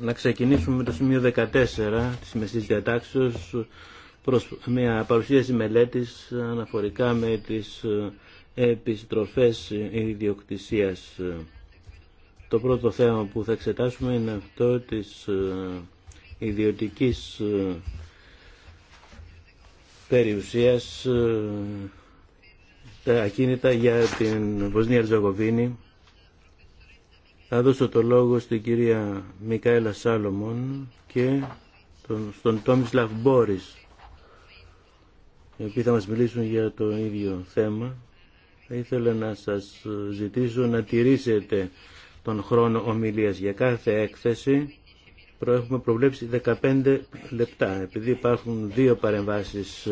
να ξεκινήσουμε με το σημείο 14 της Μεσής Διατάξεως προς μια παρουσίαση μελέτης αναφορικά με τις ε, επιστροφές ιδιοκτησίας. Το πρώτο θέμα που θα εξετάσουμε είναι αυτό της ε, ιδιωτικής ε, περιουσίας τα ακίνητα για την Βοσνία Ριζαγοβίνη θα δώσω το λόγο στην κυρία Μικαέλα Σάλομον και τον, στον Τόμις Μπόρις οι οποίοι θα μας μιλήσουν για το ίδιο θέμα. Θα ήθελα να σας ζητήσω να τηρήσετε τον χρόνο ομιλίας για κάθε έκθεση. Έχουμε προβλέψει 15 λεπτά. Επειδή υπάρχουν δύο παρεμβάσεις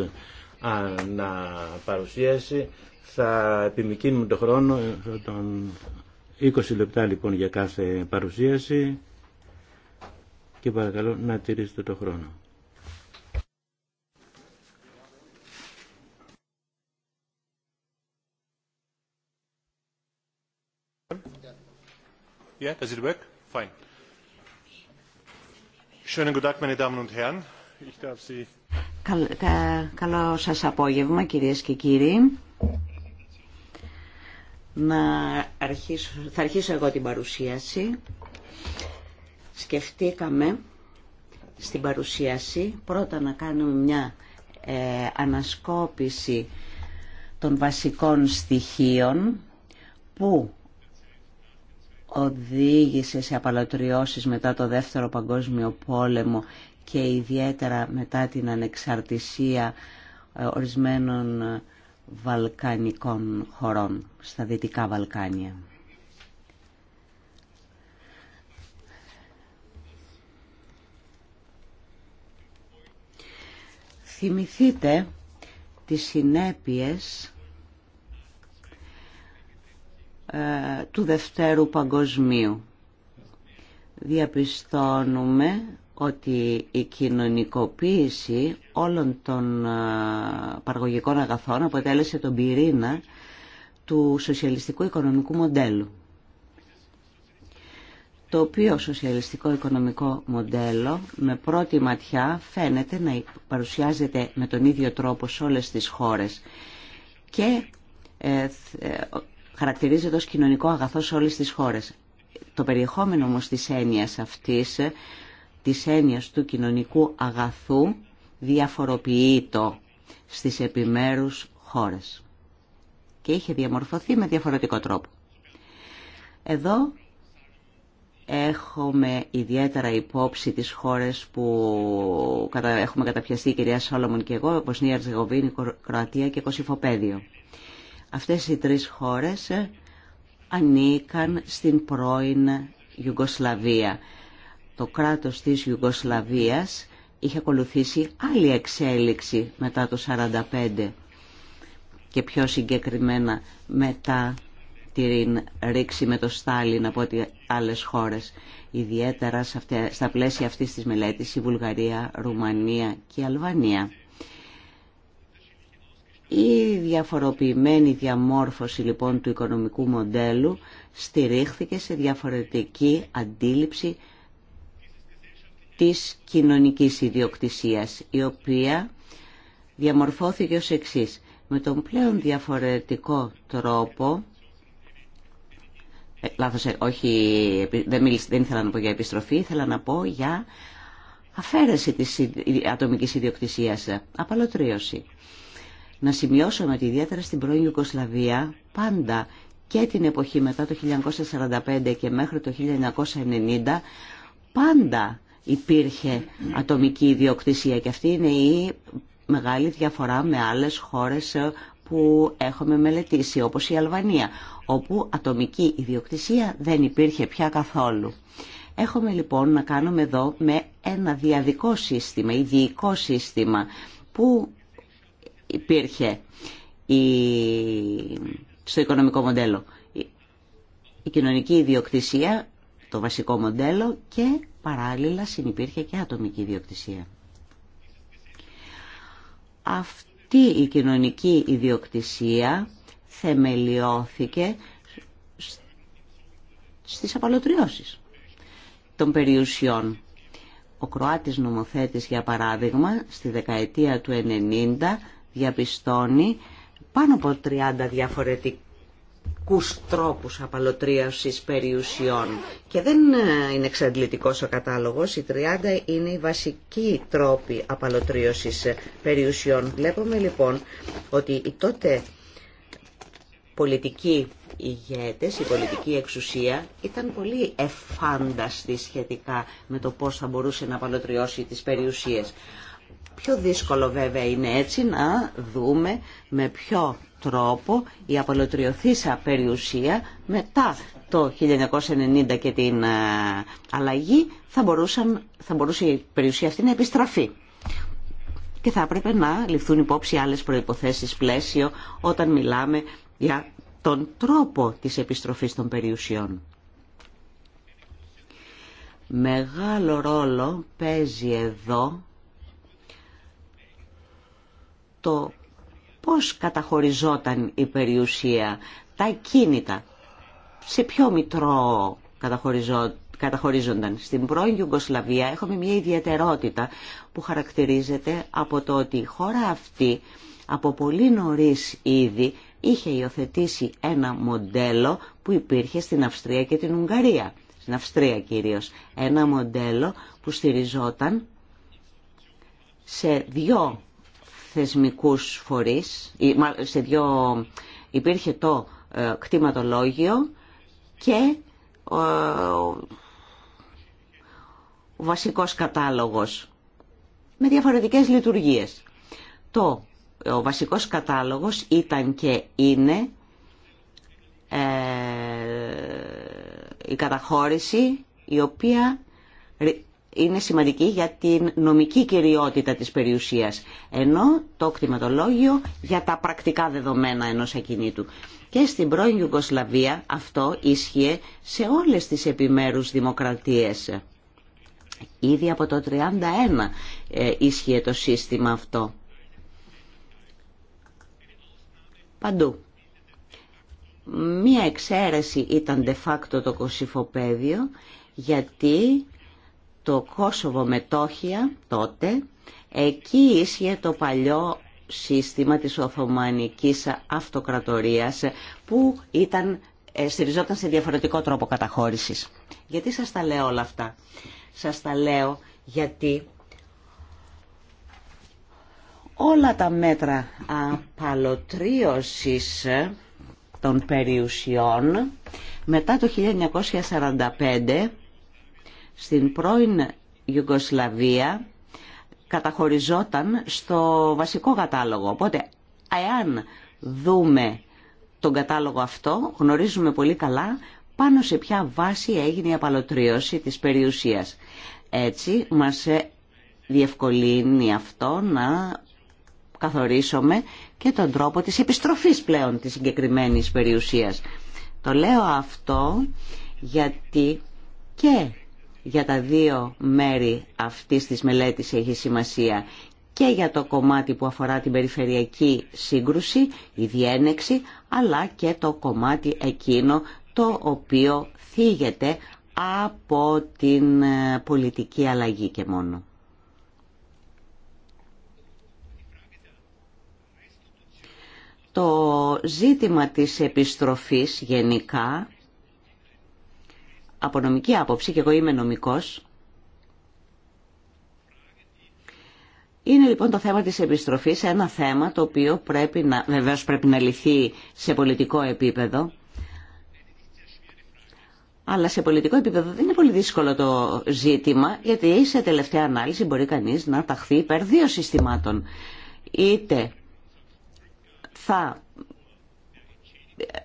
αναπαρουσίαση, θα επιμηκύνουμε ε, τον χρόνο 20 λεπτά λοιπόν για κάθε παρουσίαση και παρακαλώ να τηρήσετε το χρόνο. Yeah, does it work? Fine. Schönen guten Tag, meine Damen und Herren. Ich darf Sie... Καλό σας απόγευμα, κυρίες και κύριοι να αρχίσω, θα αρχίσω εγώ την παρουσίαση. Σκεφτήκαμε στην παρουσίαση πρώτα να κάνουμε μια ε, ανασκόπηση των βασικών στοιχείων που οδήγησε σε απαλωτριώσεις μετά το Δεύτερο Παγκόσμιο Πόλεμο και ιδιαίτερα μετά την ανεξαρτησία ε, ορισμένων βαλκανικών χωρών στα Δυτικά Βαλκάνια. Θυμηθείτε τις συνέπειες ε, του Δευτέρου Παγκοσμίου. Διαπιστώνουμε ότι η κοινωνικοποίηση όλων των παραγωγικών αγαθών αποτέλεσε τον πυρήνα του σοσιαλιστικού οικονομικού μοντέλου. Το οποίο σοσιαλιστικό οικονομικό μοντέλο με πρώτη ματιά φαίνεται να παρουσιάζεται με τον ίδιο τρόπο σε όλες τις χώρες και ε, ε, χαρακτηρίζεται ως κοινωνικό αγαθό σε όλες τις χώρες. Το περιεχόμενο όμως της έννοιας αυτής της έννοιας του κοινωνικού αγαθού διαφοροποιεί το στις επιμέρους χώρες και είχε διαμορφωθεί με διαφορετικό τρόπο. Εδώ έχουμε ιδιαίτερα υπόψη τις χώρες που έχουμε καταπιαστεί η κυρία Σόλομον και εγώ, Νία Ερζεγοβίνη, Κροατία και Κωσυφοπέδιο. Αυτές οι τρεις χώρες ανήκαν στην πρώην Ιουγκοσλαβία το κράτος της Ιουγκοσλαβίας είχε ακολουθήσει άλλη εξέλιξη μετά το 1945 και πιο συγκεκριμένα μετά την ρήξη με το Στάλιν από ό,τι άλλες χώρες. Ιδιαίτερα στα πλαίσια αυτής της μελέτης η Βουλγαρία, Ρουμανία και η Αλβανία. Η διαφοροποιημένη διαμόρφωση λοιπόν του οικονομικού μοντέλου στηρίχθηκε σε διαφορετική αντίληψη της κοινωνικής ιδιοκτησίας, η οποία διαμορφώθηκε ως εξής. Με τον πλέον διαφορετικό τρόπο, ε, λάθος, ε, όχι, δεν, μίλησε, δεν ήθελα να πω για επιστροφή, ήθελα να πω για αφαίρεση της ατομικής ιδιοκτησίας, απαλωτρίωση. Να σημειώσω ότι ιδιαίτερα στην πρώην Ιουγκοσλαβία πάντα και την εποχή μετά το 1945 και μέχρι το 1990 πάντα υπήρχε ατομική ιδιοκτησία και αυτή είναι η μεγάλη διαφορά με άλλες χώρες ε, που έχουμε μελετήσει όπως η Αλβανία όπου ατομική ιδιοκτησία δεν υπήρχε πια καθόλου. Έχουμε λοιπόν να κάνουμε εδώ με ένα διαδικό σύστημα, ιδιικό σύστημα που υπήρχε στο οικονομικό μοντέλο. Η κοινωνική ιδιοκτησία, το βασικό μοντέλο και Παράλληλα συνυπήρχε και ατομική ιδιοκτησία. Αυτή η κοινωνική ιδιοκτησία θεμελιώθηκε στις απαλωτριώσεις των περιουσιών. Ο Κροάτης νομοθέτης, για παράδειγμα, στη δεκαετία του 90 διαπιστώνει πάνω από 30 διαφορετικά κους τρόπους απαλωτρίασης περιουσιών. Και δεν ε, είναι εξαντλητικό ο κατάλογος, οι 30 είναι οι βασικοί τρόποι απαλωτρίωσης ε, περιουσιών. Βλέπουμε λοιπόν ότι οι τότε πολιτικοί ηγέτες, η πολιτική εξουσία ήταν πολύ εφάνταστη σχετικά με το πώς θα μπορούσε να απαλωτριώσει τις περιουσίες. Πιο δύσκολο βέβαια είναι έτσι να δούμε με ποιο τρόπο η απολωτριωθήσα περιουσία μετά το 1990 και την ε, αλλαγή θα, μπορούσαν, θα μπορούσε η περιουσία αυτή να επιστραφεί. Και θα έπρεπε να ληφθούν υπόψη άλλες προϋποθέσεις πλαίσιο όταν μιλάμε για τον τρόπο της επιστροφής των περιουσιών. Μεγάλο ρόλο παίζει εδώ το πώς καταχωριζόταν η περιουσία, τα κίνητα, σε ποιο μητρό καταχωρίζονταν. Στην πρώην Ιουγκοσλαβία έχουμε μια ιδιαιτερότητα που χαρακτηρίζεται από το ότι η χώρα αυτή από πολύ νωρίς ήδη είχε υιοθετήσει ένα μοντέλο που υπήρχε στην Αυστρία και την Ουγγαρία. Στην Αυστρία κυρίως. Ένα μοντέλο που στηριζόταν σε δύο θεσμικούς φορείς, σε δύο, υπήρχε το ε, κτηματολόγιο και ο, βασικός κατάλογος με διαφορετικές λειτουργίες. Το, ο βασικός κατάλογος ήταν και είναι ε, η καταχώρηση η οποία είναι σημαντική για την νομική κυριότητα της περιουσίας, ενώ το κτηματολόγιο για τα πρακτικά δεδομένα ενός ακινήτου. Και στην πρώην Ιουγκοσλαβία αυτό ίσχυε σε όλες τις επιμέρους δημοκρατίες. Ήδη από το 1931 ε, ίσχυε το σύστημα αυτό. Παντού. Μία εξαίρεση ήταν de facto το κοσυφοπαίδιο, γιατί το Κόσοβο μετόχια τότε, εκεί ίσχυε το παλιό σύστημα της Οθωμανικής Αυτοκρατορίας που ήταν, ε, στηριζόταν σε διαφορετικό τρόπο καταχώρησης. Γιατί σας τα λέω όλα αυτά. Σας τα λέω γιατί όλα τα μέτρα απαλωτρίωσης των περιουσιών μετά το 1945 στην πρώην Ιουγκοσλαβία καταχωριζόταν στο βασικό κατάλογο. Οπότε, εάν δούμε τον κατάλογο αυτό, γνωρίζουμε πολύ καλά πάνω σε ποια βάση έγινε η απαλωτρίωση της περιουσίας. Έτσι, μας διευκολύνει αυτό να καθορίσουμε και τον τρόπο της επιστροφής πλέον της συγκεκριμένης περιουσίας. Το λέω αυτό γιατί και για τα δύο μέρη αυτής της μελέτης έχει σημασία και για το κομμάτι που αφορά την περιφερειακή σύγκρουση, η διένεξη, αλλά και το κομμάτι εκείνο το οποίο θίγεται από την ε, πολιτική αλλαγή και μόνο. Το ζήτημα της επιστροφής γενικά από νομική άποψη, και εγώ είμαι νομικός, Είναι λοιπόν το θέμα της επιστροφής ένα θέμα το οποίο πρέπει να, βεβαίως πρέπει να λυθεί σε πολιτικό επίπεδο. Αλλά σε πολιτικό επίπεδο δεν είναι πολύ δύσκολο το ζήτημα, γιατί σε τελευταία ανάλυση μπορεί κανείς να ταχθεί υπέρ δύο συστημάτων. Είτε θα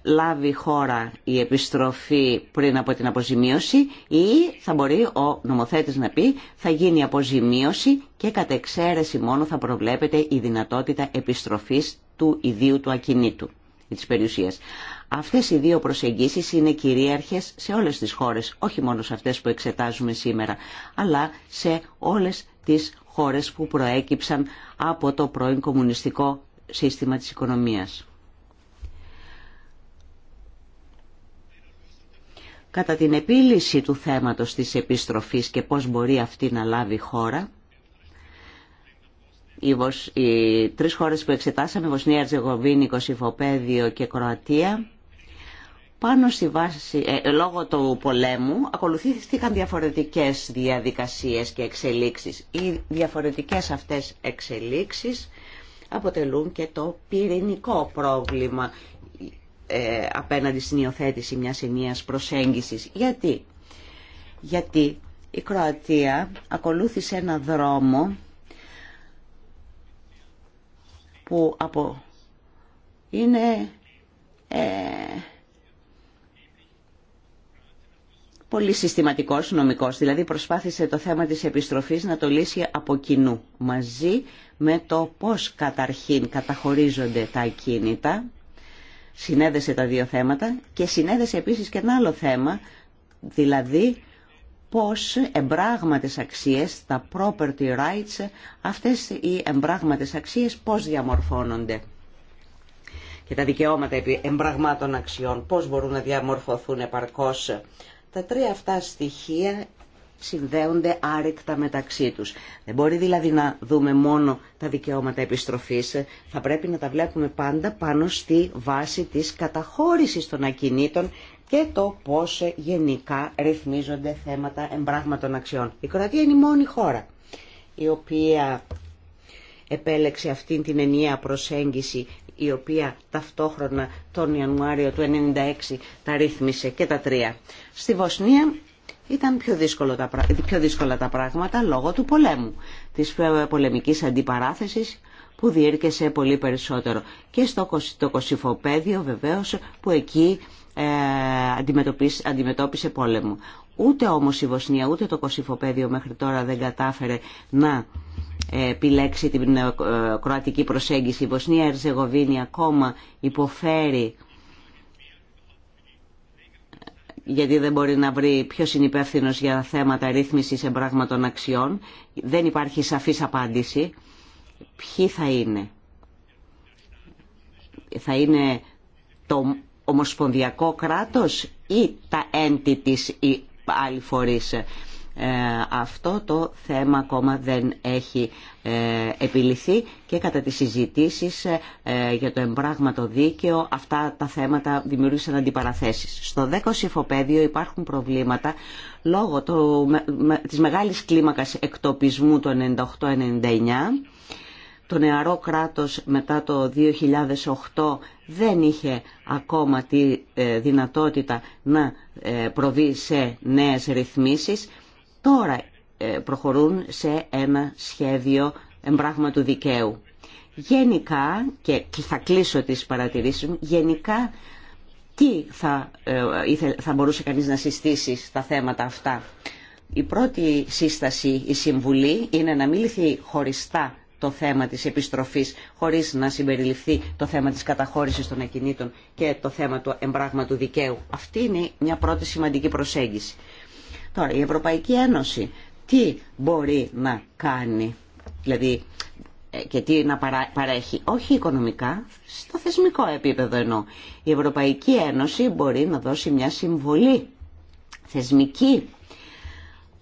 λάβει χώρα η επιστροφή πριν από την αποζημίωση ή θα μπορεί ο νομοθέτης να πει θα γίνει αποζημίωση και κατ' εξαίρεση μόνο θα προβλέπεται η δυνατότητα επιστροφής του ιδίου του ακινήτου της περιουσίας. Αυτές οι δύο προσεγγίσεις είναι κυρίαρχες σε όλες τις χώρες, όχι μόνο σε αυτές που εξετάζουμε σήμερα, αλλά σε όλες τις χώρες που προέκυψαν από το πρώην κομμουνιστικό σύστημα της οικονομίας. κατά την επίλυση του θέματος της επιστροφής και πώς μπορεί αυτή να λάβει χώρα. Οι, Βοσ... οι τρεις χώρες που εξετάσαμε, Βοσνία, Τζεγοβίνη, Κωσυφοπέδιο και Κροατία, πάνω στη βάση, ε, ε, λόγω του πολέμου, ακολουθήθηκαν διαφορετικές διαδικασίες και εξελίξεις. Οι διαφορετικές αυτές εξελίξεις αποτελούν και το πυρηνικό πρόβλημα ε, απέναντι στην υιοθέτηση μιας ενίας προσέγγισης. Γιατί? Γιατί η Κροατία ακολούθησε ένα δρόμο που από... είναι... Ε, πολύ συστηματικός νομικός, δηλαδή προσπάθησε το θέμα της επιστροφής να το λύσει από κοινού, μαζί με το πώς καταρχήν καταχωρίζονται τα ακίνητα, συνέδεσε τα δύο θέματα και συνέδεσε επίσης και ένα άλλο θέμα, δηλαδή πώς εμπράγματες αξίες, τα property rights, αυτές οι εμπράγματες αξίες πώς διαμορφώνονται και τα δικαιώματα επί εμπραγμάτων αξιών, πώς μπορούν να διαμορφωθούν επαρκώς. Τα τρία αυτά στοιχεία συνδέονται άρρηκτα μεταξύ τους. Δεν μπορεί δηλαδή να δούμε μόνο τα δικαιώματα επιστροφής, θα πρέπει να τα βλέπουμε πάντα πάνω στη βάση της καταχώρησης των ακινήτων και το πώς γενικά ρυθμίζονται θέματα εμπράγματων αξιών. Η Κροατία είναι η μόνη χώρα η οποία επέλεξε αυτήν την ενιαία προσέγγιση η οποία ταυτόχρονα τον Ιανουάριο του 1996 τα ρύθμισε και τα τρία. Στη Βοσνία ήταν πιο, δύσκολα τα πράγματα λόγω του πολέμου, της πολεμικής αντιπαράθεσης που διήρκεσε πολύ περισσότερο. Και στο το Κωσυφοπαίδιο βεβαίως που εκεί ε, αντιμετώπισε πόλεμο. Ούτε όμως η Βοσνία, ούτε το Κωσυφοπαίδιο μέχρι τώρα δεν κατάφερε να ε, επιλέξει την ε, κροατική προσέγγιση. Η Βοσνία-Ερζεγοβίνη ακόμα υποφέρει γιατί δεν μπορεί να βρει ποιο είναι υπεύθυνο για θέματα ρύθμιση εμπράγματων αξιών. Δεν υπάρχει σαφής απάντηση. Ποιοι θα είναι. Θα είναι το ομοσπονδιακό κράτος ή τα entities ή άλλοι φορείς. Ε, αυτό το θέμα ακόμα δεν έχει ε, επιληθεί και κατά τις συζητήσεις ε, για το εμπράγματο δίκαιο αυτά τα θέματα δημιούργησαν αντιπαραθέσεις. Στο δέκο ψηφοπαίδιο υπάρχουν προβλήματα λόγω το, της μεγάλης κλίμακας εκτοπισμού το 98-99 το νεαρό κράτος μετά το 2008 δεν είχε ακόμα τη δυνατότητα να προβεί σε νέες ρυθμίσεις Τώρα ε, προχωρούν σε ένα σχέδιο του δικαίου. Γενικά, και θα κλείσω τις παρατηρήσεις μου, γενικά τι ε, θα, μπορούσε κανείς να συστήσει στα θέματα αυτά. Η πρώτη σύσταση, η συμβουλή, είναι να μην χωριστά το θέμα της επιστροφής χωρίς να συμπεριληφθεί το θέμα της καταχώρησης των ακινήτων και το θέμα του εμπράγματου δικαίου. Αυτή είναι μια πρώτη σημαντική προσέγγιση. Τώρα η Ευρωπαϊκή Ένωση τι μπορεί να κάνει, δηλαδή ε, και τι να παρέχει, όχι οικονομικά, στο θεσμικό επίπεδο εννοώ. Η Ευρωπαϊκή Ένωση μπορεί να δώσει μια συμβολή θεσμική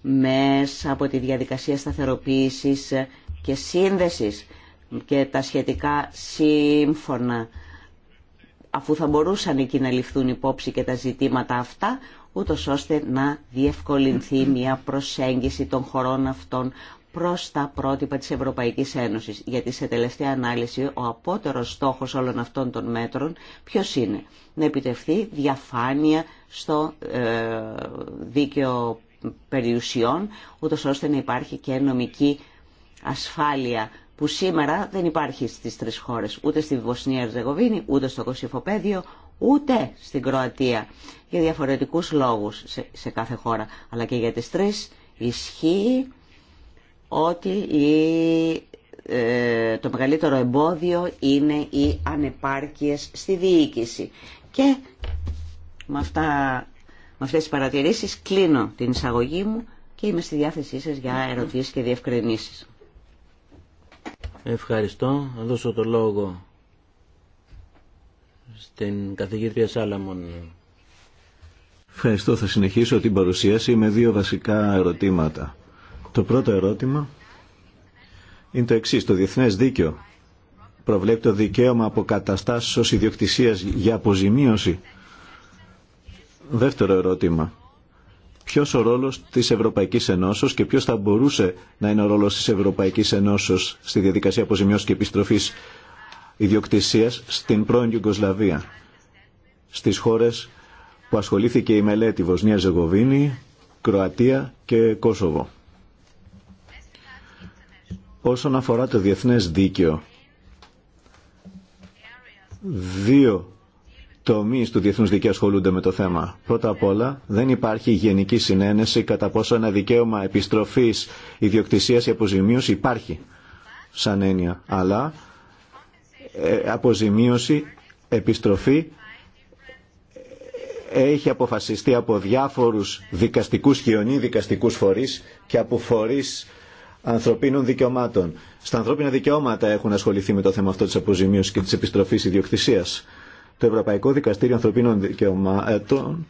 μέσα από τη διαδικασία σταθεροποίησης και σύνδεσης και τα σχετικά σύμφωνα αφού θα μπορούσαν εκεί να ληφθούν υπόψη και τα ζητήματα αυτά ούτως ώστε να διευκολυνθεί μια προσέγγιση των χωρών αυτών προς τα πρότυπα της Ευρωπαϊκής Ένωσης. Γιατί σε τελευταία ανάλυση ο απότερος στόχος όλων αυτών των μέτρων ποιος είναι. Να επιτευχθεί διαφάνεια στο ε, δίκαιο περιουσιών, ούτως ώστε να υπάρχει και νομική ασφάλεια που σήμερα δεν υπάρχει στις τρεις χώρες, ούτε στη Βοσνία Ερζεγοβίνη, ούτε στο Κωσυφοπαίδιο, ούτε στην Κροατία για διαφορετικούς λόγους σε, κάθε χώρα αλλά και για τις τρεις ισχύει ότι η, ε, το μεγαλύτερο εμπόδιο είναι οι ανεπάρκειες στη διοίκηση και με, αυτά, με αυτές τις παρατηρήσεις κλείνω την εισαγωγή μου και είμαι στη διάθεσή σας για ερωτήσεις και διευκρινήσεις. Ευχαριστώ. Θα δώσω το λόγο στην καθηγήτρια Σάλαμον. Ευχαριστώ. Θα συνεχίσω την παρουσίαση με δύο βασικά ερωτήματα. Το πρώτο ερώτημα είναι το εξή. Το διεθνέ δίκαιο προβλέπει το δικαίωμα αποκαταστάσεω ιδιοκτησία για αποζημίωση. Δεύτερο ερώτημα. Ποιο ο ρόλο τη Ευρωπαϊκή Ενώσεω και ποιο θα μπορούσε να είναι ο ρόλο τη Ευρωπαϊκή Ενώσεω στη διαδικασία αποζημιώσης και επιστροφή ιδιοκτησίας στην πρώην Ιουγκοσλαβία, στις χώρες που ασχολήθηκε η μελέτη Βοσνία Ζεγοβίνη, Κροατία και Κόσοβο. Όσον αφορά το διεθνές δίκαιο, δύο τομεί του διεθνούς δικαίου ασχολούνται με το θέμα. Πρώτα απ' όλα, δεν υπάρχει γενική συνένεση κατά πόσο ένα δικαίωμα επιστροφή ιδιοκτησία ή αποζημίωση υπάρχει σαν έννοια. Αλλά ε, αποζημίωση, επιστροφή έχει αποφασιστεί από διάφορους δικαστικούς και δικαστικούς φορείς και από φορείς ανθρωπίνων δικαιωμάτων. Στα ανθρώπινα δικαιώματα έχουν ασχοληθεί με το θέμα αυτό της αποζημίωσης και της επιστροφής ιδιοκτησίας. Το Ευρωπαϊκό Δικαστήριο Ανθρωπίνων Δικαιωμάτων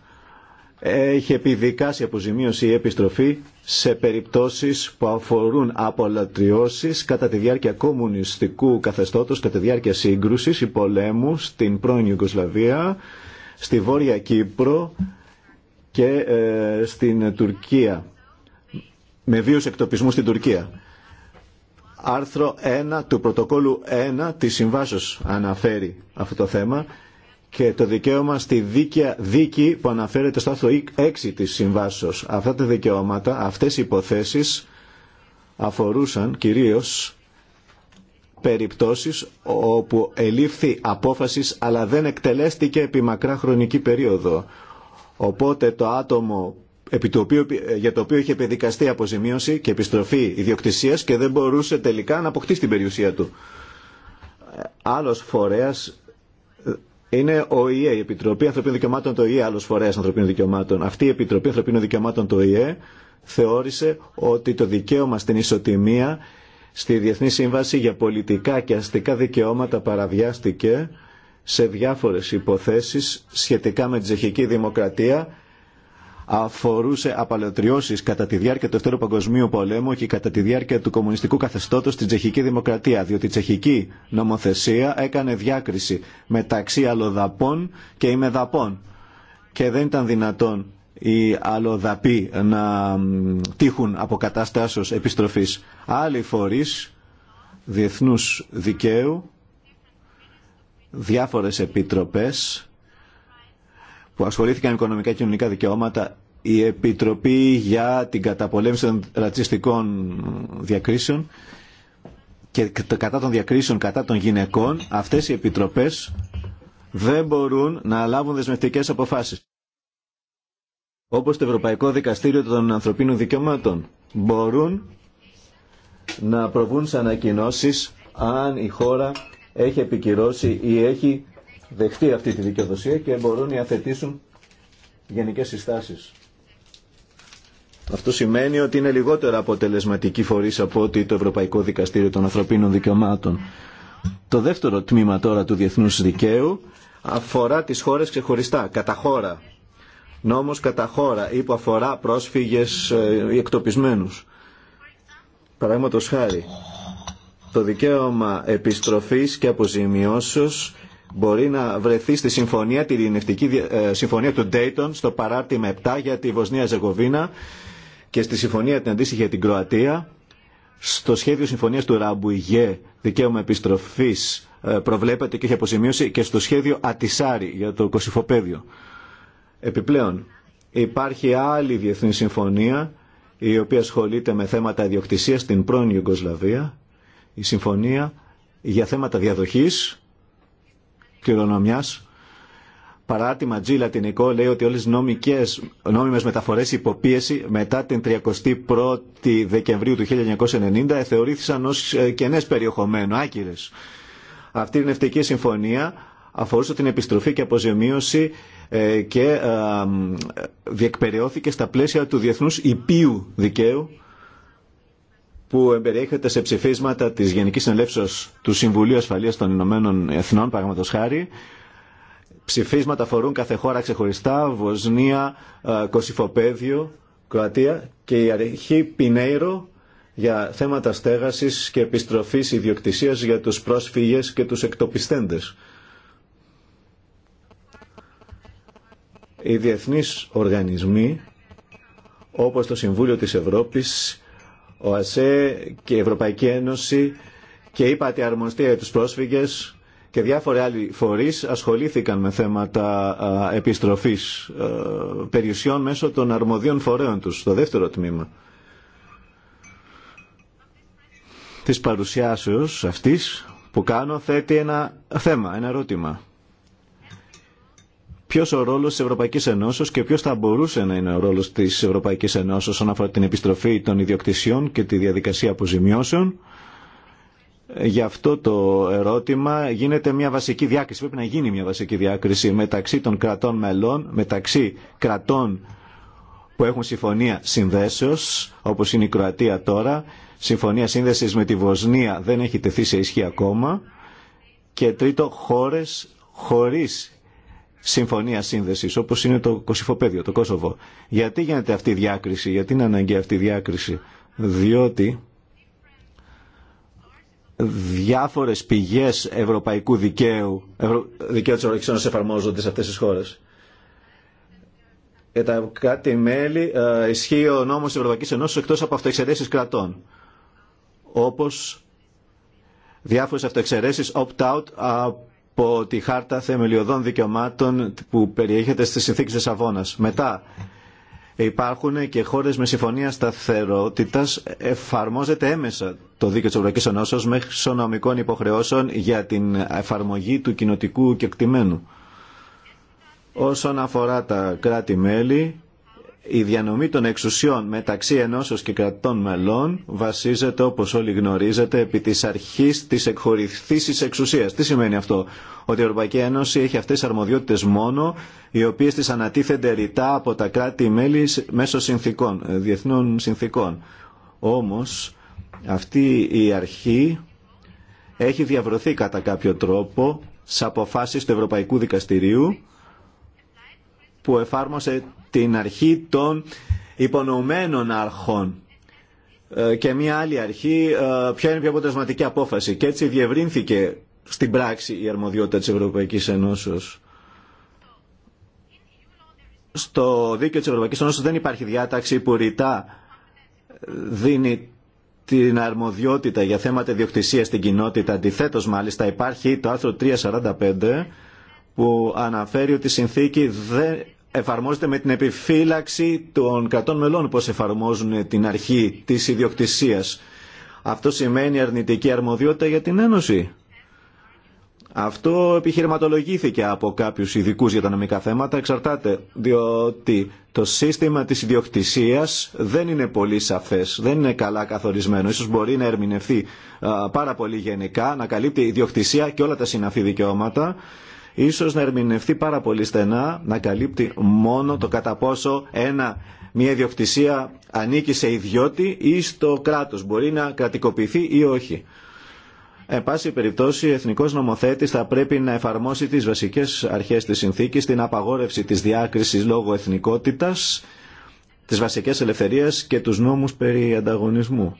έχει επιδικάσει αποζημίωση ή επιστροφή σε περιπτώσεις που αφορούν απολατριώσεις κατά τη διάρκεια κομμουνιστικού καθεστώτος, κατά τη διάρκεια σύγκρουσης ή πολέμου στην πρώην Ιουγκοσλαβία, στη Βόρεια Κύπρο και ε, στην Τουρκία, με βίους εκτοπισμού στην Τουρκία. Άρθρο 1 του πρωτοκόλου 1 της συμβάσεως αναφέρει αυτό το θέμα και το δικαίωμα στη δίκαια δίκη που αναφέρεται στο άρθρο 6 της συμβάσεως. Αυτά τα δικαιώματα, αυτές οι υποθέσεις αφορούσαν κυρίως περιπτώσεις όπου ελήφθη απόφαση, αλλά δεν εκτελέστηκε επί μακρά χρονική περίοδο. Οπότε το άτομο επί για το οποίο είχε επιδικαστεί αποζημίωση και επιστροφή ιδιοκτησίας και δεν μπορούσε τελικά να αποκτήσει την περιουσία του. Άλλος φορέας είναι ο ΙΕ, η Επιτροπή Ανθρωπίνων Δικαιωμάτων, το ΙΕ, άλλο φορέα Ανθρωπίνων Δικαιωμάτων. Αυτή η Επιτροπή Ανθρωπίνων Δικαιωμάτων, το ΙΕ, θεώρησε ότι το δικαίωμα στην ισοτιμία στη Διεθνή Σύμβαση για πολιτικά και αστικά δικαιώματα παραβιάστηκε σε διάφορες υποθέσεις σχετικά με τη Τσεχική Δημοκρατία αφορούσε απαλωτριώσει κατά τη διάρκεια του Δευτέρου Παγκοσμίου Πολέμου και κατά τη διάρκεια του κομμουνιστικού καθεστώτος στην Τσεχική Δημοκρατία, διότι η τσεχική νομοθεσία έκανε διάκριση μεταξύ αλλοδαπών και ημεδαπών και δεν ήταν δυνατόν οι αλλοδαποί να τύχουν από κατάσταση επιστροφής. Άλλοι φορείς διεθνούς δικαίου, διάφορες επιτροπές που ασχολήθηκαν οικονομικά και κοινωνικά δικαιώματα η Επιτροπή για την καταπολέμηση των ρατσιστικών διακρίσεων και κατά των διακρίσεων κατά των γυναικών, αυτές οι επιτροπές δεν μπορούν να λάβουν δεσμευτικές αποφάσεις. Όπως το Ευρωπαϊκό Δικαστήριο των Ανθρωπίνων Δικαιωμάτων μπορούν να προβούν σε ανακοινώσεις αν η χώρα έχει επικυρώσει ή έχει δεχτεί αυτή τη δικαιοδοσία και μπορούν να γενικές συστάσεις. Αυτό σημαίνει ότι είναι λιγότερο αποτελεσματική φορείς από ότι το Ευρωπαϊκό Δικαστήριο των Ανθρωπίνων Δικαιωμάτων. Το δεύτερο τμήμα τώρα του διεθνούς δικαίου αφορά τις χώρες ξεχωριστά, κατά χώρα. Νόμος κατά χώρα ή που αφορά πρόσφυγες ε, ή εκτοπισμένους. Παραδείγματο χάρη, το δικαίωμα επιστροφής και αποζημιώσεως μπορεί να βρεθεί στη συμφωνία, τη ε, συμφωνία του Dayton στο παράρτημα 7 για τη Βοσνία Ζεγοβίνα και στη συμφωνία την αντίστοιχη για την Κροατία, στο σχέδιο Συμφωνία του Ραμπουγέ δικαίωμα επιστροφής ε, προβλέπεται και έχει αποσημείωση και στο σχέδιο Ατισάρι για το Κωσυφοπαίδιο. Επιπλέον, υπάρχει άλλη διεθνή συμφωνία η οποία ασχολείται με θέματα ιδιοκτησία στην πρώην Ιουγκοσλαβία, η συμφωνία για θέματα διαδοχής κληρονομιάς Παράτημα G λατινικό λέει ότι όλες οι νομικές, νόμιμες μεταφορές υποπίεση μετά την 31η Δεκεμβρίου του 1990 θεωρήθησαν ως ε, κενές περιεχομένου, άκυρες. Αυτή η νευτική συμφωνία αφορούσε την επιστροφή και αποζημίωση ε, και ε, διεκπεραιώθηκε στα πλαίσια του διεθνούς υπείου δικαίου που εμπεριέχεται σε ψηφίσματα της Γενικής Συνελεύσεως του Συμβουλίου Ασφαλείας των Ηνωμένων Εθνών, παραγματος χάρη, Ψηφίσματα αφορούν κάθε χώρα ξεχωριστά, Βοσνία, ε, Κωσυφοπέδιο, Κροατία και η αρχή Πινέιρο για θέματα στέγασης και επιστροφής ιδιοκτησίας για τους πρόσφυγες και τους εκτοπιστέντες. Οι διεθνείς οργανισμοί όπως το Συμβούλιο της Ευρώπης, ο ΑΣΕ και η Ευρωπαϊκή Ένωση και η Πατιαρμοστία για τους πρόσφυγες και διάφοροι άλλοι φορείς ασχολήθηκαν με θέματα επιστροφής περιουσιών μέσω των αρμοδίων φορέων τους, στο δεύτερο τμήμα. Της παρουσιάσεως αυτής που κάνω θέτει ένα θέμα, ένα ερώτημα. Ποιο ο ρόλο τη Ευρωπαϊκή Ενώσεω και ποιο θα μπορούσε να είναι ο ρόλο τη Ευρωπαϊκή Ενώσεω όσον αφορά την επιστροφή των ιδιοκτησιών και τη διαδικασία αποζημιώσεων για αυτό το ερώτημα γίνεται μια βασική διάκριση. Πρέπει να γίνει μια βασική διάκριση μεταξύ των κρατών μελών, μεταξύ κρατών που έχουν συμφωνία συνδέσεω, όπως είναι η Κροατία τώρα, συμφωνία σύνδεση με τη Βοσνία δεν έχει τεθεί σε ισχύ ακόμα και τρίτο χώρε χωρί συμφωνία σύνδεση, όπως είναι το Κωσυφοπέδιο, το Κόσοβο. Γιατί γίνεται αυτή η διάκριση, γιατί είναι αναγκαία αυτή η διάκριση, διότι διάφορες πηγές ευρωπαϊκού δικαίου, ευρω... δικαίου της Ευρωπαϊκής εφαρμόζονται σε αυτές τις χώρες. Για ε, τα κάτι μέλη ε, ισχύει ο νόμος της Ευρωπαϊκής Ενώσης εκτός από αυτοεξαιρέσεις κρατών. Όπως διάφορες αυτοεξαιρέσεις opt-out από τη Χάρτα Θεμελιωδών Δικαιωμάτων που περιέχεται στις συνθήκες της Αβώνας. Μετά, Υπάρχουν και χώρες με συμφωνία σταθερότητας. Εφαρμόζεται έμεσα το δίκαιο της Ευρωπαϊκή Ενώσεως μέχρι νομικών υποχρεώσεων για την εφαρμογή του κοινοτικού κεκτημένου. Όσον αφορά τα κράτη-μέλη, η διανομή των εξουσιών μεταξύ ενώσεως και κρατών μελών βασίζεται, όπως όλοι γνωρίζετε, επί της αρχής της εκχωρηθήσης εξουσίας. Τι σημαίνει αυτό? Ότι η Ευρωπαϊκή Ένωση έχει αυτές τις αρμοδιότητες μόνο, οι οποίες τις ανατίθενται ρητά από τα κράτη-μέλη μέσω συνθήκων, ε, διεθνών συνθήκων. Όμως, αυτή η αρχή έχει διαβρωθεί κατά κάποιο τρόπο σε αποφάσεις του Ευρωπαϊκού Δικαστηρίου που εφάρμοσε την αρχή των υπονοουμένων αρχών ε, και μια άλλη αρχή ε, ποια είναι η πιο αποτελεσματική απόφαση. Και έτσι διευρύνθηκε στην πράξη η αρμοδιότητα της Ευρωπαϊκής Ενώσεως. Στο δίκαιο της Ευρωπαϊκής Ενώσεως δεν υπάρχει διάταξη που ρητά δίνει την αρμοδιότητα για θέματα διοκτησίας στην κοινότητα. Αντιθέτως μάλιστα υπάρχει το άρθρο 345 που αναφέρει ότι η συνθήκη δεν εφαρμόζεται με την επιφύλαξη των κρατών μελών πως εφαρμόζουν την αρχή της ιδιοκτησίας. Αυτό σημαίνει αρνητική αρμοδιότητα για την Ένωση. Αυτό επιχειρηματολογήθηκε από κάποιους ειδικού για τα νομικά θέματα, εξαρτάται, διότι το σύστημα της ιδιοκτησίας δεν είναι πολύ σαφές, δεν είναι καλά καθορισμένο. Ίσως μπορεί να ερμηνευθεί πάρα πολύ γενικά, να καλύπτει ιδιοκτησία και όλα τα συναφή δικαιώματα ίσως να ερμηνευτεί πάρα πολύ στενά, να καλύπτει μόνο το κατά πόσο ένα, μια ιδιοκτησία ανήκει σε ιδιώτη ή στο κράτος, μπορεί να κρατικοποιηθεί ή όχι. Εν πάση περιπτώσει, ο εθνικό νομοθέτη θα πρέπει να εφαρμόσει τι βασικέ αρχέ τη συνθήκη, την απαγόρευση της διάκριση λόγω εθνικότητα, τι βασικέ ελευθερίε και του νόμου περί ανταγωνισμού.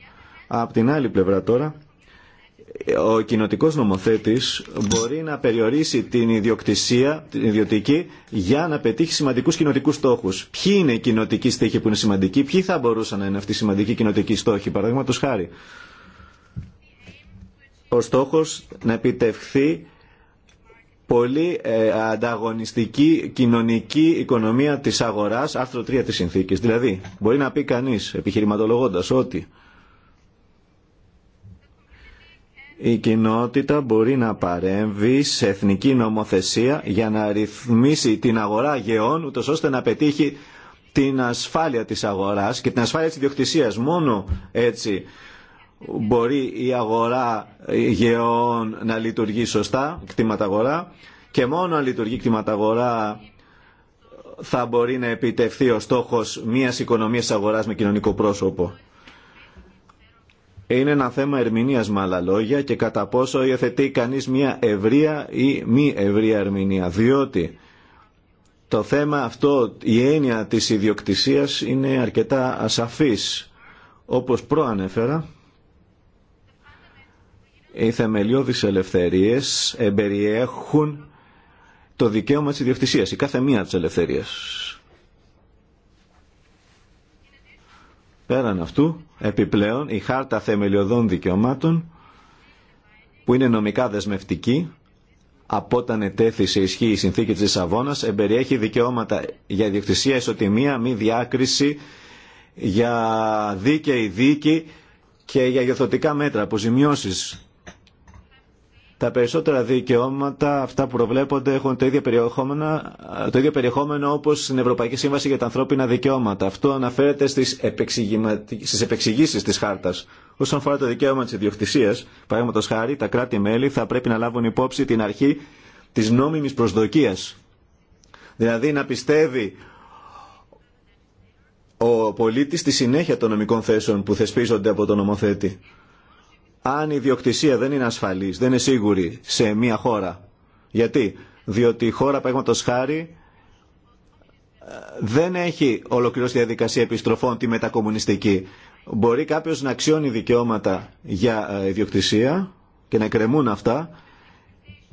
Από την άλλη πλευρά τώρα, ο κοινοτικό νομοθέτη μπορεί να περιορίσει την ιδιοκτησία, την ιδιωτική, για να πετύχει σημαντικού κοινοτικού στόχου. Ποιοι είναι οι κοινοτικοί στόχοι που είναι σημαντικοί, ποιοι θα μπορούσαν να είναι αυτοί οι σημαντικοί κοινοτικοί στόχοι, παραδείγματο χάρη. Ο στόχο να επιτευχθεί πολύ ε, ανταγωνιστική κοινωνική οικονομία της αγοράς, άρθρο 3 της συνθήκης. Δηλαδή, μπορεί να πει κανείς, επιχειρηματολογώντας, ότι η κοινότητα μπορεί να παρέμβει σε εθνική νομοθεσία για να ρυθμίσει την αγορά γεών, ούτως ώστε να πετύχει την ασφάλεια της αγοράς και την ασφάλεια της ιδιοκτησίας. Μόνο έτσι μπορεί η αγορά γεών να λειτουργεί σωστά, κτήματα αγορά, και μόνο αν λειτουργεί κτήματα αγορά θα μπορεί να επιτευχθεί ο στόχος μιας οικονομίας αγοράς με κοινωνικό πρόσωπο είναι ένα θέμα ερμηνείας με άλλα λόγια και κατά πόσο υιοθετεί κανείς μια ευρεία ή μη ευρεία ερμηνεία. Διότι το θέμα αυτό, η έννοια της ιδιοκτησίας είναι αρκετά ασαφής. Όπως προανέφερα, οι θεμελιώδεις ελευθερίες εμπεριέχουν το δικαίωμα της ιδιοκτησίας, η κάθε μία της ελευθερίας. Πέραν αυτού, επιπλέον, η Χάρτα Θεμελιωδών Δικαιωμάτων, που είναι νομικά δεσμευτική, από όταν ετέθη σε ισχύ η συνθήκη της Λισαβόνας, εμπεριέχει δικαιώματα για διεκτησία ισοτιμία, μη διάκριση, για δίκαιη δίκη και για γεωθωτικά μέτρα, αποζημιώσεις τα περισσότερα δικαιώματα, αυτά που προβλέπονται, έχουν το ίδιο περιεχόμενο, το ίδιο περιεχόμενο όπως στην Ευρωπαϊκή Σύμβαση για τα Ανθρώπινα Δικαιώματα. Αυτό αναφέρεται στις, στις επεξηγήσεις της χάρτας. Όσον αφορά το δικαίωμα της ιδιοκτησίας, παραδείγματος χάρη, τα κράτη-μέλη θα πρέπει να λάβουν υπόψη την αρχή της νόμιμης προσδοκίας. Δηλαδή να πιστεύει ο πολίτης στη συνέχεια των νομικών θέσεων που θεσπίζονται από τον νομοθέτη αν η ιδιοκτησία δεν είναι ασφαλής, δεν είναι σίγουρη σε μια χώρα. Γιατί, διότι η χώρα το χάρη ε, δεν έχει ολοκληρώσει τη διαδικασία επιστροφών τη μετακομμουνιστική. Μπορεί κάποιος να αξιώνει δικαιώματα για ε, ιδιοκτησία και να κρεμούν αυτά.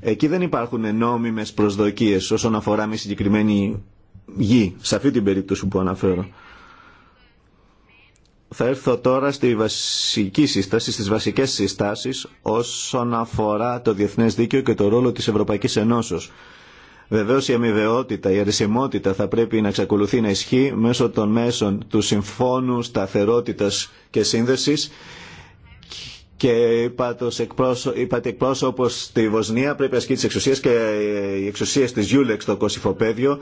Εκεί δεν υπάρχουν νόμιμες προσδοκίες όσον αφορά μια συγκεκριμένη γη, σε αυτή την περίπτωση που αναφέρω. Θα έρθω τώρα στη βασική σύσταση, στις βασικές συστάσεις όσον αφορά το διεθνές δίκαιο και το ρόλο της Ευρωπαϊκής Ενώσεως. Βεβαίως η αμοιβαιότητα, η αρισιμότητα θα πρέπει να εξακολουθεί να ισχύει μέσω των μέσων του Συμφώνου Σταθερότητας και Σύνδεσης και είπατε εκπρόσωπο στη Βοσνία πρέπει να ασκεί τις εξουσίες και οι εξουσίες της Γιούλεξ στο Κωσυφοπέδιο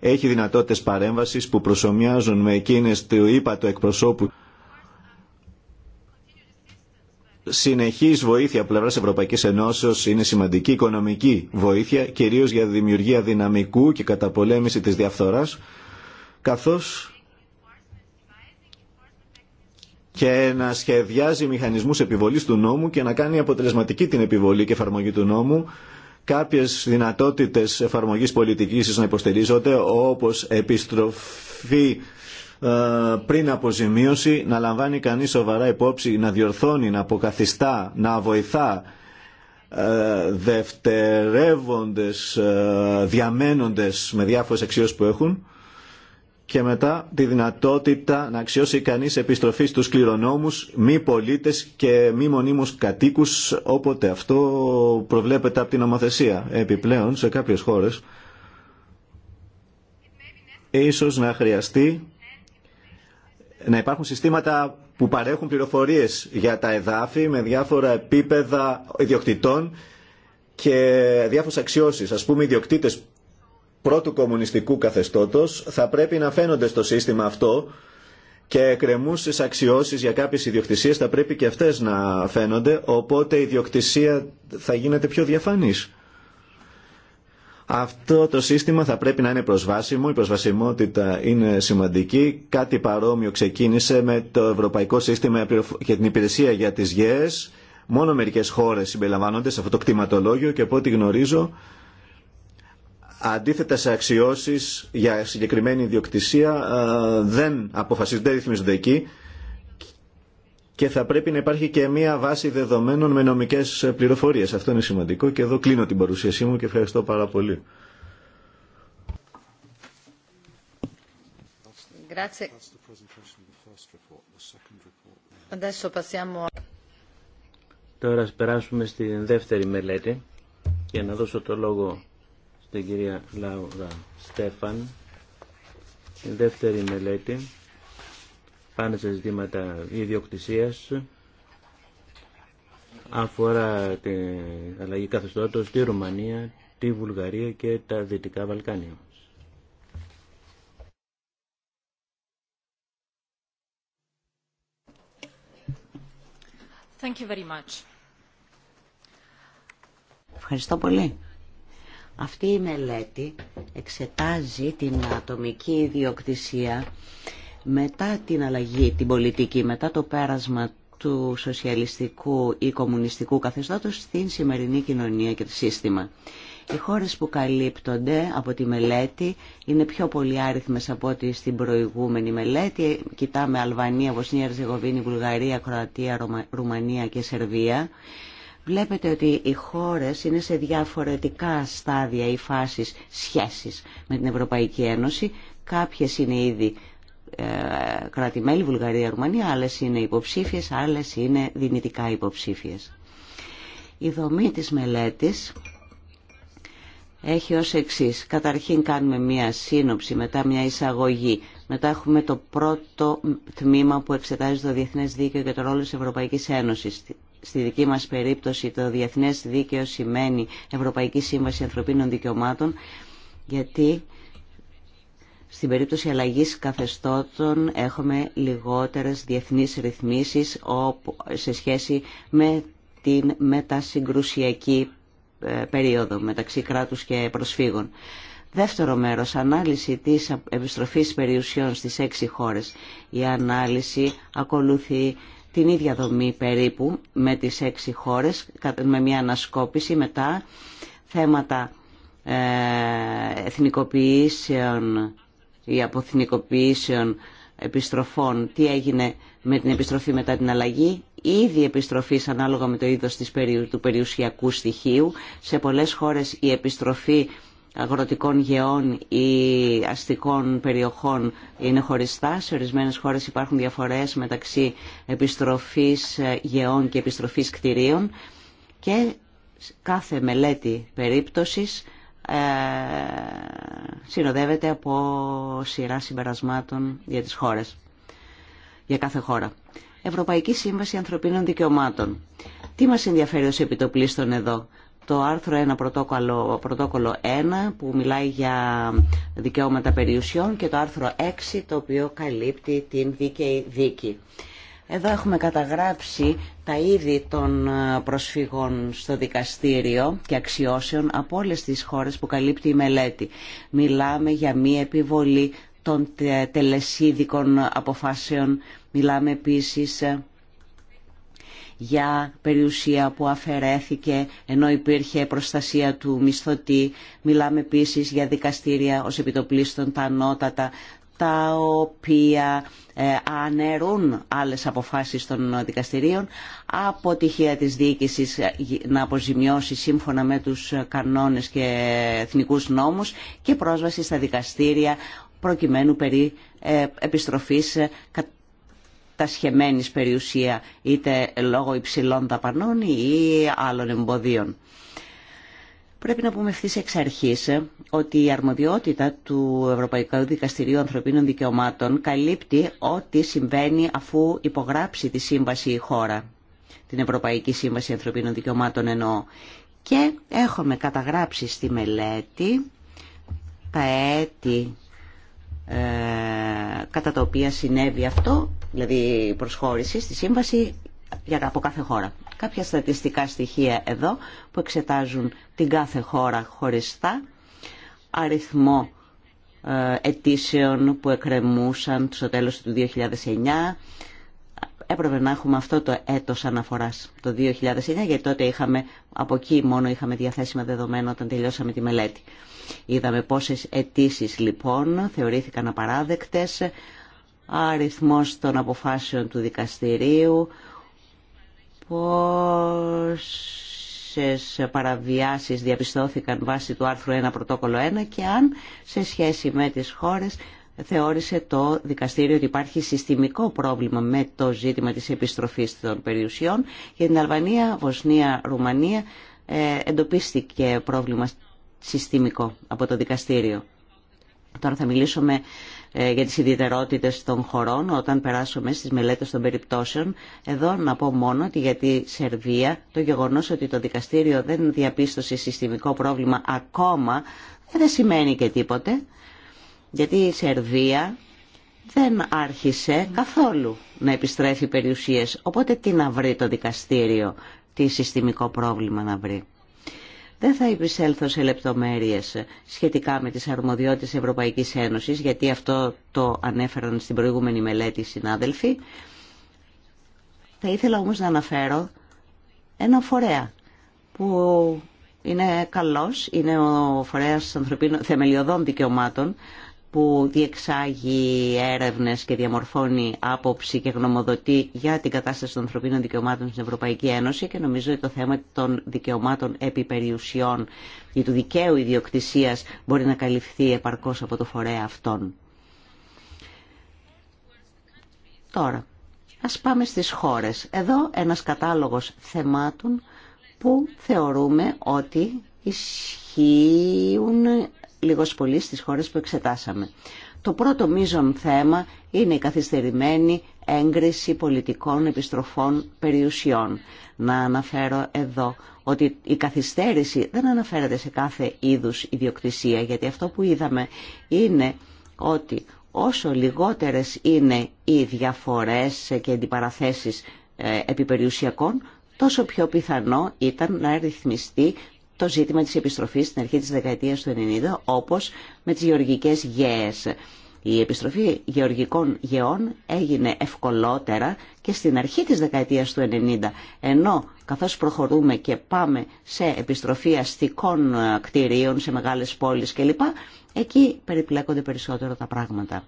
έχει δυνατότητες παρέμβασης που προσωμιάζουν με εκείνες του του εκπροσώπου συνεχής βοήθεια από πλευράς Ευρωπαϊκή Ενώσεω είναι σημαντική οικονομική βοήθεια, κυρίω για δημιουργία δυναμικού και καταπολέμηση της διαφθοράς, καθώς και να σχεδιάζει μηχανισμούς επιβολής του νόμου και να κάνει αποτελεσματική την επιβολή και εφαρμογή του νόμου, κάποιες δυνατότητες εφαρμογής πολιτικής να υποστηρίζονται, όπως επιστροφή ε, πριν αποζημίωση να λαμβάνει κανείς σοβαρά υπόψη, να διορθώνει, να αποκαθιστά, να βοηθά ε, δευτερεύοντες, ε, διαμένοντες με διάφορες αξιώσεις που έχουν και μετά τη δυνατότητα να αξιώσει κανείς επιστροφή στους κληρονόμους, μη πολίτες και μη μονίμους κατοίκους, όποτε αυτό προβλέπεται από την νομοθεσία. Επιπλέον, σε κάποιες χώρες, ίσως να χρειαστεί να υπάρχουν συστήματα που παρέχουν πληροφορίες για τα εδάφη με διάφορα επίπεδα ιδιοκτητών και διάφορες αξιώσεις. Ας πούμε, οι ιδιοκτήτες πρώτου κομμουνιστικού καθεστώτος θα πρέπει να φαίνονται στο σύστημα αυτό και κρεμούσε αξιώσεις για κάποιες ιδιοκτησίες θα πρέπει και αυτές να φαίνονται, οπότε η ιδιοκτησία θα γίνεται πιο διαφανής. Αυτό το σύστημα θα πρέπει να είναι προσβάσιμο, η προσβασιμότητα είναι σημαντική. Κάτι παρόμοιο ξεκίνησε με το Ευρωπαϊκό Σύστημα για την Υπηρεσία για τις ΓΕΕΣ. Μόνο μερικές χώρες συμπεριλαμβάνονται σε αυτό το κτηματολόγιο και από ό,τι γνωρίζω αντίθετα σε αξιώσεις για συγκεκριμένη ιδιοκτησία ε, δεν αποφασίζονται, δεν ρυθμίζονται εκεί και θα πρέπει να υπάρχει και μια βάση δεδομένων με νομικές πληροφορίες. Αυτό είναι σημαντικό και εδώ κλείνω την παρουσίασή μου και ευχαριστώ πάρα πολύ. Τώρα περάσουμε στη δεύτερη μελέτη και να δώσω το λόγο στην κυρία Λάουδα Στέφαν. Η δεύτερη μελέτη πάνε σε ζητήματα ιδιοκτησίας αφορά την αλλαγή καθεστώτος στη Ρουμανία, τη Βουλγαρία και τα Δυτικά Βαλκάνια. Thank you very Ευχαριστώ πολύ. Αυτή η μελέτη εξετάζει την ατομική ιδιοκτησία μετά την αλλαγή, την πολιτική, μετά το πέρασμα του σοσιαλιστικού ή κομμουνιστικού καθεστώτος στην σημερινή κοινωνία και το σύστημα. Οι χώρες που καλύπτονται από τη μελέτη είναι πιο πολύ άριθμες από ό,τι στην προηγούμενη μελέτη. Κοιτάμε Αλβανία, Βοσνία, Ερζεγοβίνη, Βουλγαρία, Κροατία, Ρουμανία και Σερβία. Βλέπετε ότι οι χώρες είναι σε διαφορετικά στάδια ή φάσεις σχέσης με την Ευρωπαϊκή Ένωση. Κάποιες είναι ήδη ε, κράτη-μέλη, Βουλγαρία, Ρουμανία, άλλε είναι υποψήφιε, άλλε είναι δυνητικά υποψήφιες. Η δομή τη μελέτη έχει ω εξή. Καταρχήν κάνουμε μία σύνοψη, μετά μία εισαγωγή. Μετά έχουμε το πρώτο τμήμα που εξετάζει το Διεθνές Δίκαιο και το ρόλο της Ευρωπαϊκής Ένωσης. Στη δική μας περίπτωση το Διεθνές Δίκαιο σημαίνει Ευρωπαϊκή Σύμβαση Ανθρωπίνων Δικαιωμάτων, γιατί στην περίπτωση αλλαγής καθεστώτων έχουμε λιγότερες διεθνείς ρυθμίσεις σε σχέση με την μετασυγκρουσιακή ε, περίοδο μεταξύ κράτους και προσφύγων. Δεύτερο μέρος, ανάλυση της επιστροφής περιουσιών στις έξι χώρες. Η ανάλυση ακολουθεί την ίδια δομή περίπου με τις έξι χώρες, με μια ανασκόπηση μετά θέματα ε, εθνικοποιήσεων ή αποθηνικοποιήσεων επιστροφών, τι έγινε με την επιστροφή μετά την αλλαγή, ήδη επιστροφή ανάλογα με το είδος της, του περιουσιακού στοιχείου. Σε πολλές χώρες η επιστροφή αγροτικών γεών ή αστικών περιοχών είναι χωριστά. Σε ορισμένες χώρες υπάρχουν διαφορές μεταξύ επιστροφής γεών και επιστροφής κτηρίων και κάθε μελέτη περίπτωσης ε, συνοδεύεται από σειρά συμπερασμάτων για τις χώρες, για κάθε χώρα. Ευρωπαϊκή Σύμβαση Ανθρωπίνων Δικαιωμάτων. Τι μας ενδιαφέρει ως επιτοπλίστων εδώ. Το άρθρο 1, πρωτόκολλο, πρωτόκολλο 1 που μιλάει για δικαιώματα περιουσιών και το άρθρο 6 το οποίο καλύπτει την δίκαιη δίκη. Εδώ έχουμε καταγράψει τα είδη των ε, προσφύγων στο δικαστήριο και αξιώσεων από όλες τις χώρες που καλύπτει η μελέτη. Μιλάμε για μία επιβολή των τελεσίδικων αποφάσεων. Μιλάμε επίσης ε, για περιουσία που αφαιρέθηκε ενώ υπήρχε προστασία του μισθωτή. Μιλάμε επίσης για δικαστήρια ως επιτοπλίστων τα ανώτατα τα οποία ε, αναιρούν άλλες αποφάσεις των δικαστηρίων, αποτυχία της διοίκησης ε, να αποζημιώσει σύμφωνα με τους ε, κανόνες και εθνικούς νόμους και πρόσβαση στα δικαστήρια προκειμένου περί επιστροφής κατασχεμένης περιουσία είτε λόγω υψηλών ταπανών ή άλλων εμποδίων. Πρέπει να πούμε ευθύ εξ αρχή ε, ότι η αρμοδιότητα του Ευρωπαϊκού Δικαστηρίου Ανθρωπίνων Δικαιωμάτων καλύπτει ό,τι συμβαίνει αφού υπογράψει τη σύμβαση η χώρα. Την Ευρωπαϊκή Σύμβαση Ανθρωπίνων Δικαιωμάτων εννοώ. Και έχουμε καταγράψει στη μελέτη τα έτη ε, κατά τα οποία συνέβη αυτό, δηλαδή η προσχώρηση στη σύμβαση για, από κάθε χώρα. Κάποια στατιστικά στοιχεία εδώ που εξετάζουν την κάθε χώρα χωριστά, αριθμό ε, ετήσεων που εκκρεμούσαν στο τέλος του 2009, έπρεπε να έχουμε αυτό το έτος αναφοράς το 2009 γιατί τότε είχαμε, από εκεί μόνο είχαμε διαθέσιμα δεδομένα όταν τελειώσαμε τη μελέτη. Είδαμε πόσες αιτήσει λοιπόν θεωρήθηκαν απαράδεκτες, αριθμός των αποφάσεων του δικαστηρίου, πόσες παραβιάσεις διαπιστώθηκαν βάσει του άρθρου 1 πρωτόκολλο 1 και αν σε σχέση με τις χώρες θεώρησε το δικαστήριο ότι υπάρχει συστημικό πρόβλημα με το ζήτημα της επιστροφής των περιουσιών. Για την Αλβανία, Βοσνία, Ρουμανία ε, εντοπίστηκε πρόβλημα συστημικό από το δικαστήριο. Τώρα θα μιλήσουμε ε, για τις ιδιαιτερότητες των χωρών όταν περάσουμε στις μελέτες των περιπτώσεων. Εδώ να πω μόνο ότι για τη Σερβία το γεγονός ότι το δικαστήριο δεν διαπίστωσε συστημικό πρόβλημα ακόμα δεν σημαίνει και τίποτε γιατί η Σερβία δεν άρχισε καθόλου να επιστρέφει περιουσίες. Οπότε τι να βρει το δικαστήριο, τι συστημικό πρόβλημα να βρει. Δεν θα υπησέλθω σε λεπτομέρειες σχετικά με τις αρμοδιότητες Ευρωπαϊκής Ένωσης, γιατί αυτό το ανέφεραν στην προηγούμενη μελέτη οι συνάδελφοι. Θα ήθελα όμως να αναφέρω ένα φορέα που είναι καλός, είναι ο φορέας θεμελιωδών δικαιωμάτων, που διεξάγει έρευνες και διαμορφώνει άποψη και γνωμοδοτεί για την κατάσταση των ανθρωπίνων δικαιωμάτων στην Ευρωπαϊκή Ένωση και νομίζω ότι το θέμα των δικαιωμάτων επιπεριουσιών ή του δικαίου ιδιοκτησίας μπορεί να καλυφθεί επαρκώς από το φορέα αυτόν. Τώρα, ας πάμε στις χώρες. Εδώ ένας κατάλογος θεμάτων που θεωρούμε ότι ισχύουν λίγος πολύ στις χώρες που εξετάσαμε. Το πρώτο μείζον θέμα είναι η καθυστερημένη έγκριση πολιτικών επιστροφών περιουσιών. Να αναφέρω εδώ ότι η καθυστέρηση δεν αναφέρεται σε κάθε είδους ιδιοκτησία, γιατί αυτό που είδαμε είναι ότι όσο λιγότερες είναι οι διαφορές και αντιπαραθέσεις ε, επιπεριουσιακών, τόσο πιο πιθανό ήταν να ρυθμιστεί το ζήτημα της επιστροφής στην αρχή της δεκαετίας του 90, όπως με τις γεωργικές γέες. Η επιστροφή γεωργικών γεών έγινε ευκολότερα και στην αρχή της δεκαετίας του 90, ενώ καθώς προχωρούμε και πάμε σε επιστροφή αστικών ε, κτηρίων, σε μεγάλες πόλεις κλπ, εκεί περιπλέκονται περισσότερο τα πράγματα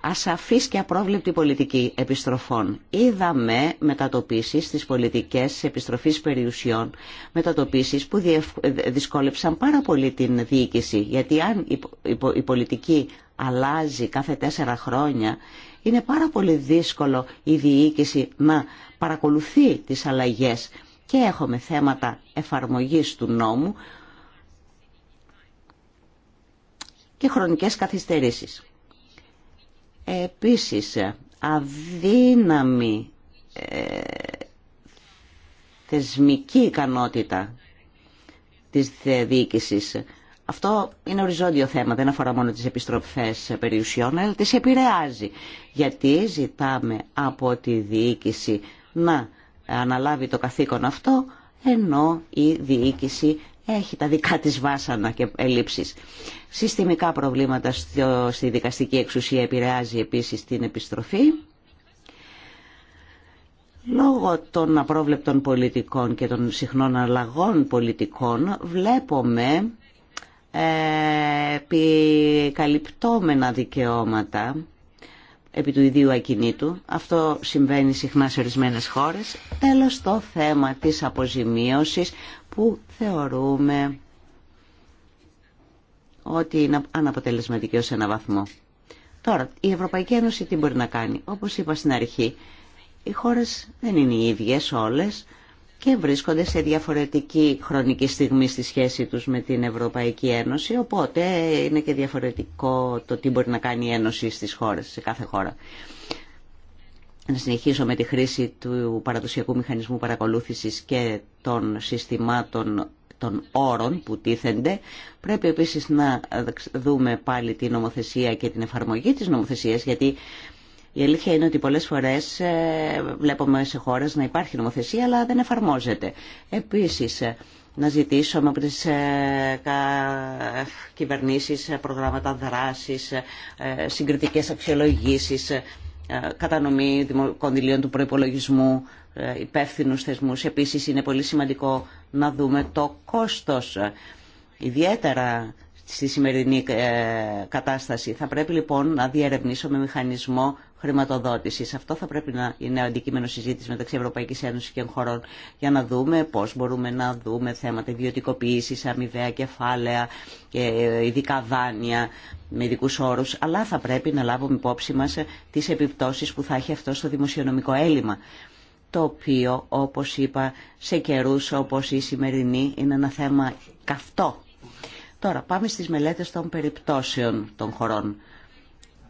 ασαφής και απρόβλεπτη πολιτική επιστροφών. Είδαμε μετατοπίσεις στις πολιτικές επιστροφής περιουσιών, μετατοπίσεις που ε, δυσκόλεψαν πάρα πολύ την διοίκηση, γιατί αν η πολιτική αλλάζει κάθε τέσσερα χρόνια, είναι πάρα πολύ δύσκολο η διοίκηση να παρακολουθεί τις αλλαγές και έχουμε θέματα εφαρμογής του νόμου και χρονικές καθυστερήσεις. Επίσης, αδύναμη ε, θεσμική ικανότητα της διοίκησης. Αυτό είναι οριζόντιο θέμα, δεν αφορά μόνο τις επιστροφές περιουσιών, αλλά τις επηρεάζει. Γιατί ζητάμε από τη διοίκηση να αναλάβει το καθήκον αυτό, ενώ η διοίκηση έχει τα δικά της βάσανα και ελλείψεις. Συστημικά προβλήματα στη δικαστική εξουσία επηρεάζει επίσης την επιστροφή. Λόγω των απρόβλεπτων πολιτικών και των συχνών αλλαγών πολιτικών βλέπουμε ε, επικαλυπτόμενα δικαιώματα επί του ιδίου ακινήτου. Αυτό συμβαίνει συχνά σε ορισμένες χώρες. Τέλος το θέμα της αποζημίωσης που θεωρούμε ότι είναι αναποτελεσματική ως ένα βαθμό. Τώρα, η Ευρωπαϊκή Ένωση τι μπορεί να κάνει. Όπως είπα στην αρχή, οι χώρες δεν είναι οι ίδιες όλες και βρίσκονται σε διαφορετική χρονική στιγμή στη σχέση τους με την Ευρωπαϊκή Ένωση, οπότε είναι και διαφορετικό το τι μπορεί να κάνει η Ένωση στις χώρες, σε κάθε χώρα. Να συνεχίσω με τη χρήση του παραδοσιακού μηχανισμού παρακολούθησης και των συστημάτων των όρων που τίθενται. Πρέπει επίσης να δούμε πάλι την νομοθεσία και την εφαρμογή της νομοθεσίας, γιατί η αλήθεια είναι ότι πολλές φορές ε, βλέπουμε σε χώρες να υπάρχει νομοθεσία αλλά δεν εφαρμόζεται. Επίσης, ε, να ζητήσουμε από τις ε, κυβερνήσεις προγράμματα δράσης, συγκριτικές αξιολογήσεις, κατανομή κονδυλίων του προϋπολογισμού, υπεύθυνους θέσμου. Επίσης, είναι πολύ σημαντικό να δούμε το κόστος. Ιδιαίτερα στη σημερινή ε, κατάσταση. Θα πρέπει λοιπόν να διερευνήσουμε μηχανισμό χρηματοδότηση. Αυτό θα πρέπει να είναι αντικείμενο συζήτηση μεταξύ Ευρωπαϊκή Ένωση και χωρών για να δούμε πώ μπορούμε να δούμε θέματα ιδιωτικοποίηση, αμοιβαία κεφάλαια, ε, ειδικά δάνεια με ειδικού όρου, αλλά θα πρέπει να λάβουμε υπόψη μα ε, τι επιπτώσει που θα έχει αυτό στο δημοσιονομικό έλλειμμα το οποίο, όπως είπα, σε καιρούς όπως η σημερινή είναι ένα θέμα καυτό Τώρα πάμε στις μελέτες των περιπτώσεων των χωρών.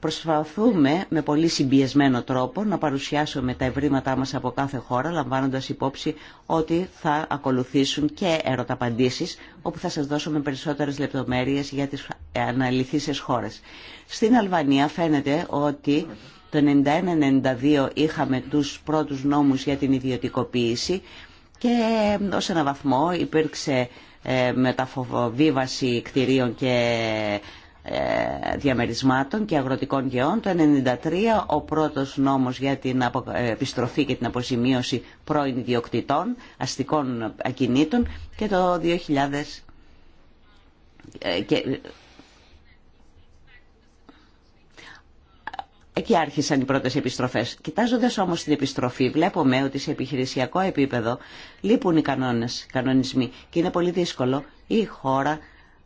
Προσπαθούμε με πολύ συμπιεσμένο τρόπο να παρουσιάσουμε τα ευρήματά μας από κάθε χώρα, λαμβάνοντας υπόψη ότι θα ακολουθήσουν και ερωταπαντήσεις, όπου θα σας δώσουμε περισσότερες λεπτομέρειες για τις αναλυθήσεις χώρες. Στην Αλβανία φαίνεται ότι το 1991-1992 είχαμε τους πρώτους νόμους για την ιδιωτικοποίηση και ε, ως ένα βαθμό υπήρξε ε, μεταφοβίβαση κτηρίων και ε, διαμερισμάτων και αγροτικών γεών. Το 1993 ο πρώτος νόμος για την ε, επιστροφή και την αποζημίωση πρώην ιδιοκτητών, αστικών ακινήτων και το 2000 και Εκεί άρχισαν οι πρώτες επιστροφές. Κοιτάζοντας όμως την επιστροφή βλέπουμε ότι σε επιχειρησιακό επίπεδο λείπουν οι κανόνες, οι κανονισμοί και είναι πολύ δύσκολο η χώρα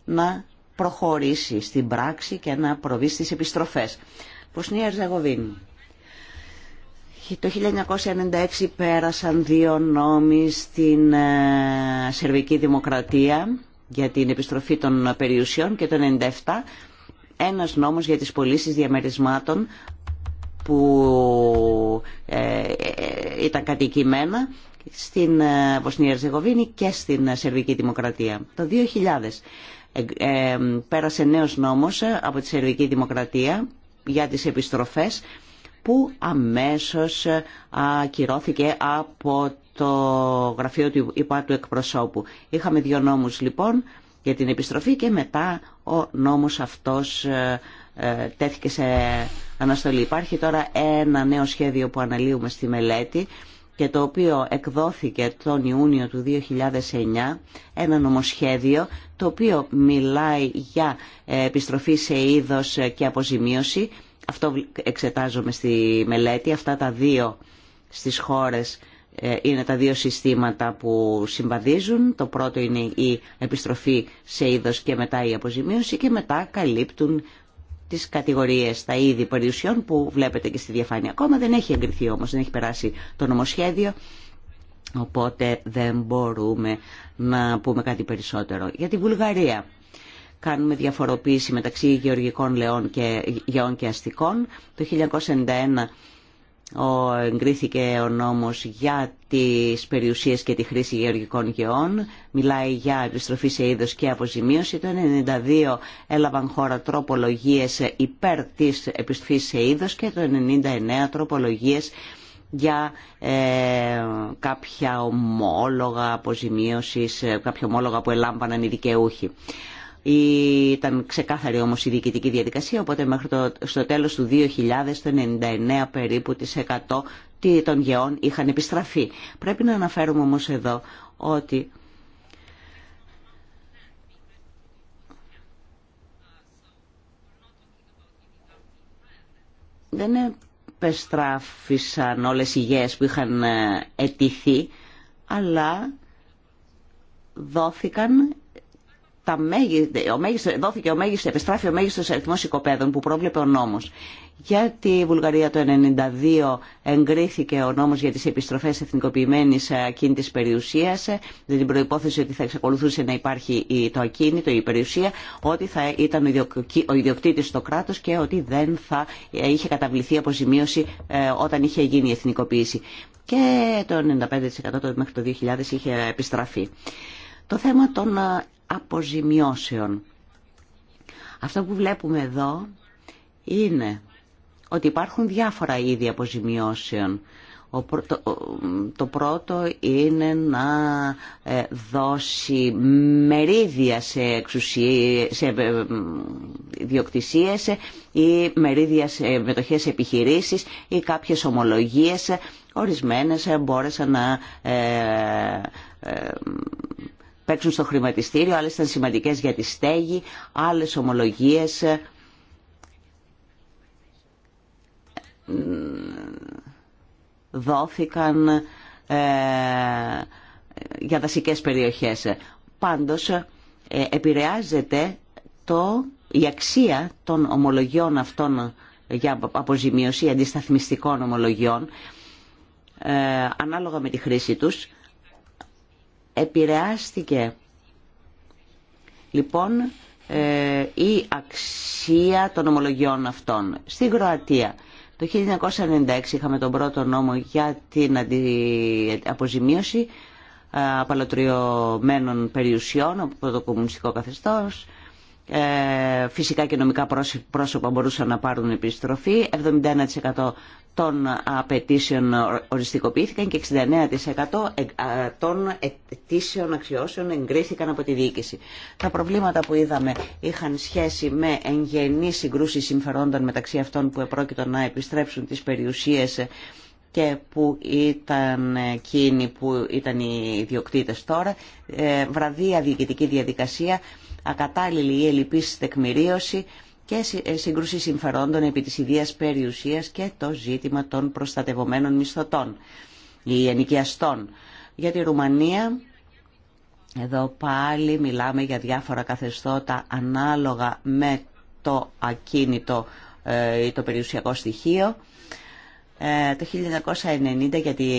να προχωρήσει στην πράξη και να προβεί στις επιστροφές. Βοσνία Ερζαγοβίνη. Το 1996 πέρασαν δύο νόμοι στην ε, Σερβική Δημοκρατία για την επιστροφή των περιουσιών και το 1997 ένας νόμος για τις πωλήσει διαμερισμάτων που ε, ε, ήταν κατοικημένα στην ε, Βοσνία Ερζεγοβίνη και στην Σερβική Δημοκρατία. Το 2000 πέρασε νέος νόμος από τη Σερβική Δημοκρατία για τις επιστροφές που αμέσως ακυρώθηκε από το γραφείο του υπάτου εκπροσώπου. Είχαμε δύο νόμους λοιπόν για την επιστροφή και μετά ο νόμος αυτός τέθηκε σε αναστολή. Υπάρχει τώρα ένα νέο σχέδιο που αναλύουμε στη μελέτη και το οποίο εκδόθηκε τον Ιούνιο του 2009, ένα νομοσχέδιο το οποίο μιλάει για ε, επιστροφή σε είδος και αποζημίωση. Αυτό εξετάζομαι στη μελέτη. Αυτά τα δύο στις χώρες ε, είναι τα δύο συστήματα που συμβαδίζουν. Το πρώτο είναι η επιστροφή σε είδος και μετά η αποζημίωση και μετά καλύπτουν τι κατηγορίε τα είδη περιουσιών που βλέπετε και στη διαφάνεια. Ακόμα δεν έχει εγκριθεί όμω, δεν έχει περάσει το νομοσχέδιο, οπότε δεν μπορούμε να πούμε κάτι περισσότερο. Για τη Βουλγαρία κάνουμε διαφοροποίηση μεταξύ γεωργικών λεών και, γεών και αστικών. Το 1991 ο, εγκρίθηκε ο νόμος για τις περιουσίες και τη χρήση γεωργικών γεών. Μιλάει για επιστροφή σε είδος και αποζημίωση. Το 1992 έλαβαν χώρα τροπολογίες υπέρ της επιστροφής σε είδος και το 1999 τροπολογίες για ε, κάποια ομόλογα αποζημίωσης, ε, κάποια ομόλογα που ελάμβαναν οι δικαιούχοι. Ήταν ξεκάθαρη όμως η διοικητική διαδικασία, οπότε μέχρι το, στο τέλος του 2000 το 99 περίπου τις 100 των γεών είχαν επιστραφεί. Πρέπει να αναφέρουμε όμως εδώ ότι δεν επεστράφησαν όλες οι γέες που είχαν ε, ετηθεί, αλλά δόθηκαν τα ο μέγιστο, δόθηκε ο επιστράφει ο μέγιστος αριθμός οικοπαίδων που πρόβλεπε ο νόμος. Γιατί η Βουλγαρία το 1992 εγκρίθηκε ο νόμος για τις επιστροφές εθνικοποιημένης ε, ακίνητης περιουσίας, ε, με την προϋπόθεση ότι θα εξακολουθούσε να υπάρχει το ακίνητο, η περιουσία, ότι θα ήταν ο ιδιοκτήτης στο κράτος και ότι δεν θα ε, είχε καταβληθεί αποζημίωση όταν είχε γίνει η εθνικοποίηση. Και το 95% μέχρι το 2000 είχε επιστραφεί. Το θέμα των αποζημιώσεων. Αυτό που βλέπουμε εδώ είναι ότι υπάρχουν διάφορα είδη αποζημιώσεων. Το πρώτο είναι να ε, δώσει μερίδια σε, εξουσία, ε, διοκτησίες ή μερίδια σε μετοχές επιχειρήσεις ή κάποιες ομολογίες. Ορισμένες μπόρεσαν να ε, παίξουν στο χρηματιστήριο, άλλες ήταν σημαντικές για τη στέγη, άλλες ομολογίες. δόθηκαν ε, για δασικές περιοχές. Πάντως ε, επηρεάζεται το, η αξία των ομολογιών αυτών για αποζημίωση αντισταθμιστικών ομολογιών ε, ανάλογα με τη χρήση τους επηρεάστηκε λοιπόν ε, η αξία των ομολογιών αυτών. Στην Κροατία το 1996 είχαμε τον πρώτο νόμο για την αποζημίωση ε, απαλωτριωμένων περιουσιών από το κομμουνιστικό καθεστώς. Ε, φυσικά και νομικά πρόσωπα μπορούσαν να πάρουν επιστροφή. 71% των απαιτήσεων οριστικοποιήθηκαν και 69% ε, των αιτήσεων αξιώσεων εγκρίθηκαν από τη διοίκηση. Τα προβλήματα που είδαμε είχαν σχέση με εγγενή συγκρούση συμφερόντων μεταξύ αυτών που επρόκειτο να επιστρέψουν τις περιουσίες και που ήταν εκείνοι που ήταν οι ιδιοκτήτες τώρα, ε, βραδία διοικητική διαδικασία ακατάλληλη ή ελλειπής τεκμηρίωση και ε, σύγκρουση συμφερόντων επί της ιδίας περιουσίας και το ζήτημα των προστατευομένων μισθωτών ή ενοικιαστών. Για τη Ρουμανία, εδώ πάλι μιλάμε για διάφορα καθεστώτα ανάλογα με το ακίνητο ε, ή το περιουσιακό στοιχείο. Ε, το 1990 γιατί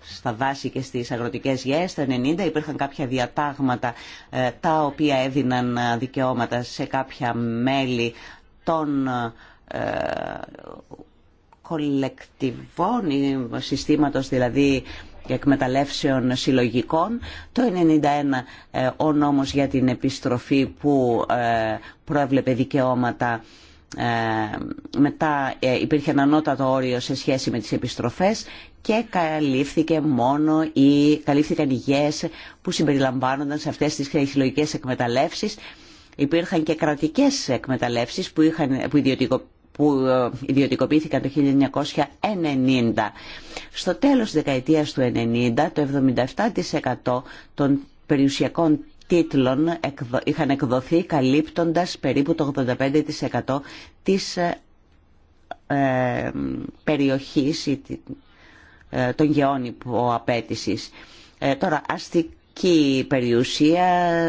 στα δάση και στις αγροτικές γέες το 90 υπήρχαν κάποια διατάγματα ε, τα οποία έδιναν ε, δικαιώματα σε κάποια μέλη των ε, κολεκτιβών ή συστήματος δηλαδή εκμεταλλεύσεων συλλογικών. Το 1991 ο νόμος για την επιστροφή που προέβλεπε δικαιώματα ε, μετά ε, υπήρχε ένα ανώτατο όριο σε σχέση με τις επιστροφές και καλύφθηκε μόνο η καλύφθηκαν οι γέες που συμπεριλαμβάνονταν σε αυτές τις χειρολογικές εκμεταλλεύσεις. Υπήρχαν και κρατικές εκμεταλλεύσεις που, είχαν, που, ιδιωτικο, που ε, ιδιωτικοποιήθηκαν το 1990. Στο τέλος της δεκαετίας του 90, το 77% των περιουσιακών τίτλων είχαν εκδοθεί καλύπτοντας περίπου το 85% της ε, ε, περιοχής ε, των γεών υπό απέτησης. Τώρα, η περιουσία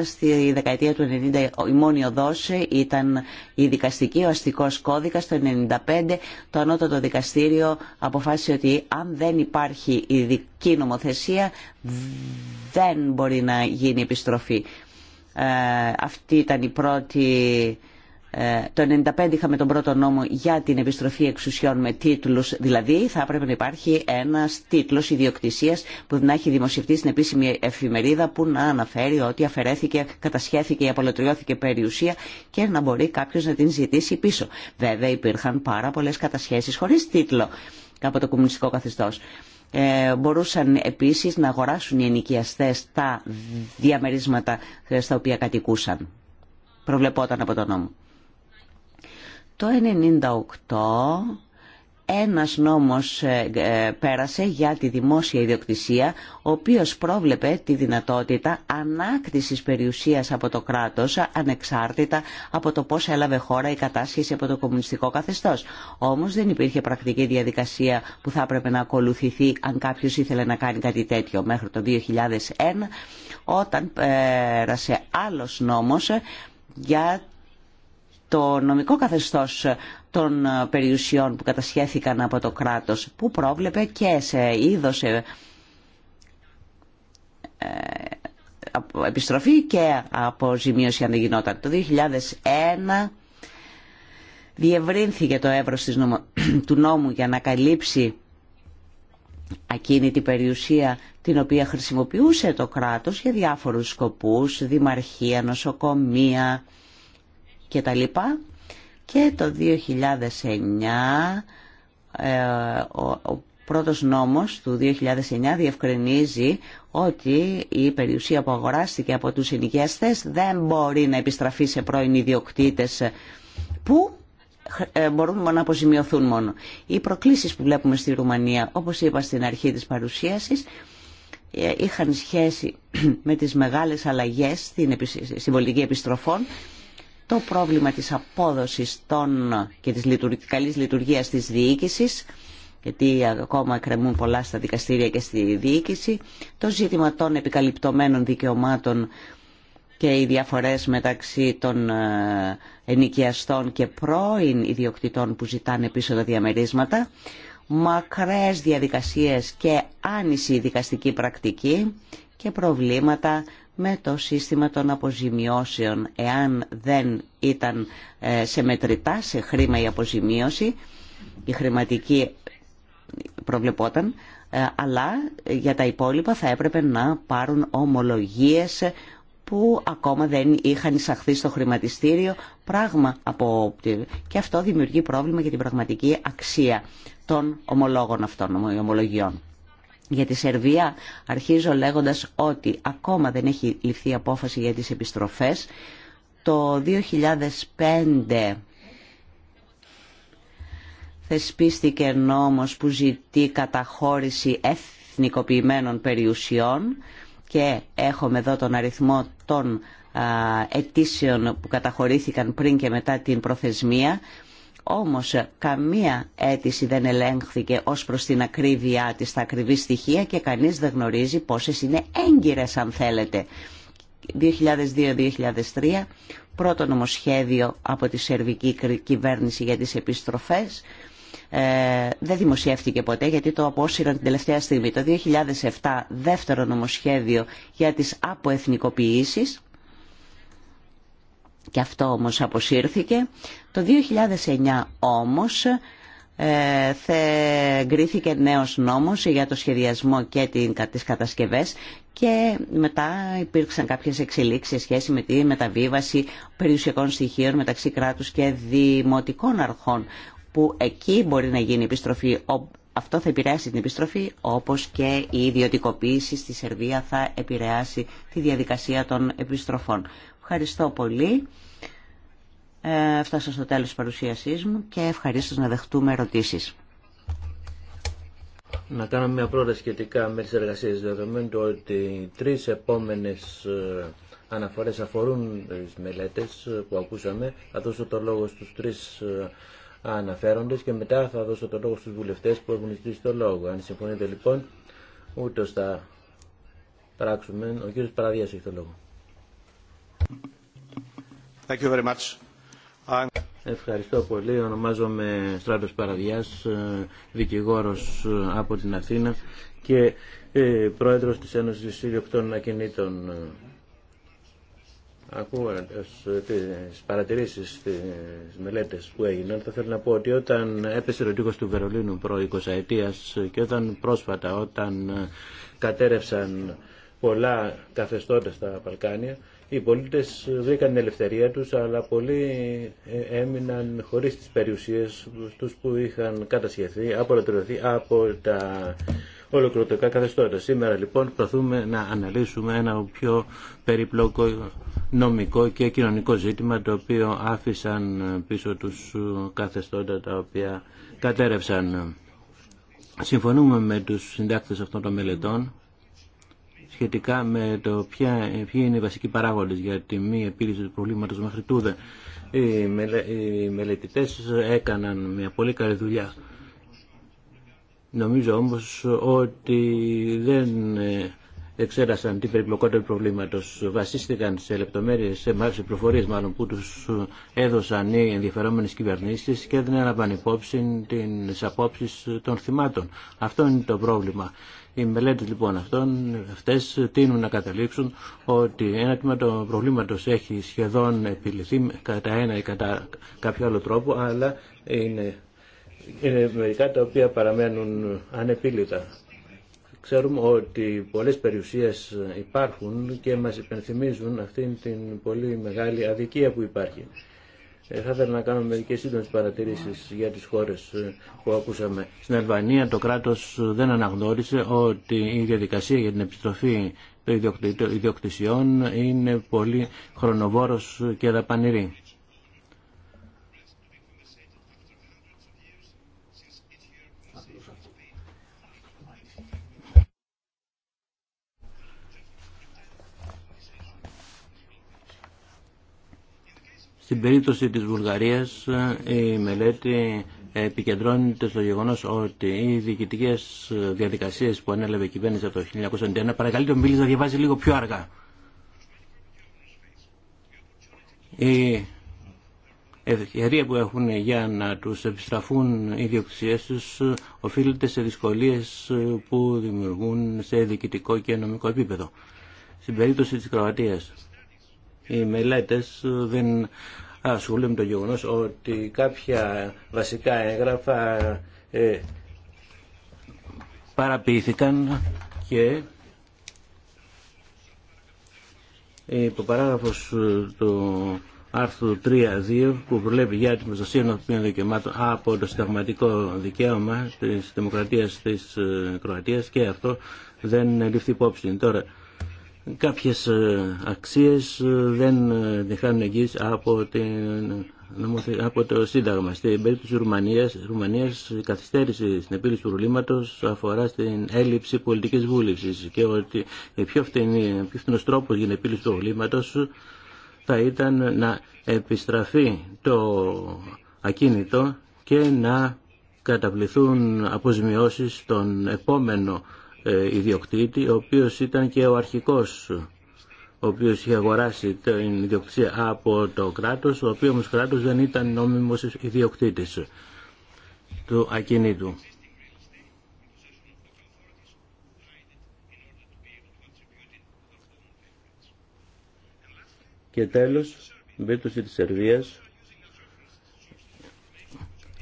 στη δεκαετία του 90 η μόνη οδός ήταν η δικαστική, ο αστικός κώδικας το 95 το ανώτατο δικαστήριο αποφάσισε ότι αν δεν υπάρχει ειδική νομοθεσία δεν μπορεί να γίνει επιστροφή. Ε, αυτή ήταν η πρώτη ε, το 1995 είχαμε τον πρώτο νόμο για την επιστροφή εξουσιών με τίτλους, δηλαδή θα έπρεπε να υπάρχει ένας τίτλος ιδιοκτησίας που να έχει δημοσιευτεί στην επίσημη εφημερίδα που να αναφέρει ότι αφαιρέθηκε, κατασχέθηκε ή απολωτριώθηκε περιουσία και να μπορεί κάποιος να την ζητήσει πίσω. Βέβαια υπήρχαν πάρα πολλές κατασχέσεις χωρίς τίτλο από το κομμουνιστικό καθεστώς. Ε, μπορούσαν επίσης να αγοράσουν οι ενοικιαστές τα διαμερίσματα στα οποία κατοικούσαν. Προβλεπόταν από τον νόμο. Το 1998 ένας νόμος ε, ε, πέρασε για τη δημόσια ιδιοκτησία, ο οποίος πρόβλεπε τη δυνατότητα ανάκτησης περιουσίας από το κράτος, ανεξάρτητα από το πώς έλαβε χώρα η κατάσχεση από το κομμουνιστικό καθεστώς. Όμως δεν υπήρχε πρακτική διαδικασία που θα έπρεπε να ακολουθηθεί αν κάποιος ήθελε να κάνει κάτι τέτοιο μέχρι το 2001, όταν ε, πέρασε άλλος νόμος για το νομικό καθεστώς των ε, περιουσιών που κατασχέθηκαν από το κράτος που πρόβλεπε και σε είδωσε ε, επιστροφή και αποζημίωση αν δεν γινόταν. Το 2001 διευρύνθηκε το έβρος του νόμου για να καλύψει ακίνητη περιουσία την οποία χρησιμοποιούσε το κράτος για διάφορους σκοπούς, δημαρχία, νοσοκομεία, και τα λοιπά. Και το 2009 ε, ο πρώτος νόμος του 2009 διευκρινίζει ότι η περιουσία που αγοράστηκε από τους ενοικιαστές δεν μπορεί να επιστραφεί σε πρώην ιδιοκτήτες που ε, μπορούν να αποζημιωθούν μόνο. Οι προκλήσεις που βλέπουμε στη Ρουμανία, όπως είπα στην αρχή της παρουσίασης, ε, είχαν σχέση με τις μεγάλες αλλαγές στην συμβολική επιστροφών το πρόβλημα της απόδοσης των, και της καλής λειτουργίας της διοίκησης, γιατί ακόμα κρεμούν πολλά στα δικαστήρια και στη διοίκηση, το ζήτημα των επικαλυπτωμένων δικαιωμάτων και οι διαφορές μεταξύ των ε, ενοικιαστών και πρώην ιδιοκτητών που ζητάνε πίσω τα διαμερίσματα, μακρές διαδικασίες και άνηση δικαστική πρακτική και προβλήματα με το σύστημα των αποζημιώσεων εάν δεν ήταν ε, σε μετρητά, σε χρήμα η αποζημίωση, η χρηματική προβλεπόταν, ε, αλλά για τα υπόλοιπα θα έπρεπε να πάρουν ομολογίες που ακόμα δεν είχαν εισαχθεί στο χρηματιστήριο πράγμα από... και αυτό δημιουργεί πρόβλημα για την πραγματική αξία των ομολόγων αυτών, ομολογιών για τη Σερβία αρχίζω λέγοντας ότι ακόμα δεν έχει ληφθεί απόφαση για τις επιστροφές. Το 2005 θεσπίστηκε νόμος που ζητεί καταχώρηση εθνικοποιημένων περιουσιών και έχουμε εδώ τον αριθμό των αιτήσεων που καταχωρήθηκαν πριν και μετά την προθεσμία. Όμως καμία αίτηση δεν ελέγχθηκε ως προς την ακρίβειά της, στα ακριβή στοιχεία και κανείς δεν γνωρίζει πόσες είναι έγκυρες αν θέλετε. 2002-2003 πρώτο νομοσχέδιο από τη σερβική κυβέρνηση για τις επιστροφές ε, δεν δημοσιεύτηκε ποτέ γιατί το απόσυραν την τελευταία στιγμή. Το 2007 δεύτερο νομοσχέδιο για τις αποεθνικοποιήσεις και αυτό όμως αποσύρθηκε. Το 2009 όμως ε, θε, γκρίθηκε νέος νόμος για το σχεδιασμό και την, τις κατασκευές και μετά υπήρξαν κάποιες εξελίξεις σε σχέση με τη μεταβίβαση περιουσιακών στοιχείων μεταξύ κράτους και δημοτικών αρχών που εκεί μπορεί να γίνει επιστροφή. Αυτό θα επηρεάσει την επιστροφή όπως και η ιδιωτικοποίηση στη Σερβία θα επηρεάσει τη διαδικασία των επιστροφών. Ευχαριστώ πολύ. Ε, φτάσα στο τέλος της παρουσίασής μου και ευχαρίστω να δεχτούμε ερωτήσεις. Να κάνω μια πρόταση σχετικά με τις εργασίες δεδομένου ότι οι τρεις επόμενες ε, αναφορές αφορούν τις μελέτες ε, που ακούσαμε. Θα δώσω το λόγο στους τρεις ε, αναφέροντες και μετά θα δώσω το λόγο στους βουλευτές που έχουν ζητήσει το λόγο. Αν συμφωνείτε λοιπόν, ούτως θα πράξουμε. Ο κύριος Παραδιάς έχει το λόγο. Thank you very Ευχαριστώ πολύ. Ονομάζομαι στρατό Παραδιάς, ε, δικηγόρος ε, από την Αθήνα και ε, πρόεδρος της Ένωσης Ιδιοκτών Ακινήτων. Ακούγοντας τις παρατηρήσεις, τις μελέτες που έγιναν, θα θέλω να πω ότι όταν έπεσε ο τείχος του Βερολίνου προ 20 ετία και όταν πρόσφατα, όταν κατέρευσαν πολλά καθεστώτα στα Παλκάνια οι πολίτες βρήκαν την ελευθερία τους, αλλά πολλοί ε, έμειναν χωρίς τις περιουσίες τους που είχαν κατασχεθεί, απολατρωθεί από τα ολοκληρωτικά καθεστώτα. Σήμερα λοιπόν προσπαθούμε να αναλύσουμε ένα πιο περιπλοκό νομικό και κοινωνικό ζήτημα το οποίο άφησαν πίσω τους καθεστώτα τα οποία κατέρευσαν. Συμφωνούμε με τους συντάκτες αυτών των μελετών σχετικά με το ποια, ποιοι είναι οι βασικοί παράγοντες για τη μη επίλυση του προβλήματος μέχρι τούδε. Οι, μελε, μελετητές έκαναν μια πολύ καλή δουλειά. Νομίζω όμως ότι δεν ε, εξέρασαν την περιπλοκότητα του προβλήματος. Βασίστηκαν σε λεπτομέρειες, σε, σε προφορίες μάλλον που τους έδωσαν οι ενδιαφερόμενες κυβερνήσεις και δεν έλαβαν υπόψη τις απόψεις των θυμάτων. Αυτό είναι το πρόβλημα. Οι μελέτες λοιπόν αυτών, αυτές τείνουν να καταλήξουν ότι ένα τμήμα των προβλήματος έχει σχεδόν επιληθεί κατά ένα ή κατά κάποιο άλλο τρόπο, αλλά είναι, είναι μερικά τα οποία παραμένουν ανεπίλητα. Ξέρουμε ότι πολλές περιουσίες υπάρχουν και μας υπενθυμίζουν αυτήν την πολύ μεγάλη αδικία που υπάρχει. Ε, θα ήθελα να κάνω μερικέ σύντομες παρατηρήσεις για τις χώρες ε, που ακούσαμε. Στην Αλβανία το κράτος ε, δεν αναγνώρισε ότι η διαδικασία για την επιστροφή των ιδιοκτησιών είναι πολύ χρονοβόρος και δαπανηρή. Στην περίπτωση της Βουλγαρίας ε, η μελέτη επικεντρώνεται στο γεγονός ότι οι διοικητικές διαδικασίες που ανέλαβε η κυβέρνηση από το 1991 παρακαλεί τον Μπίλης να διαβάζει λίγο πιο αργά. Η ευκαιρία που έχουν για να τους επιστραφούν οι διοκτησίες τους ε, οφείλεται σε δυσκολίες ε, που δημιουργούν σε διοικητικό και νομικό επίπεδο. Στην περίπτωση της Κροατίας οι μελέτες δεν ασχολούνται με το γεγονός ότι κάποια βασικά έγγραφα ε, παραποιήθηκαν και υπό παράγραφος ε, του άρθρου 3.2 που προβλέπει για την προστασία των δικαιωμάτων από το συνταγματικό δικαίωμα της δημοκρατίας της ε, Κροατίας και αυτό δεν ληφθεί υπόψη. Τώρα, Κάποιες ε, αξίες ε, δεν ε, διχάνουν εγγύηση από, την, από το Σύνταγμα. Στην περίπτωση της Ρουμανίας, Ρουμανίας η καθυστέρηση στην επίλυση του προβλήματος αφορά στην έλλειψη πολιτικής βούλησης και ότι η πιο, φτηνή πιο φθηνός τρόπος για την επίλυση του προβλήματος θα ήταν να επιστραφεί το ακίνητο και να καταβληθούν αποζημιώσεις στον επόμενο ε, ιδιοκτήτη, ο οποίος ήταν και ο αρχικός, ο οποίος είχε αγοράσει την ιδιοκτησία από το κράτος, ο οποίος όμως κράτος δεν ήταν νόμιμος ιδιοκτήτης του ακινήτου. Και τέλος, περίπτωση της Σερβίας,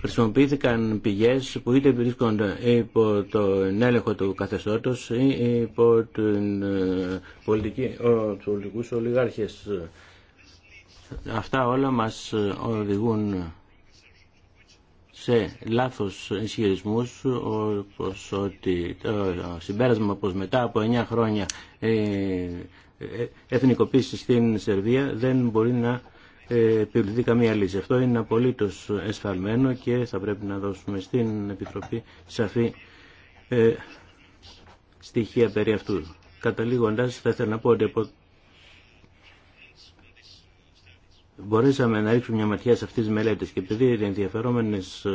χρησιμοποιήθηκαν πηγές που είτε βρίσκονται υπό το έλεγχο του καθεστώτος ή υπό την ε, πολιτική, τους πολιτικούς ολιγάρχες. Αυτά όλα μας ε, οδηγούν σε λάθος ισχυρισμούς όπως ότι το ε, συμπέρασμα πως μετά από 9 χρόνια εθνικοποίηση στην Σερβία δεν μπορεί να επιβληθεί καμία λύση. Αυτό είναι απολύτως εσφαλμένο και θα πρέπει να δώσουμε στην Επιτροπή σαφή ε, στοιχεία περί αυτού. Καταλήγοντας θα ήθελα να πω ότι μπορέσαμε να ρίξουμε μια ματιά σε αυτές τις μελέτες και επειδή οι ενδιαφερόμενες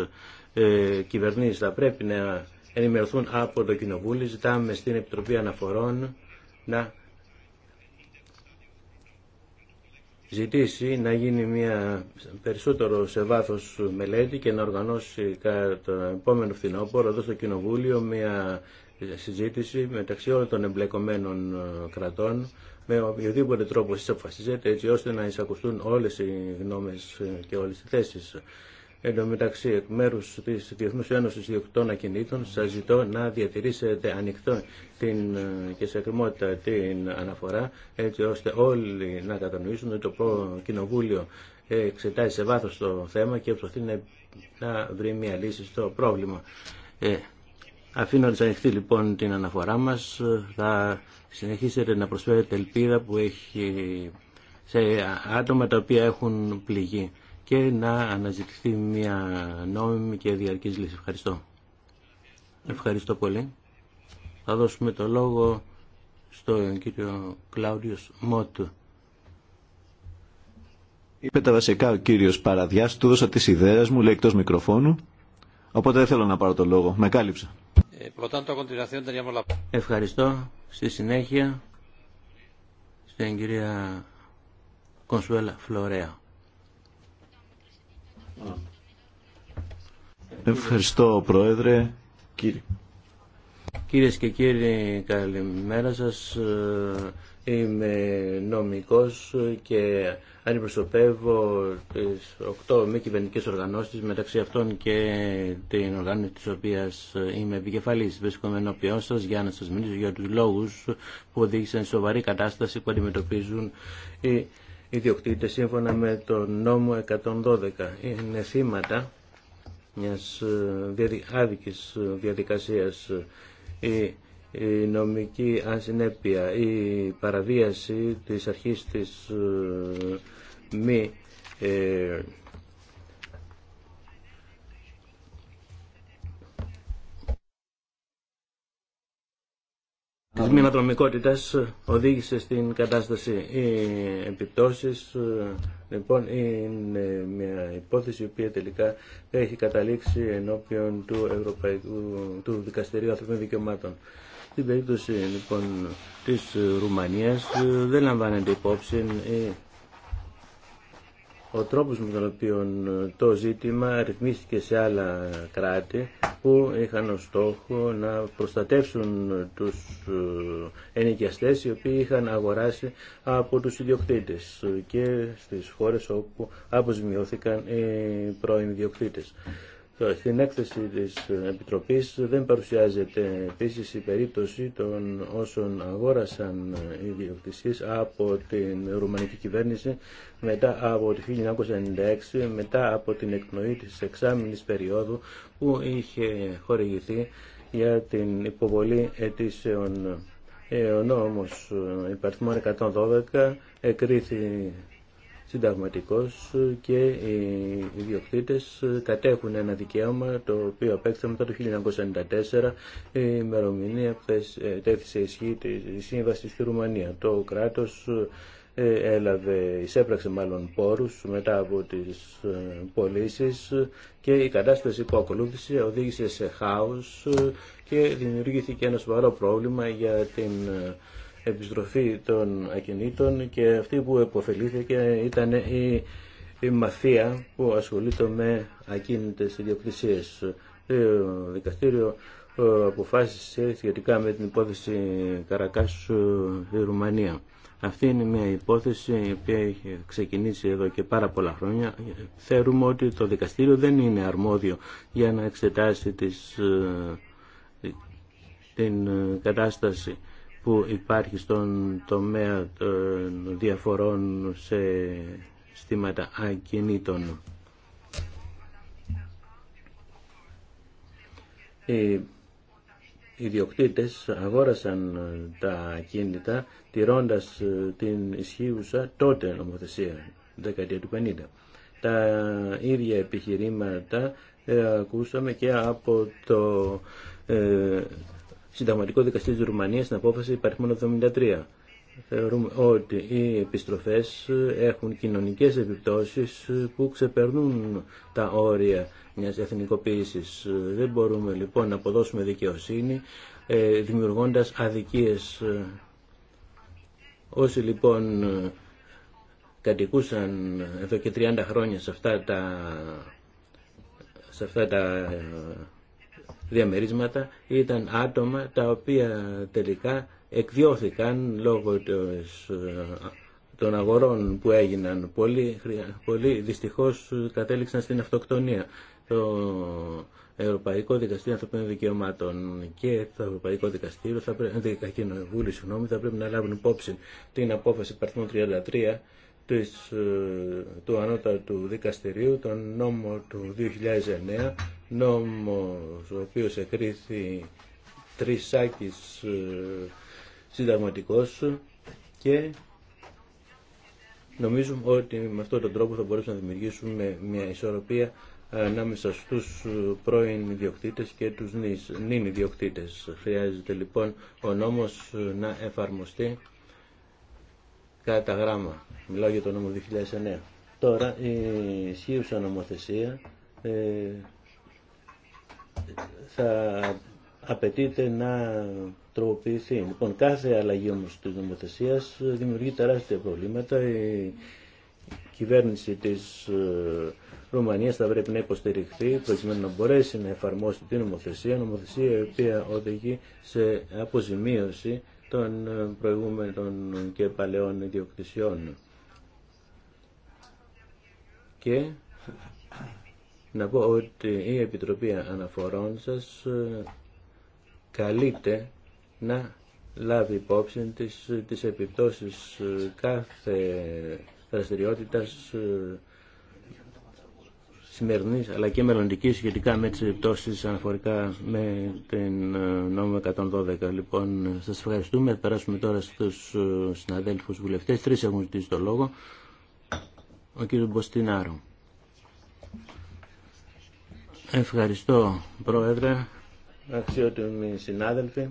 ε, κυβερνήσεις θα πρέπει να ενημερωθούν από το Κοινοβούλιο, ζητάμε στην Επιτροπή Αναφορών να ζητήσει να γίνει μια περισσότερο σε βάθος μελέτη και να οργανώσει κατά το επόμενο φθινόπωρο εδώ στο Κοινοβούλιο μια συζήτηση μεταξύ όλων των εμπλεκομένων ε, κρατών με οποιοδήποτε τρόπο εσείς αποφασίζετε έτσι ώστε να εισακουστούν όλες οι γνώμες ε, και όλες οι θέσεις. Εν τω μεταξύ, εκ μέρου τη Διεθνού Ένωση Διοκτών Ακινήτων, σα ζητώ να διατηρήσετε ανοιχτό την, ε, και σε εκκρεμότητα την αναφορά, έτσι ώστε όλοι να κατανοήσουν ότι το Κοινοβούλιο εξετάζει σε βάθο το θέμα και προσπαθεί να, να βρει μια λύση στο πρόβλημα. Ε, Αφήνοντα ανοιχτή λοιπόν την αναφορά μα, ε, θα συνεχίσετε να προσφέρετε ελπίδα που έχει σε άτομα τα οποία έχουν πληγεί και να αναζητηθεί μια νόμιμη και διαρκής λύση. Ευχαριστώ. Ευχαριστώ πολύ. Θα δώσουμε το λόγο στον κύριο Κλάουδιος Μότου. Είπε τα βασικά ο κύριος Παραδιά, του δώσα τις ιδέες μου, λέει εκτό μικροφώνου, οπότε δεν θέλω να πάρω το λόγο. Με κάλυψε. Ευχαριστώ. Στη συνέχεια, στην κυρία Κονσουέλα Φλωρέα. Ευχαριστώ, Πρόεδρε. Κύριε. Κυρίες και κύριοι, καλημέρα σας. Είμαι νομικός και αντιπροσωπεύω τις οκτώ μη κυβερνητικέ οργανώσεις, μεταξύ αυτών και την οργάνωση της οποίας είμαι επικεφαλής. Βρίσκομαι ενώπιόν σα για να σας μιλήσω για τους λόγους που οδήγησαν σοβαρή κατάσταση που αντιμετωπίζουν οι ιδιοκτήτες σύμφωνα με το νόμο 112. Είναι θύματα μιας ε, άδικης ε, διαδικασίας η, νομική ασυνέπεια, η παραβίαση της αρχής της ε, μη της μη οδήγησε στην κατάσταση. Οι επιπτώσεις λοιπόν είναι μια υπόθεση η οποία τελικά έχει καταλήξει ενώπιον του, Ευρωπαϊκού, του Δικαστηρίου Ανθρωπίνων Δικαιωμάτων. Στην περίπτωση λοιπόν της Ρουμανίας δεν λαμβάνεται υπόψη ο τρόπος με τον οποίο ε, το ζήτημα ρυθμίστηκε σε άλλα κράτη που είχαν ως στόχο να προστατεύσουν τους ε, ενοικιαστές οι οποίοι είχαν αγοράσει από τους ιδιοκτήτες και στις χώρες όπου αποζημιώθηκαν οι πρώην ιδιοκτήτες. Στην έκθεση της Επιτροπής δεν παρουσιάζεται επίσης η περίπτωση των όσων αγόρασαν οι διοκτησίες από την Ρουμανική κυβέρνηση μετά από το 1996, μετά από την εκπνοή της εξάμηνης περίοδου που είχε χορηγηθεί για την υποβολή αιτήσεων. Ε, ο νόμος ε, υπαριθμών 112 εκρίθη συνταγματικός και οι ιδιοκτήτες κατέχουν ένα δικαίωμα το οποίο απέκτησαν μετά το 1994 η ημερομηνία που ε, τέθησε ισχύ τη σύμβαση στη Ρουμανία. Το κράτος ε, έλαβε, εισέπραξε μάλλον πόρους μετά από τις ε, πωλήσει και η κατάσταση που ακολούθησε οδήγησε σε χάος και δημιουργήθηκε ένα σοβαρό πρόβλημα για την επιστροφή των ακινήτων και αυτή που επωφελήθηκε ήταν η, η μαφία που ασχολείται με ακίνητες ιδιοκτησίες. Το δικαστήριο ε, αποφάσισε σχετικά με την υπόθεση Καρακάσου ε, στη Ρουμανία. Αυτή είναι μια υπόθεση η οποία έχει ξεκινήσει εδώ και πάρα πολλά χρόνια. Θεωρούμε ότι το δικαστήριο δεν είναι αρμόδιο για να εξετάσει τις, ε, την κατάσταση που υπάρχει στον τομέα των διαφορών σε στήματα ακινήτων. Οι ιδιοκτήτες αγόρασαν τα ακίνητα τηρώντας την ισχύουσα τότε νομοθεσία, δεκαετία του 50. Τα ίδια επιχειρήματα ε, ακούσαμε και από το ε, Συνταγματικό Δικαστήριο της Ρουμανίας στην απόφαση υπαριθμών 73. Θεωρούμε ότι οι επιστροφές έχουν κοινωνικές επιπτώσεις που ξεπερνούν τα όρια μιας εθνικοποίησης. Δεν μπορούμε λοιπόν να αποδώσουμε δικαιοσύνη ε, δημιουργώντας αδικίες. Όσοι λοιπόν κατοικούσαν εδώ και 30 χρόνια σε αυτά τα, σε αυτά τα διαμερίσματα ήταν άτομα τα οποία τελικά εκδιώθηκαν λόγω ε, των αγορών που έγιναν. πολύ πολύ δυστυχώς κατέληξαν στην αυτοκτονία. Το Ευρωπαϊκό Δικαστήριο Ανθρωπίνων Δικαιωμάτων και το Ευρωπαϊκό Δικαστήριο, θα πρέπει, συγγνώμη, θα πρέπει να λάβουν υπόψη την απόφαση παρθμού 33 της, ε, του Ανώτατου Δικαστηρίου, τον νόμο του 2009, νόμος ο οποίος εκρίθη τρισάκης ε, συνταγματικός και νομίζουμε ότι με αυτόν τον τρόπο θα μπορέσουμε να δημιουργήσουμε μια ισορροπία ανάμεσα στους πρώην ιδιοκτήτες και τους νυν ιδιοκτήτες. Χρειάζεται λοιπόν ο νόμος να εφαρμοστεί κατά γράμμα. Μιλάω για το νόμο 2009. Τώρα η ισχύουσα νομοθεσία ε, θα απαιτείται να τροποποιηθεί. Λοιπόν, κάθε αλλαγή όμως τη νομοθεσία δημιουργεί τεράστια προβλήματα. Η κυβέρνηση της ε, Ρουμανίας θα πρέπει να υποστηριχθεί προκειμένου να μπορέσει να εφαρμόσει την νομοθεσία, νομοθεσία η οποία οδηγεί σε αποζημίωση των ε, προηγούμενων και παλαιών ιδιοκτησιών. Και να πω ότι η Επιτροπή Αναφορών σας ε, καλείται να λάβει υπόψη τις, τις επιπτώσεις ε, κάθε δραστηριότητας ε, σημερινής αλλά και μελλοντική σχετικά με τις επιπτώσεις αναφορικά με την νόμο 112. Λοιπόν, σας ευχαριστούμε. Περάσουμε τώρα στους συναδέλφους βουλευτές. Τρεις έχουν ζητήσει το λόγο. Ο κύριος Μποστινάρου. Ευχαριστώ Πρόεδρε, αξιότιμοι συνάδελφοι,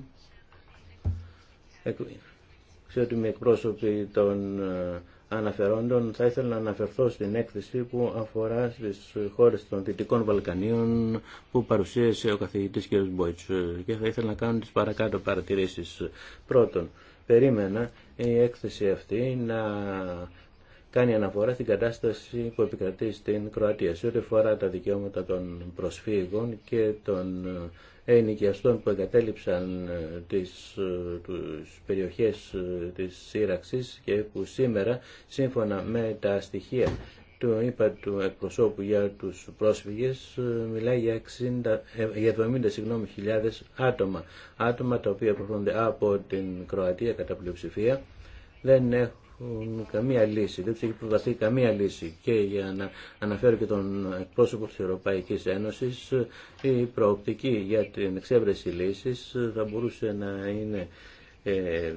αξιότιμοι εκπρόσωποι των ε, αναφερόντων. Θα ήθελα να αναφερθώ στην έκθεση που αφορά στις χώρες των Δυτικών Βαλκανίων που παρουσίασε ο καθηγητής κ. Μπόιτς και θα ήθελα να κάνω τις παρακάτω παρατηρήσεις. Πρώτον, περίμενα η έκθεση αυτή να κάνει αναφορά στην κατάσταση που επικρατεί στην Κροατία σε ό,τι αφορά τα δικαιώματα των προσφύγων και των ε, ενοικιαστών που εγκατέλειψαν ε, τις, ε, τις περιοχές της σύραξης και που σήμερα σύμφωνα με τα στοιχεία του είπα του εκπροσώπου για τους πρόσφυγες μιλάει για, 60, για 70 συγγνώμη, χιλιάδες άτομα άτομα τα οποία προχωρούνται από την Κροατία κατά πλειοψηφία δεν έχουν καμία λύση, δεν τους έχει προταθεί καμία λύση και για να αναφέρω και τον εκπρόσωπο της Ευρωπαϊκής Ένωσης η προοπτική για την εξέβρεση λύσης θα μπορούσε να είναι ε,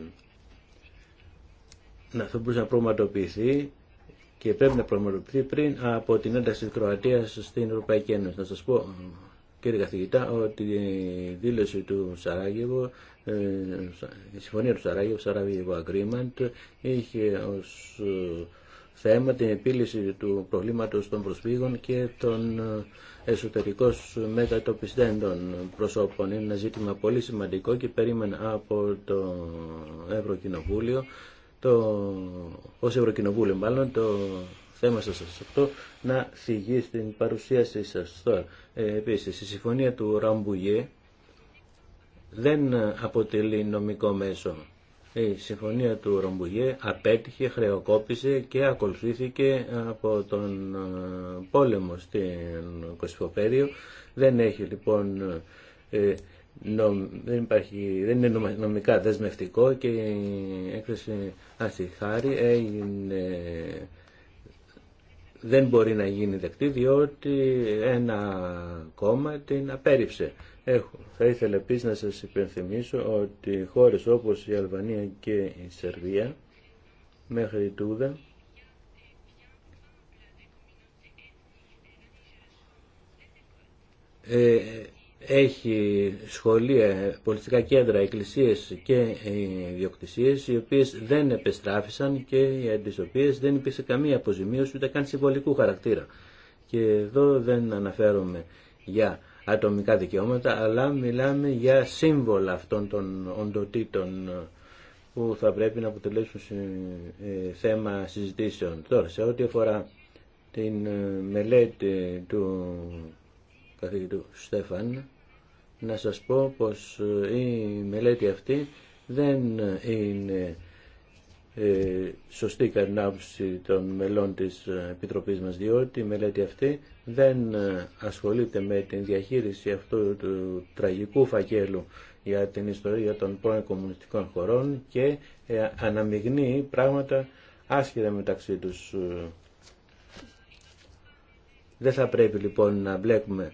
να θα μπορούσε να πραγματοποιηθεί και πρέπει να προγραμματοποιηθεί πριν από την ένταξη της Κροατίας στην Ευρωπαϊκή Ένωση. Να σας πω κύριε καθηγητά ότι η δήλωση του Σαράγεβο ε, η συμφωνία του Σαράγεβου, Σαράβι Agreement, είχε ως ε, θέμα την επίλυση του προβλήματος των προσφύγων και των ε, εσωτερικών μετατοπιστέντων προσώπων. Είναι ένα ζήτημα πολύ σημαντικό και περίμενα από το Ευρωκοινοβούλιο, το, ως Ευρωκοινοβούλιο μάλλον, το θέμα σας αυτό να θυγεί στην παρουσίασή σας. Τώρα, επίσης, η συμφωνία του Ραμπουγιέ δεν αποτελεί νομικό μέσο. Η συμφωνία του Ρομπουγέ απέτυχε, χρεοκόπησε και ακολουθήθηκε από τον ε, πόλεμο στην Κωσυφοπέριο. Δεν έχει λοιπόν ε, δεν, δεν είναι νομικά δεσμευτικό και η έκθεση Ασιχάρη έγινε δεν μπορεί να γίνει δεκτή διότι ένα κόμμα την απέρριψε. Έχω. Θα ήθελα επίση να σας υπενθυμίσω ότι χώρες όπως η Αλβανία και η Σερβία μέχρι τούδα ε, έχει σχολεία, πολιτικά κέντρα, εκκλησίες και ιδιοκτησίες οι οποίες δεν επεστράφησαν και οι τις δεν υπήρξε καμία αποζημίωση ούτε καν συμβολικού χαρακτήρα. Και εδώ δεν αναφέρομαι για ατομικά δικαιώματα, αλλά μιλάμε για σύμβολα αυτών των οντοτήτων ε, που θα πρέπει να αποτελέσουν ε, θέμα συζητήσεων. Τώρα, σε ό,τι αφορά την ε, μελέτη του καθηγητού Στέφαν, να σας πω πως η μελέτη αυτή δεν είναι ε, σωστή καρνάψη των μελών της ε, Επιτροπής μας, διότι η μελέτη αυτή δεν ε, ασχολείται με την διαχείριση αυτού του τραγικού φακέλου για την ιστορία των πρώην κομμουνιστικών χωρών και αναμειγνύει πράγματα άσχετα μεταξύ τους. Δεν θα πρέπει λοιπόν να μπλέκουμε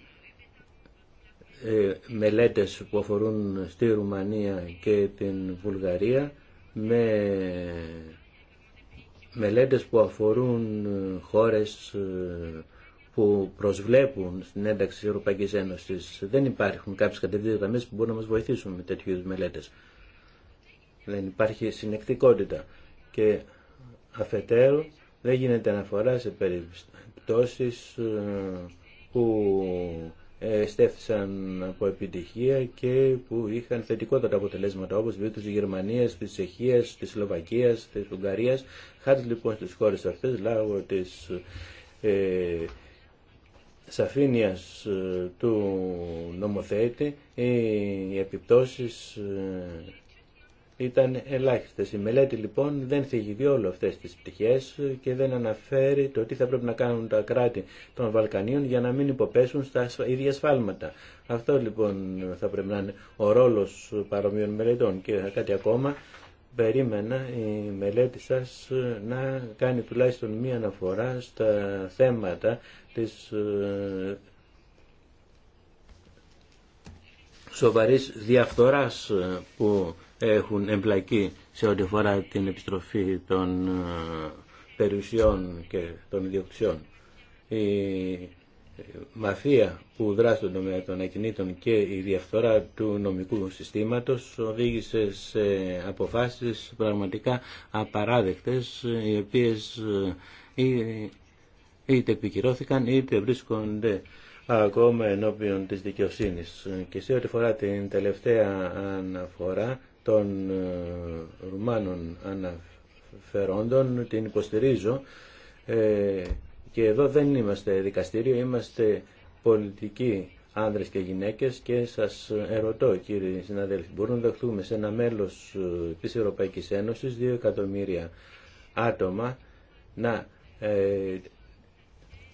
μελέτες που αφορούν στη Ρουμανία και την Βουλγαρία με μελέτες που αφορούν ε, χώρες ε, που προσβλέπουν στην ένταξη της Ευρωπαϊκής Ένωσης. Δεν υπάρχουν κάποιες κατευθύνσεις γραμμές που μπορούν να μας βοηθήσουν με τέτοιου είδους μελέτες. Δεν υπάρχει συνεκτικότητα και αφετέρου δεν γίνεται αναφορά σε περιπτώσεις ε, που ε, στέφθησαν από επιτυχία και που είχαν θετικότατα αποτελέσματα όπως βέβαια της Γερμανίας, της Τσεχίας, της Σλοβακίας, της Ουγγαρίας. Χάρη λοιπόν στις χώρες αυτές λάγω της ε, σαφήνειας ε, του νομοθέτη οι επιπτώσεις ε, ήταν ελάχιστες. Η μελέτη λοιπόν δεν θίγει διόλου αυτές τις πτυχές και δεν αναφέρει το τι θα πρέπει να κάνουν τα κράτη των Βαλκανίων για να μην υποπέσουν στα ίδια σφάλματα. Αυτό λοιπόν θα πρέπει να είναι ο ρόλος παρομοιών μελετών και κάτι ακόμα. Περίμενα η μελέτη σας να κάνει τουλάχιστον μία αναφορά στα θέματα της ε, σοβαρής διαφθοράς που έχουν εμπλακεί σε ό,τι αφορά την επιστροφή των ε, περιουσιών και των ιδιοκτησιών. Η ε, μαφία που δράστονται με τον των ακινήτων και η διαφθορά του νομικού συστήματος οδήγησε σε αποφάσεις πραγματικά απαράδεκτες οι οποίες ε, είτε επικυρώθηκαν είτε βρίσκονται ακόμα ενώπιον της δικαιοσύνης. Και σε ό,τι φορά την τελευταία αναφορά των ε, Ρουμάνων αναφερόντων την υποστηρίζω ε, και εδώ δεν είμαστε δικαστήριο, είμαστε πολιτικοί άνδρες και γυναίκες και σας ερωτώ κύριοι συναδέλφοι, μπορούμε να δεχτούμε σε ένα μέλος ε, της Ευρωπαϊκής Ένωσης δύο εκατομμύρια άτομα να,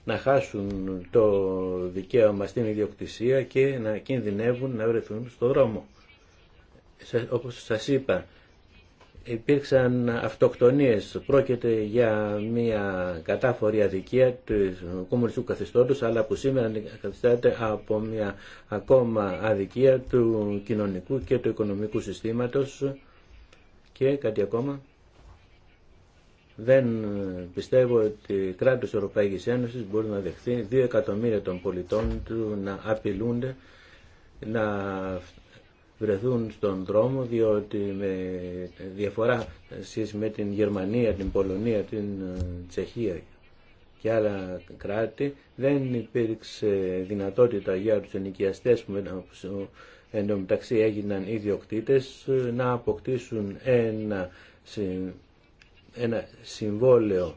να χάσουν το δικαίωμα στην ιδιοκτησία και να κινδυνεύουν να βρεθούν στο δρόμο όπως σας είπα, υπήρξαν αυτοκτονίες. Πρόκειται για μια κατάφορη αδικία του κομμουνιστικού καθεστώτος, αλλά που σήμερα καθιστάται από μια ακόμα αδικία του κοινωνικού και του οικονομικού συστήματος. Και κάτι ακόμα. Δεν πιστεύω ότι κράτος Ευρωπαϊκής Ένωσης μπορεί να δεχθεί δύο εκατομμύρια των πολιτών του να απειλούνται να βρεθούν στον δρόμο διότι με διαφορά σχέση με την Γερμανία, την Πολωνία, την ε, Τσεχία και άλλα κράτη δεν υπήρξε δυνατότητα για τους ενοικιαστές που εν τω μεταξύ έγιναν ιδιοκτήτες ε, να αποκτήσουν ένα, ένα συμβόλαιο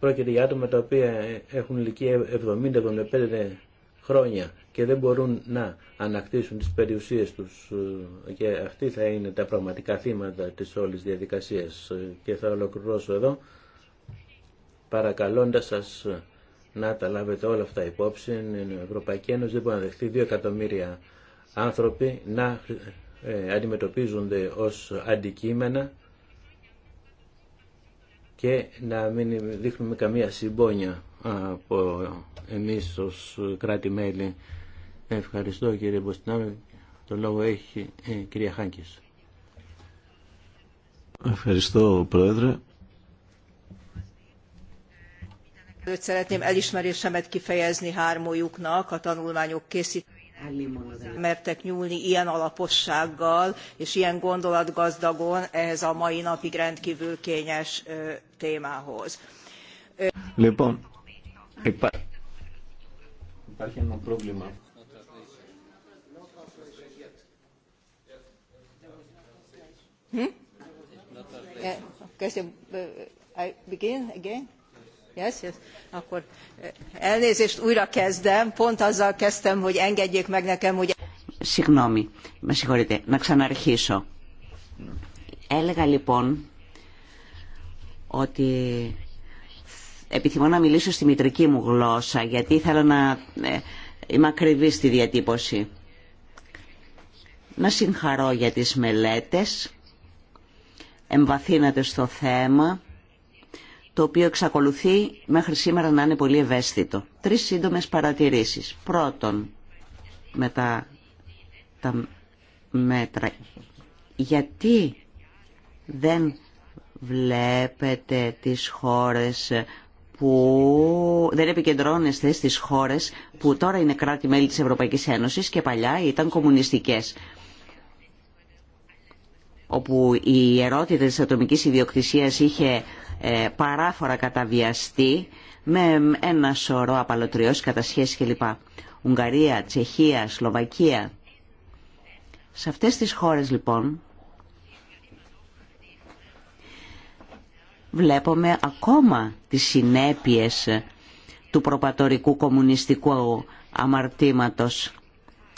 Πρόκειται για άτομα τα οποία έχουν ηλικία 70-75 χρόνια και δεν μπορούν να ανακτήσουν τις περιουσίες τους ε, και αυτοί θα είναι τα πραγματικά θύματα της όλης διαδικασίας ε, και θα ολοκληρώσω εδώ παρακαλώντας σας ε, να τα λάβετε όλα αυτά υπόψη η Ευρωπαϊκή Ένωση δεν μπορεί να δεχτεί δύο εκατομμύρια άνθρωποι να αντιμετωπίζονται ως αντικείμενα και να μην δείχνουμε καμία συμπόνια από εμείς ως κράτη-μέλη Ευχαριστώ κύριε Μποστινάρο. Το λόγο έχει ε, κυρία Χάνκης. Ευχαριστώ πρόεδρε. Szeretném elismerésemet kifejezni hármójuknak a tanulmányok készítésére, mertek nyúlni ilyen alapossággal és ilyen gondolatgazdagon ehhez a mai napig rendkívül kényes témához. Λοιπόν, υπάρχει ένα πρόβλημα. Συγγνώμη, με συγχωρείτε, να ξαναρχίσω. Έλεγα λοιπόν ότι επιθυμώ να μιλήσω στη μητρική μου γλώσσα, γιατί ήθελα να ε, είμαι ακριβή στη διατύπωση. Να συγχαρώ για τις μελέτες εμβαθύνατε στο θέμα, το οποίο εξακολουθεί μέχρι σήμερα να είναι πολύ ευαίσθητο. Τρεις σύντομες παρατηρήσεις. Πρώτον, με τα, τα μέτρα. Γιατί δεν βλέπετε τις χώρες που δεν επικεντρώνεστε στις χώρες που τώρα είναι κράτη-μέλη της Ευρωπαϊκής Ένωσης και παλιά ήταν κομμουνιστικές όπου η ιερότητα της ατομικής ιδιοκτησίας είχε ε, παράφορα καταβιαστεί με ένα σωρό απαλωτριώσεις, σχέση κλπ. Ουγγαρία, Τσεχία, Σλοβακία. Σε αυτές τις χώρες λοιπόν βλέπουμε ακόμα τις συνέπειες του προπατορικού κομμουνιστικού αμαρτήματος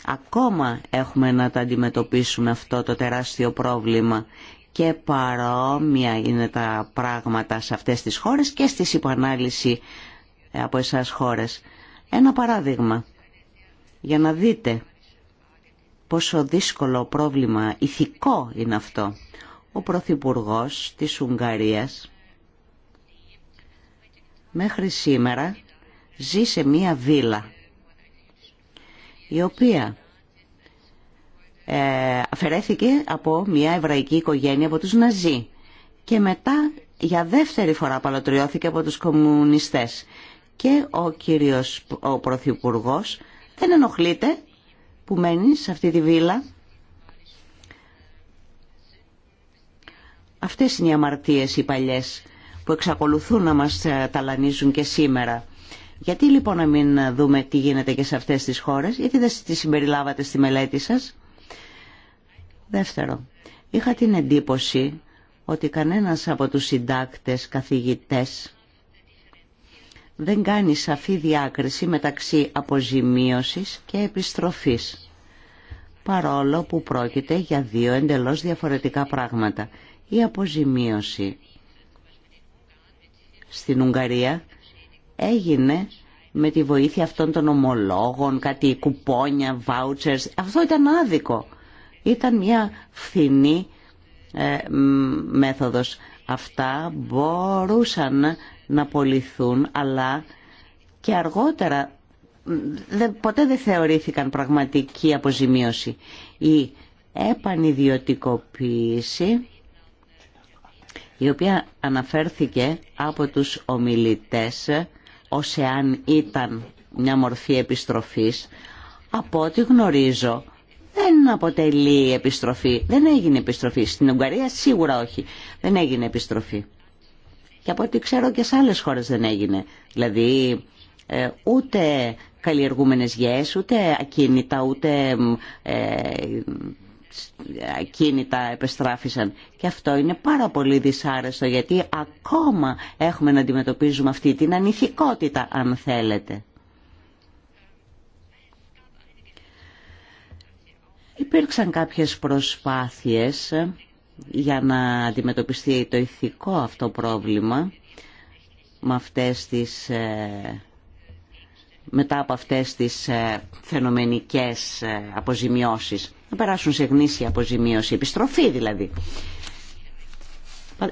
Ακόμα έχουμε να τα αντιμετωπίσουμε αυτό το τεράστιο πρόβλημα και παρόμοια είναι τα πράγματα σε αυτές τις χώρες και στη συμπανάληση ε, από εσάς χώρες. Ένα παράδειγμα για να δείτε πόσο δύσκολο πρόβλημα ηθικό είναι αυτό. Ο Πρωθυπουργό της Ουγγαρίας μέχρι σήμερα ζει σε μία βίλα η οποία ε, αφαιρέθηκε από μια εβραϊκή οικογένεια από τους Ναζί και μετά για δεύτερη φορά παλωτριώθηκε από τους κομμουνιστές και ο κύριος ο Πρωθυπουργό δεν ενοχλείται που μένει σε αυτή τη βίλα Αυτές είναι οι αμαρτίες οι παλιές που εξακολουθούν να μας ε, ταλανίζουν και σήμερα. Γιατί λοιπόν να μην δούμε τι γίνεται και σε αυτές τις χώρες, γιατί δεν τις συμπεριλάβατε στη μελέτη σας. Δεύτερο, είχα την εντύπωση ότι κανένας από τους συντάκτες, καθηγητές, δεν κάνει σαφή διάκριση μεταξύ αποζημίωσης και επιστροφής, παρόλο που πρόκειται για δύο εντελώς διαφορετικά πράγματα. Η αποζημίωση στην Ουγγαρία έγινε με τη βοήθεια αυτών των ομολόγων, κάτι κουπόνια, vouchers. Αυτό ήταν άδικο. Ήταν μια φθηνή ε, μέθοδος. Αυτά μπορούσαν να πολιθούν, αλλά και αργότερα ποτέ δεν θεωρήθηκαν πραγματική αποζημίωση. Η επανιδιωτικοποίηση, η οποία αναφέρθηκε από τους ομιλητές, ως εάν ήταν μια μορφή επιστροφής, από ό,τι γνωρίζω δεν αποτελεί επιστροφή. Δεν έγινε επιστροφή. Στην Ουγγαρία σίγουρα όχι. Δεν έγινε επιστροφή. Και από ό,τι ξέρω και σε άλλες χώρες δεν έγινε. Δηλαδή ε, ούτε καλλιεργούμενες γιές ούτε ακίνητα, ούτε ε, κίνητα επεστράφησαν. Και αυτό είναι πάρα πολύ δυσάρεστο γιατί ακόμα έχουμε να αντιμετωπίζουμε αυτή την ανηθικότητα αν θέλετε. Υπήρξαν κάποιες προσπάθειες για να αντιμετωπιστεί το ηθικό αυτό πρόβλημα με αυτές τις, ε, μετά από αυτές τις ε, φαινομενικές ε, αποζημιώσεις να περάσουν σε γνήσια αποζημίωση, επιστροφή δηλαδή.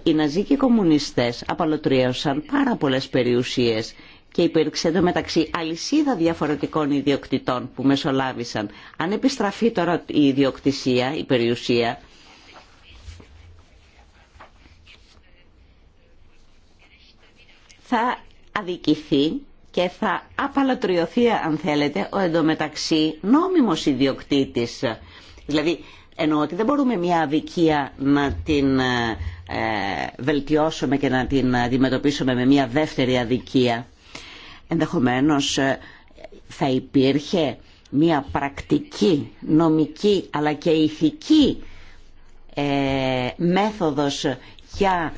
Οι Ναζί και οι κομμουνιστές απαλωτρίωσαν πάρα πολλές περιουσίες και υπήρξε εδώ μεταξύ αλυσίδα διαφορετικών ιδιοκτητών που μεσολάβησαν. Αν επιστραφεί τώρα η ιδιοκτησία, η περιουσία, θα αδικηθεί και θα απαλατριωθεί, αν θέλετε, ο εντωμεταξύ νόμιμος ιδιοκτήτης Δηλαδή, εννοώ ότι δεν μπορούμε μια αδικία να την ε, ε, βελτιώσουμε και να την αντιμετωπίσουμε με μια δεύτερη αδικία. Ενδεχομένως ε, θα υπήρχε μια πρακτική, νομική αλλά και ηθική μέθοδος για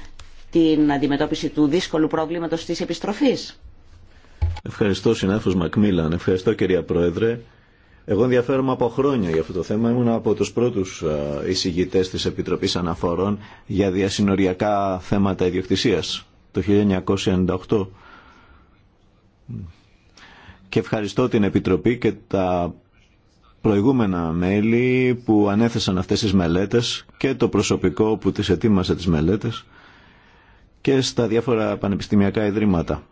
την αντιμετώπιση του δύσκολου προβλήματος της επιστροφής. Ευχαριστώ συνάδελφος Μακμίλαν, ευχαριστώ κυρία Πρόεδρε. Εγώ ενδιαφέρομαι από χρόνια για αυτό το θέμα. Ήμουν από τους πρώτους εισηγητές της Επιτροπής Αναφορών για διασυνοριακά θέματα ιδιοκτησίας το 1998. Και ευχαριστώ την Επιτροπή και τα προηγούμενα μέλη που ανέθεσαν αυτές τις μελέτες και το προσωπικό που τις ετοίμασε τις μελέτες και στα διάφορα πανεπιστημιακά ιδρύματα.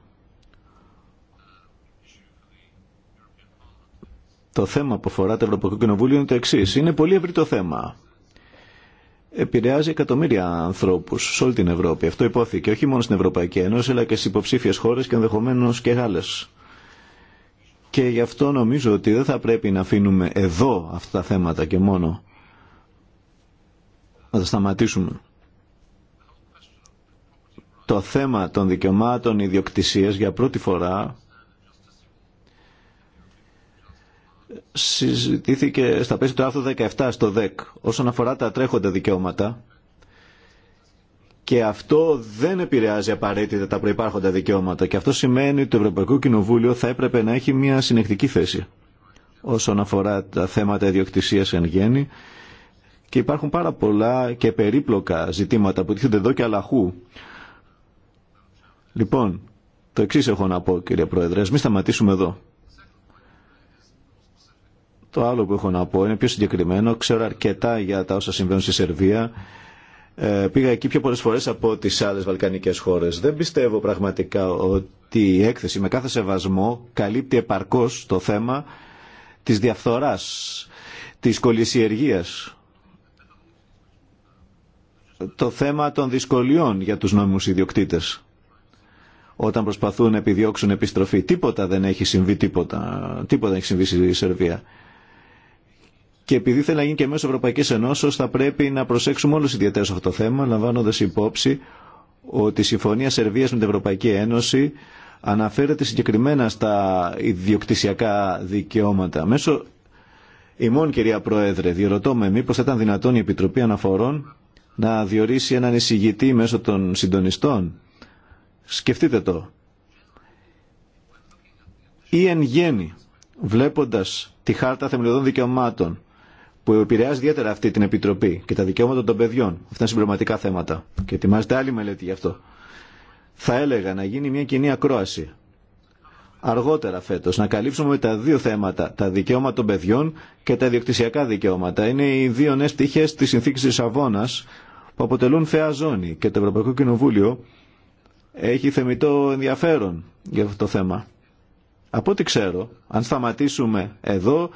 Το θέμα που αφορά το Ευρωπαϊκό Κοινοβούλιο είναι το εξή. Είναι πολύ ευρύ το θέμα. Επηρεάζει εκατομμύρια ανθρώπου σε όλη την Ευρώπη. Αυτό υπόθηκε όχι μόνο στην Ευρωπαϊκή Ένωση, αλλά και στι υποψήφιε χώρε και ενδεχομένω και άλλε. Και γι' αυτό νομίζω ότι δεν θα πρέπει να αφήνουμε εδώ αυτά τα θέματα και μόνο. Να τα σταματήσουμε. Το θέμα των δικαιωμάτων ιδιοκτησίας για πρώτη φορά συζητήθηκε στα πλαίσια του άρθρου 17 στο ΔΕΚ όσον αφορά τα τρέχοντα δικαιώματα και αυτό δεν επηρεάζει απαραίτητα τα προϋπάρχοντα δικαιώματα και αυτό σημαίνει ότι το Ευρωπαϊκό Κοινοβούλιο θα έπρεπε να έχει μια συνεχτική θέση όσον αφορά τα θέματα ιδιοκτησίας εν γέννη και υπάρχουν πάρα πολλά και περίπλοκα ζητήματα που τίθενται εδώ και αλλαχού. Λοιπόν, το εξή έχω να πω κύριε Πρόεδρε, ας μην σταματήσουμε εδώ. Το άλλο που έχω να πω είναι πιο συγκεκριμένο. Ξέρω αρκετά για τα όσα συμβαίνουν στη Σερβία. Ε, πήγα εκεί πιο πολλές φορές από τις άλλες βαλκανικές χώρες. Δεν πιστεύω πραγματικά ότι η έκθεση με κάθε σεβασμό καλύπτει επαρκώς το θέμα της διαφθοράς, της κολυσιεργίας. Το θέμα των δυσκολιών για τους νόμιμους ιδιοκτήτες όταν προσπαθούν να επιδιώξουν επιστροφή. Τίποτα δεν έχει συμβεί, τίποτα. Τίποτα δεν έχει συμβεί στη Σερβία. Και επειδή θέλει να γίνει και μέσω Ευρωπαϊκή Ενώσεω, θα πρέπει να προσέξουμε όλου ιδιαίτερα σε αυτό το θέμα, λαμβάνοντα υπόψη ότι η Συμφωνία Σερβία με την Ευρωπαϊκή Ένωση αναφέρεται συγκεκριμένα στα ιδιοκτησιακά δικαιώματα. Μέσω ημών, κυρία Πρόεδρε, διερωτώ με μήπω θα ήταν δυνατόν η Επιτροπή Αναφορών να διορίσει έναν εισηγητή μέσω των συντονιστών. Σκεφτείτε το. Ή εν γέννη, βλέποντας τη Χάρτα Θεμελιωδών Δικαιωμάτων που επηρεάζει ιδιαίτερα αυτή την Επιτροπή και τα δικαιώματα των παιδιών. Αυτά είναι συμπληρωματικά θέματα και ετοιμάζεται άλλη μελέτη γι' αυτό. Θα έλεγα να γίνει μια κοινή ακρόαση αργότερα φέτο, να καλύψουμε τα δύο θέματα, τα δικαιώματα των παιδιών και τα ιδιοκτησιακά δικαιώματα. Είναι οι δύο νέε πτυχέ τη συνθήκη της που αποτελούν θεά ζώνη και το Ευρωπαϊκό Κοινοβούλιο έχει θεμητό ενδιαφέρον για αυτό το θέμα. Από ό,τι ξέρω, αν σταματήσουμε εδώ,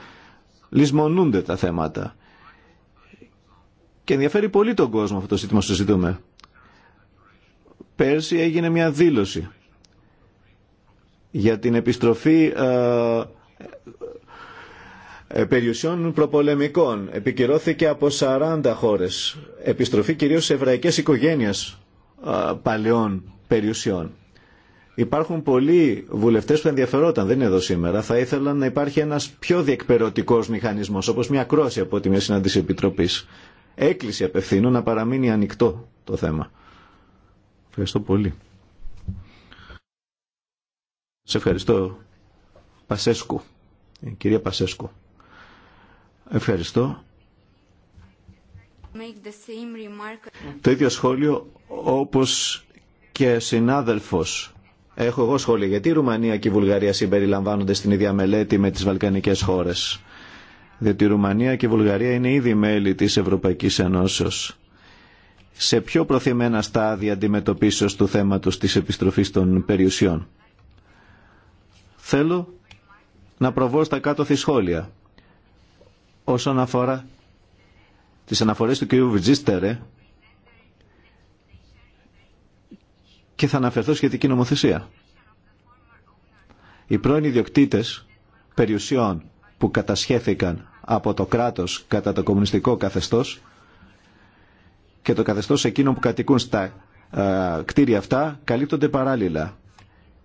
λησμονούνται τα θέματα. Και ενδιαφέρει πολύ τον κόσμο αυτό το ζήτημα που συζητούμε. Πέρσι έγινε μια δήλωση για την επιστροφή ε, ε, περιουσιών προπολεμικών. Επικυρώθηκε από 40 χώρες. Επιστροφή κυρίως σε εβραϊκές οικογένειες ε, παλαιών περιουσιών. Υπάρχουν πολλοί βουλευτές που ενδιαφερόταν, δεν είναι εδώ σήμερα. Θα ήθελαν να υπάρχει ένας πιο διεκπαιρωτικός μηχανισμός, όπως μια κρόση από τη μια συνάντηση Επιτροπή. Έκκληση απευθύνω να παραμείνει ανοιχτό το θέμα. Ευχαριστώ πολύ. Σε ευχαριστώ. Πασέσκου. Ε, κυρία Πασέσκου. Ευχαριστώ. Το ίδιο σχόλιο όπως και συνάδελφος Έχω εγώ σχόλια γιατί η Ρουμανία και η Βουλγαρία συμπεριλαμβάνονται στην ίδια μελέτη με τις Βαλκανικές χώρες. Διότι η Ρουμανία και η Βουλγαρία είναι ήδη μέλη της Ευρωπαϊκής Ενώσεω Σε πιο προθυμένα στάδια αντιμετωπίσεω του θέματο της επιστροφής των περιουσιών. Θέλω να προβώ στα κάτω σχόλια. Όσον αφορά τις αναφορές του κ. Βιτζίστερε και θα αναφερθώ σχετική νομοθεσία. Οι πρώην ιδιοκτήτες περιουσιών που κατασχέθηκαν από το κράτος κατά το κομμουνιστικό καθεστώς και το καθεστώς εκείνων που κατοικούν στα ε, κτίρια αυτά καλύπτονται παράλληλα.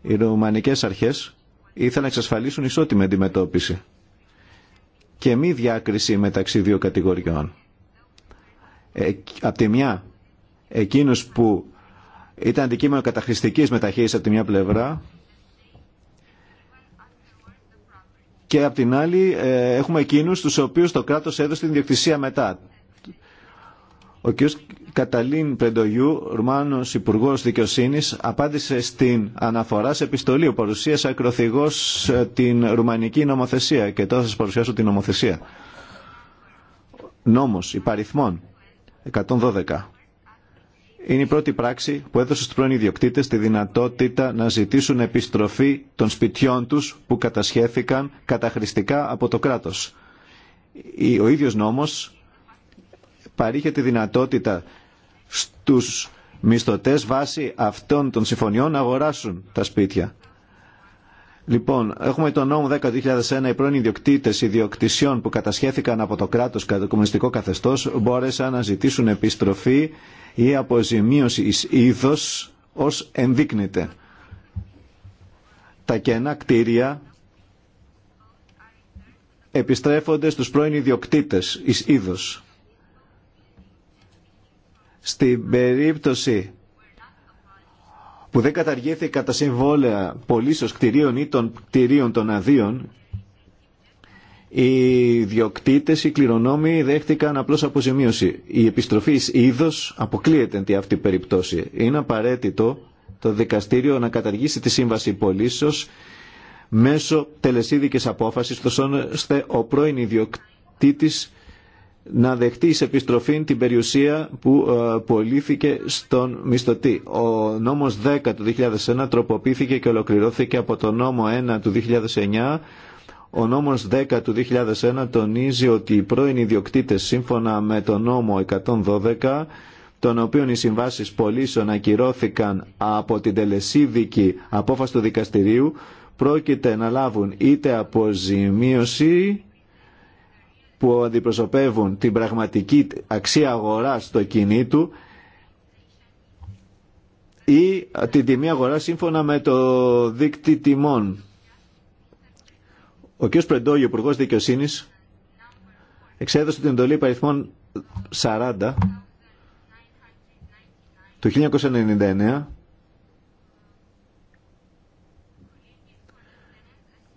Οι ρουμανικές αρχές ήθελαν να εξασφαλίσουν ισότιμη αντιμετώπιση και μη διάκριση μεταξύ δύο κατηγοριών. Ε, απ' τη μια, εκείνους που ήταν αντικείμενο καταχρηστική μεταχείρισης από τη μια πλευρά και από την άλλη ε, έχουμε εκείνους τους οποίους το κράτος έδωσε την διοκτησία μετά. Ο κ. Καταλήν Πεντογιού, Ρουμάνο Υπουργό Δικαιοσύνη, απάντησε στην αναφορά σε επιστολή που παρουσίασε Ακροθυγός ε, την ρουμανική νομοθεσία. Και τώρα σα παρουσιάσω την νομοθεσία. Νόμο υπαριθμών 112 είναι η πρώτη πράξη που έδωσε στους πρώην ιδιοκτήτες τη δυνατότητα να ζητήσουν επιστροφή των σπιτιών τους που κατασχέθηκαν καταχρηστικά από το κράτος. Ο ίδιος νόμος παρήχε τη δυνατότητα στους μισθωτές βάσει αυτών των συμφωνιών να αγοράσουν τα σπίτια. Λοιπόν, έχουμε τον νόμο 10.2001. Οι πρώην ιδιοκτήτε ιδιοκτησιών που κατασχέθηκαν από το κράτο κατά το κομμουνιστικό καθεστώ μπόρεσαν να ζητήσουν επιστροφή ή αποζημίωση εις είδος ως ενδείκνεται. Τα κενά κτίρια επιστρέφονται στους πρώην ιδιοκτήτες εις είδος. Στην περίπτωση που δεν καταργήθηκαν κατά συμβόλαια πωλήσεως κτηρίων ή των κτηρίων των αδείων οι διοκτήτε ή κληρονόμοι δέχθηκαν απλώ αποζημήωση. οι κληρονόμοι δέχτηκαν απλω αποζημίωση. Η επιστροφή ειδο είδος αποκλείεται τη αυτή περιπτώση. Είναι απαραίτητο το δικαστήριο να καταργήσει τη σύμβαση πωλήσεω μέσω τελεσίδικης απόφαση, ώστε ο πρώην ιδιοκτήτη να δεχτεί σε επιστροφή την περιουσία που ε, πολίθηκε στον μισθωτή. Ο νόμος 10 του 2001 τροποποιήθηκε και ολοκληρώθηκε από το νόμο 1 του 2009 ο νόμος 10 του 2001 τονίζει ότι οι πρώην ιδιοκτήτες σύμφωνα με τον νόμο 112 των οποίων οι συμβάσεις πωλήσεων ακυρώθηκαν από την τελεσίδικη απόφαση του δικαστηρίου πρόκειται να λάβουν είτε αποζημίωση που αντιπροσωπεύουν την πραγματική αξία αγοράς του κινήτου ή την τιμή αγορά σύμφωνα με το δίκτυ τιμών ο κ. Πρεντόγιο, Υπουργό Δικαιοσύνη, εξέδωσε την εντολή παριθμών 40 του 1999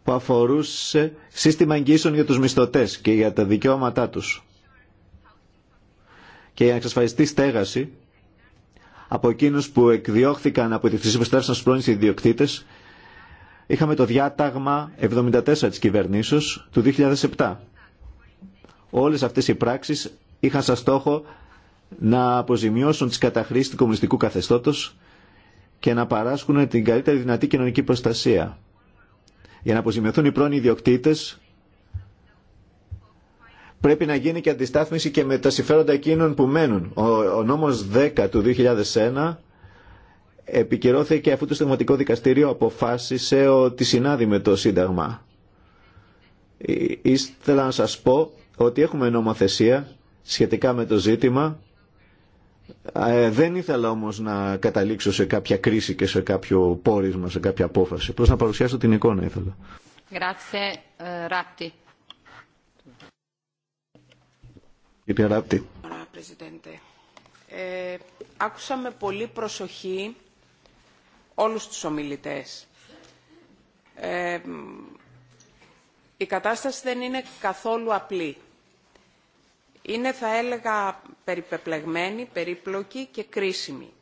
που αφορούσε σύστημα εγγύσεων για τους μισθωτές και για τα δικαιώματά τους και για να εξασφαλιστεί στέγαση από εκείνους που εκδιώχθηκαν από τη χρήση προστάσεων στους πρώην ιδιοκτήτες είχαμε το διάταγμα 74 της κυβερνήσεως του 2007. Όλες αυτές οι πράξεις είχαν σαν στόχο να αποζημιώσουν τις καταχρήσεις του κομμουνιστικού καθεστώτος και να παράσχουν την καλύτερη δυνατή κοινωνική προστασία. Για να αποζημιωθούν οι πρώην ιδιοκτήτε, πρέπει να γίνει και αντιστάθμιση και με τα συμφέροντα εκείνων που μένουν. Ο, ο νόμος 10 του 2001 επικυρώθηκε αφού το Συνταγματικό Δικαστήριο αποφάσισε ότι συνάδει με το Σύνταγμα. Ήθελα να σας πω ότι έχουμε νομοθεσία σχετικά με το ζήτημα. δεν ήθελα όμως να καταλήξω σε κάποια κρίση και σε κάποιο πόρισμα, σε κάποια απόφαση. Πώς να παρουσιάσω την εικόνα ήθελα. Κύριε Ράπτη. άκουσα με πολύ προσοχή όλους τους ομιλητές. Ε, η κατάσταση δεν είναι καθόλου απλή. Είναι, θα έλεγα, περιπεπλεγμένη, περίπλοκη και κρίσιμη.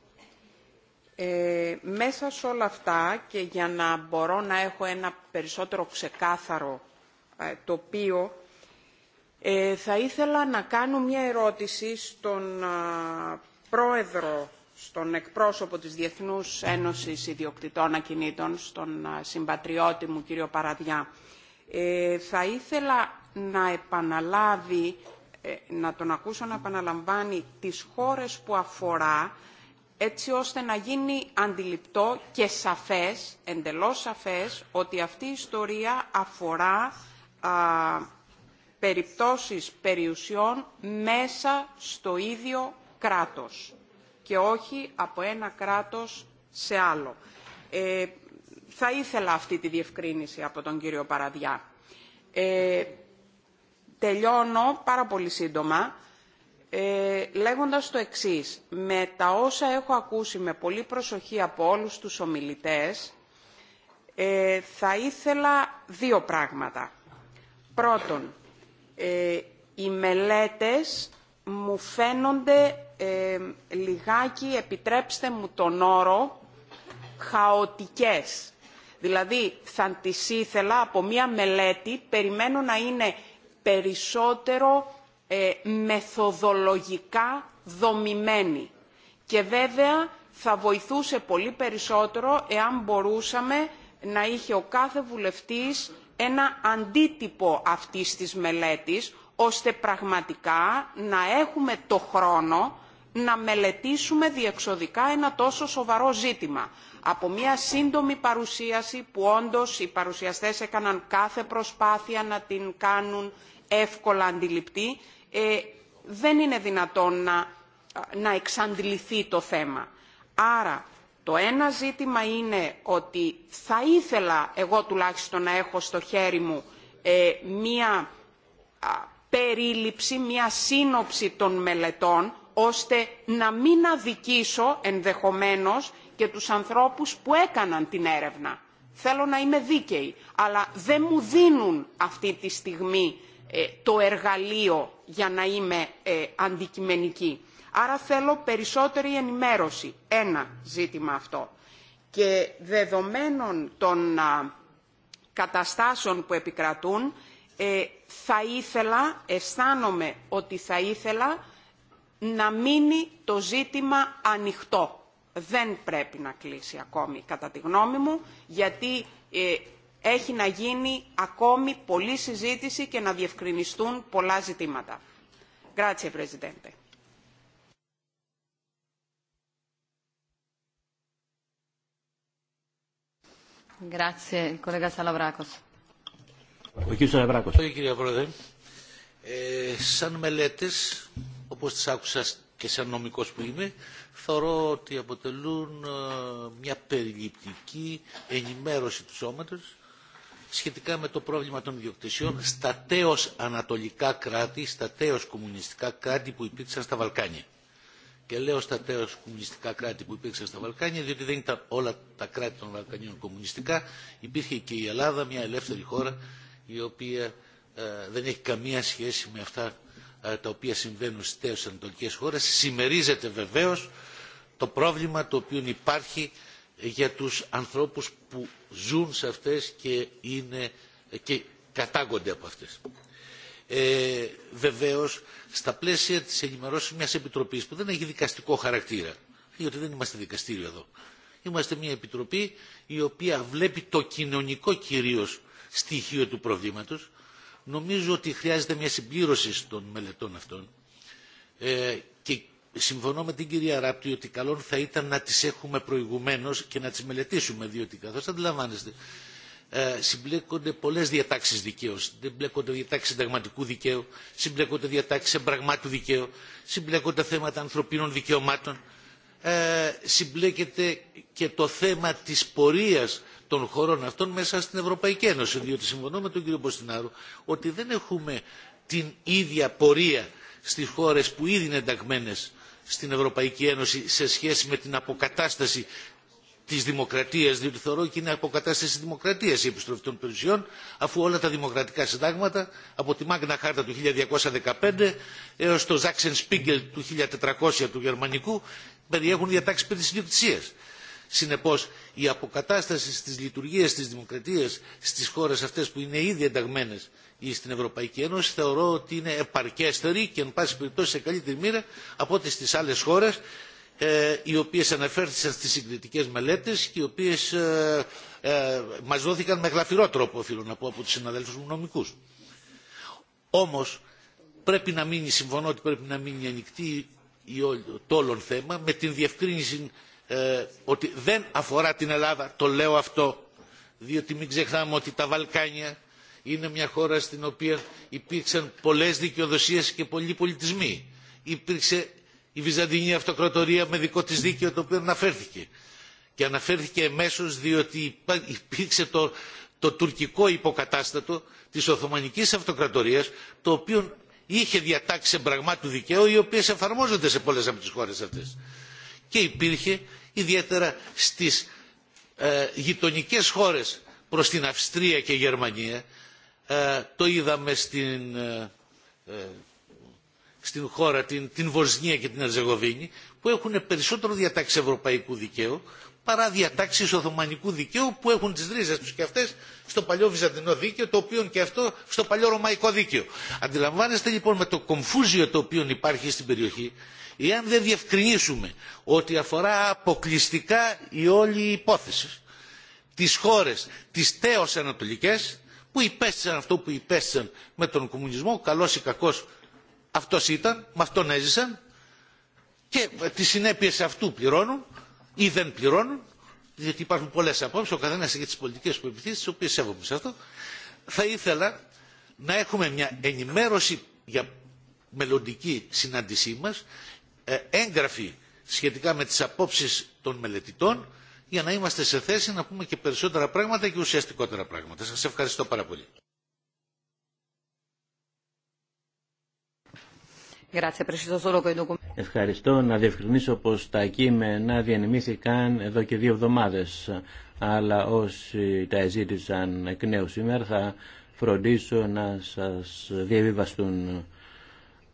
Ε, μέσα σε όλα αυτά και για να μπορώ να έχω ένα περισσότερο ξεκάθαρο ε, τοπίο, θα ήθελα να κάνω μια ερώτηση στον πρόεδρο στον εκπρόσωπο της Διεθνούς Ένωσης Ιδιοκτητών Ακινήτων, στον συμπατριώτη μου κύριο Παραδιά. Ε, θα ήθελα να επαναλάβει, ε, να τον ακούσω να επαναλαμβάνει τις χώρες που αφορά, έτσι ώστε να γίνει αντιληπτό και σαφές, εντελώς σαφές, ότι αυτή η ιστορία αφορά α, περιπτώσεις περιουσιών μέσα στο ίδιο κράτος και όχι από ένα κράτος σε άλλο. Ε, θα ήθελα αυτή τη διευκρίνηση από τον κύριο Παραδιά. Ε, τελειώνω πάρα πολύ σύντομα ε, λέγοντας το εξής. Με τα όσα έχω ακούσει με πολύ προσοχή από όλους τους ομιλητές, ε, θα ήθελα δύο πράγματα. Πρώτον, ε, οι μελέτες μου φαίνονται λιγάκι επιτρέψτε μου τον όρο χαοτικές. Δηλαδή θα τις ήθελα από μία μελέτη, περιμένω να είναι περισσότερο ε, μεθοδολογικά δομημένη. Και βέβαια θα βοηθούσε πολύ περισσότερο εάν μπορούσαμε να είχε ο κάθε βουλευτής ένα αντίτυπο αυτής της μελέτης, ώστε πραγματικά να έχουμε το χρόνο να μελετήσουμε διεξοδικά ένα τόσο σοβαρό ζήτημα από μια σύντομη παρουσίαση που όντως οι παρουσιαστές έκαναν κάθε προσπάθεια να την κάνουν εύκολα αντιληπτή ε, δεν είναι δυνατόν να, να εξαντληθεί το θέμα. Άρα το ένα ζήτημα είναι ότι θα ήθελα εγώ τουλάχιστον να έχω στο χέρι μου ε, μία περίληψη, μία σύνοψη των μελετών ώστε να μην αδικήσω ενδεχομένως και τους ανθρώπους που έκαναν την έρευνα. Θέλω να είμαι δίκαιη, αλλά δεν μου δίνουν αυτή τη στιγμή ε, το εργαλείο για να είμαι ε, αντικειμενική. Άρα θέλω περισσότερη ενημέρωση. Ένα ζήτημα αυτό. Και δεδομένων των καταστάσεων που επικρατούν, ε, θα ήθελα, αισθάνομαι ότι θα ήθελα να μείνει το ζήτημα ανοιχτό. Δεν πρέπει να κλείσει ακόμη, κατά τη γνώμη μου, γιατί ε, έχει να γίνει ακόμη πολλή συζήτηση και να διευκρινιστούν πολλά ζητήματα. Grazie, Presidente. Ο κύριε Πρόεδρε, ε, σαν μελέτες όπως τις άκουσα και σαν νομικός που είμαι, θεωρώ ότι αποτελούν ε, μια περιληπτική ενημέρωση του σώματος σχετικά με το πρόβλημα των ιδιοκτησιών στα τέως ανατολικά κράτη, στα τέως κομμουνιστικά κράτη που υπήρξαν στα Βαλκάνια. Και λέω στα τέως κομμουνιστικά κράτη που υπήρξαν στα Βαλκάνια, διότι δεν ήταν όλα τα κράτη των Βαλκανίων κομμουνιστικά. Υπήρχε και η Ελλάδα, μια ελεύθερη χώρα, η οποία ε, δεν έχει καμία σχέση με αυτά ε, τα οποία συμβαίνουν στις τέσσερις ανατολικές χώρες συμμερίζεται βεβαίως το πρόβλημα το οποίο υπάρχει για τους ανθρώπους που ζουν σε αυτές και, είναι, και κατάγονται από αυτές. Ε, βεβαίως, στα πλαίσια της ενημερώσης μιας επιτροπής που δεν έχει δικαστικό χαρακτήρα, γιατί δεν είμαστε δικαστήριο εδώ, είμαστε μια επιτροπή η οποία βλέπει το κοινωνικό κυρίως στοιχείο του προβλήματος, νομίζω ότι χρειάζεται μια συμπλήρωση των μελετών αυτών ε, και συμφωνώ με την κυρία Ράπτη ότι καλό θα ήταν να τις έχουμε προηγουμένως και να τις μελετήσουμε διότι καθώς αντιλαμβάνεστε ε, συμπλέκονται πολλές διατάξεις δικαίου. Συμπλέκονται διατάξεις συνταγματικού δικαίου, συμπλέκονται διατάξεις εμπραγμάτου δικαίου, συμπλέκονται θέματα ανθρωπίνων δικαιωμάτων, ε, συμπλέκεται και το θέμα της πορείας των χωρών αυτών μέσα στην Ευρωπαϊκή Ένωση. Διότι συμφωνώ με τον κύριο Μποστινάρου ότι δεν έχουμε την ίδια πορεία στις χώρες που ήδη είναι ενταγμένες στην Ευρωπαϊκή Ένωση σε σχέση με την αποκατάσταση τη δημοκρατία, διότι θεωρώ και είναι αποκατάσταση τη δημοκρατία η επιστροφή των περιουσιών, αφού όλα τα δημοκρατικά συντάγματα, από τη Μάγνα Χάρτα του 1215 έω το Ζάξεν Σπίγκελ του 1400 του Γερμανικού, περιέχουν διατάξει περί Συνεπώ, η αποκατάσταση στις λειτουργίες της δημοκρατίας στις χώρες αυτές που είναι ήδη ενταγμένες ή στην Ευρωπαϊκή Ένωση θεωρώ ότι είναι επαρκέστερη και εν πάση περιπτώσει σε καλύτερη μοίρα από ό,τι στις άλλες χώρες ε, οι οποίες αναφέρθησαν στις συγκριτικές μελέτες και οι οποίες ε, ε, μας δόθηκαν με γλαφυρό τρόπο οφείλω να πω από τους συναδέλφους μου νομικούς. Όμως πρέπει να μείνει, συμφωνώ ότι πρέπει να μείνει ανοιχτή το όλον θέμα με την διευκρίνηση ε, ότι δεν αφορά την Ελλάδα, το λέω αυτό, διότι μην ξεχνάμε ότι τα Βαλκάνια είναι μια χώρα στην οποία υπήρξαν πολλές δικαιοδοσίες και πολλοί πολιτισμοί. Υπήρξε η Βυζαντινή Αυτοκρατορία με δικό της δίκαιο το οποίο αναφέρθηκε. Και αναφέρθηκε εμέσως διότι υπήρξε το, το τουρκικό υποκατάστατο της Οθωμανικής Αυτοκρατορίας το οποίο είχε διατάξει σε πραγμάτου δικαίου οι οποίες εφαρμόζονται σε πολλές από τις χώρες αυτές και υπήρχε ιδιαίτερα στις ε, γειτονικές χώρες προς την Αυστρία και Γερμανία. Ε, το είδαμε στην, ε, ε, στην χώρα, την, την Βοσνία και την Ερζεγοβίνη που έχουν περισσότερο διατάξει ευρωπαϊκού δικαίου παρά διατάξεις Οθωμανικού δικαίου που έχουν τις ρίζες τους και αυτές στο παλιό Βυζαντινό δίκαιο, το οποίο και αυτό στο παλιό Ρωμαϊκό δίκαιο. Αντιλαμβάνεστε λοιπόν με το κομφούζιο το οποίο υπάρχει στην περιοχή εάν δεν διευκρινίσουμε ότι αφορά αποκλειστικά η όλη υπόθεση τις χώρες τις τέως ανατολικές που υπέστησαν αυτό που υπέστησαν με τον κομμουνισμό, καλός ή κακός αυτός ήταν, με αυτόν έζησαν και τις συνέπειες αυτού πληρώνουν ή δεν πληρώνουν διότι υπάρχουν πολλές απόψεις, ο καθένας έχει τις πολιτικές που τις οποίες σέβομαι σε αυτό θα ήθελα να έχουμε μια ενημέρωση για μελλοντική συνάντησή μας ε, έγγραφοι σχετικά με τις απόψεις των μελετητών για να είμαστε σε θέση να πούμε και περισσότερα πράγματα και ουσιαστικότερα πράγματα. Σας ευχαριστώ πάρα πολύ. Ευχαριστώ. Να διευκρινίσω πως τα κείμενα διανεμήθηκαν εδώ και δύο εβδομάδες, αλλά όσοι τα εζήτησαν εκ νέου σήμερα θα φροντίσω να σας διαβιβαστούν.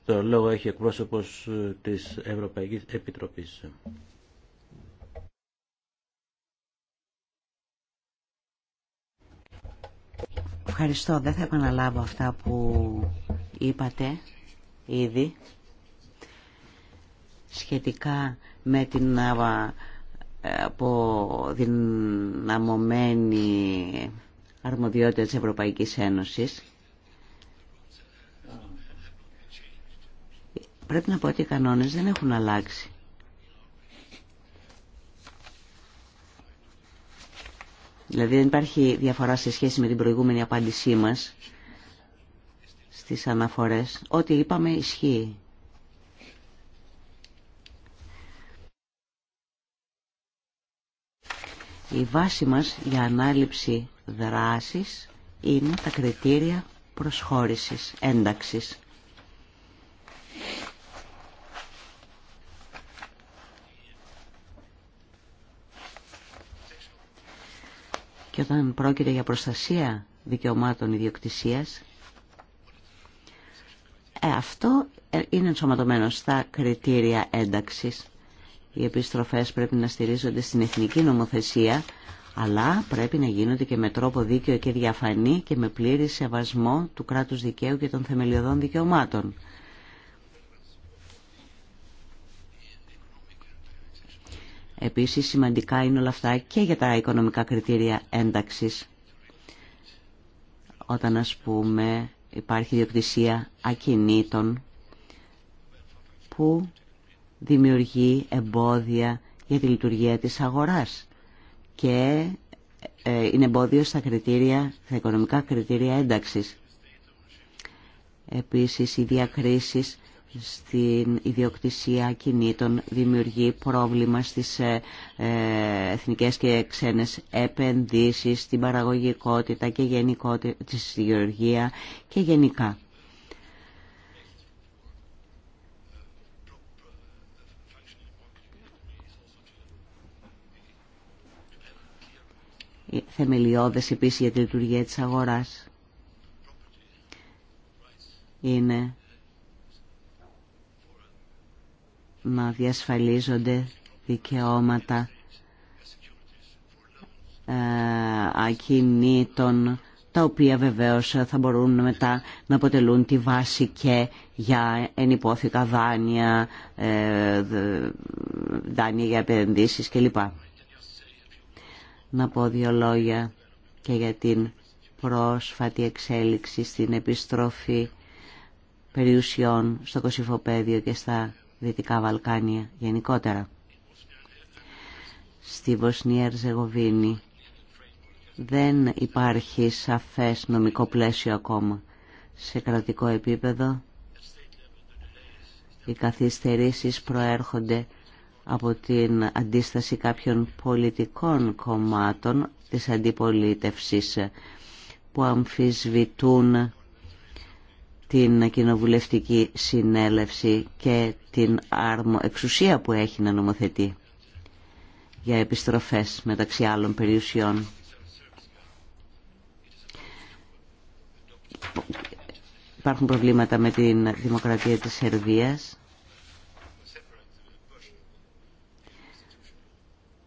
Το λόγο έχει εκπρόσωπος ε, της Ευρωπαϊκής Επιτροπής. Ευχαριστώ. Δεν θα επαναλάβω αυτά που είπατε ήδη σχετικά με την αποδυναμωμένη αρμοδιότητα της Ευρωπαϊκής Ένωσης Πρέπει να πω ότι οι κανόνες δεν έχουν αλλάξει. Δηλαδή δεν υπάρχει διαφορά σε σχέση με την προηγούμενη απάντησή μας στις αναφορές. Ό,τι είπαμε ισχύει. Η βάση μας για ανάληψη δράσης είναι τα κριτήρια προσχώρησης, ένταξης. και όταν πρόκειται για προστασία δικαιωμάτων ιδιοκτησίας, ε, αυτό ε, είναι ενσωματωμένο στα κριτήρια ένταξης. Οι επιστροφές πρέπει να στηρίζονται στην εθνική νομοθεσία, αλλά πρέπει να γίνονται και με τρόπο δίκαιο και διαφανή και με πλήρη σεβασμό του κράτους δικαίου και των θεμελιωδών δικαιωμάτων. Επίσης σημαντικά είναι όλα αυτά και για τα οικονομικά κριτήρια ένταξης. Όταν ας πούμε υπάρχει διοκτησία ακινήτων που δημιουργεί εμπόδια για τη λειτουργία της αγοράς και ε, είναι εμπόδιο στα, κριτήρια, στα οικονομικά κριτήρια ένταξης. Επίσης οι διακρίσεις στην ιδιοκτησία κινήτων δημιουργεί πρόβλημα στις ε, ε, εθνικές και ξένες επενδύσεις, στην παραγωγικότητα και γενικότητα της γεωργία και γενικά. Ε, θεμελιώδες επίσης για τη λειτουργία της αγοράς. Είναι να διασφαλίζονται δικαιώματα ε, ακινήτων τα οποία βεβαίως θα μπορούν μετά να αποτελούν τη βάση και για ενυπόθηκα δάνεια, ε, δάνεια για επενδύσεις κλπ. Να πω δύο λόγια και για την πρόσφατη εξέλιξη στην επιστροφή περιουσιών στο Κωσυφοπαίδιο και στα Δυτικά Βαλκάνια γενικότερα. Στη Βοσνία Ερζεγοβίνη δεν υπάρχει σαφές νομικό πλαίσιο ακόμα. Σε κρατικό επίπεδο οι καθυστερήσεις προέρχονται από την αντίσταση κάποιων πολιτικών κομμάτων της αντιπολίτευσης που αμφισβητούν την κοινοβουλευτική συνέλευση και την άρμο εξουσία που έχει να νομοθετεί για επιστροφές μεταξύ άλλων περιουσιών. Υπάρχουν προβλήματα με την δημοκρατία της Σερβίας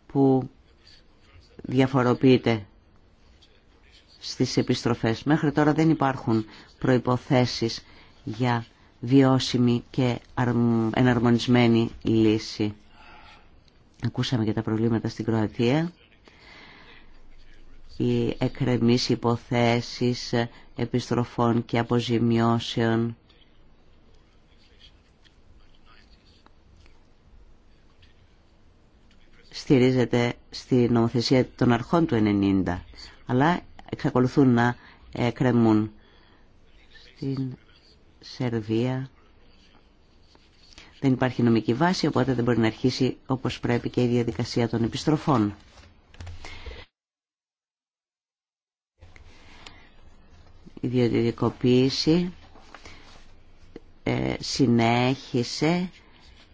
που διαφοροποιείται στις επιστροφές. Μέχρι τώρα δεν υπάρχουν προϋποθέσεις για βιώσιμη και εναρμονισμένη λύση. Ακούσαμε και τα προβλήματα στην Κροατία. Οι εκρεμείς υποθέσεις επιστροφών και αποζημιώσεων. στηρίζεται στη νομοθεσία των αρχών του 90, αλλά εξακολουθούν να εκρεμούν στην Σερβία δεν υπάρχει νομική βάση, οπότε δεν μπορεί να αρχίσει όπως πρέπει και η διαδικασία των επιστροφών. Η ιδιωτικοποίηση ε, συνέχισε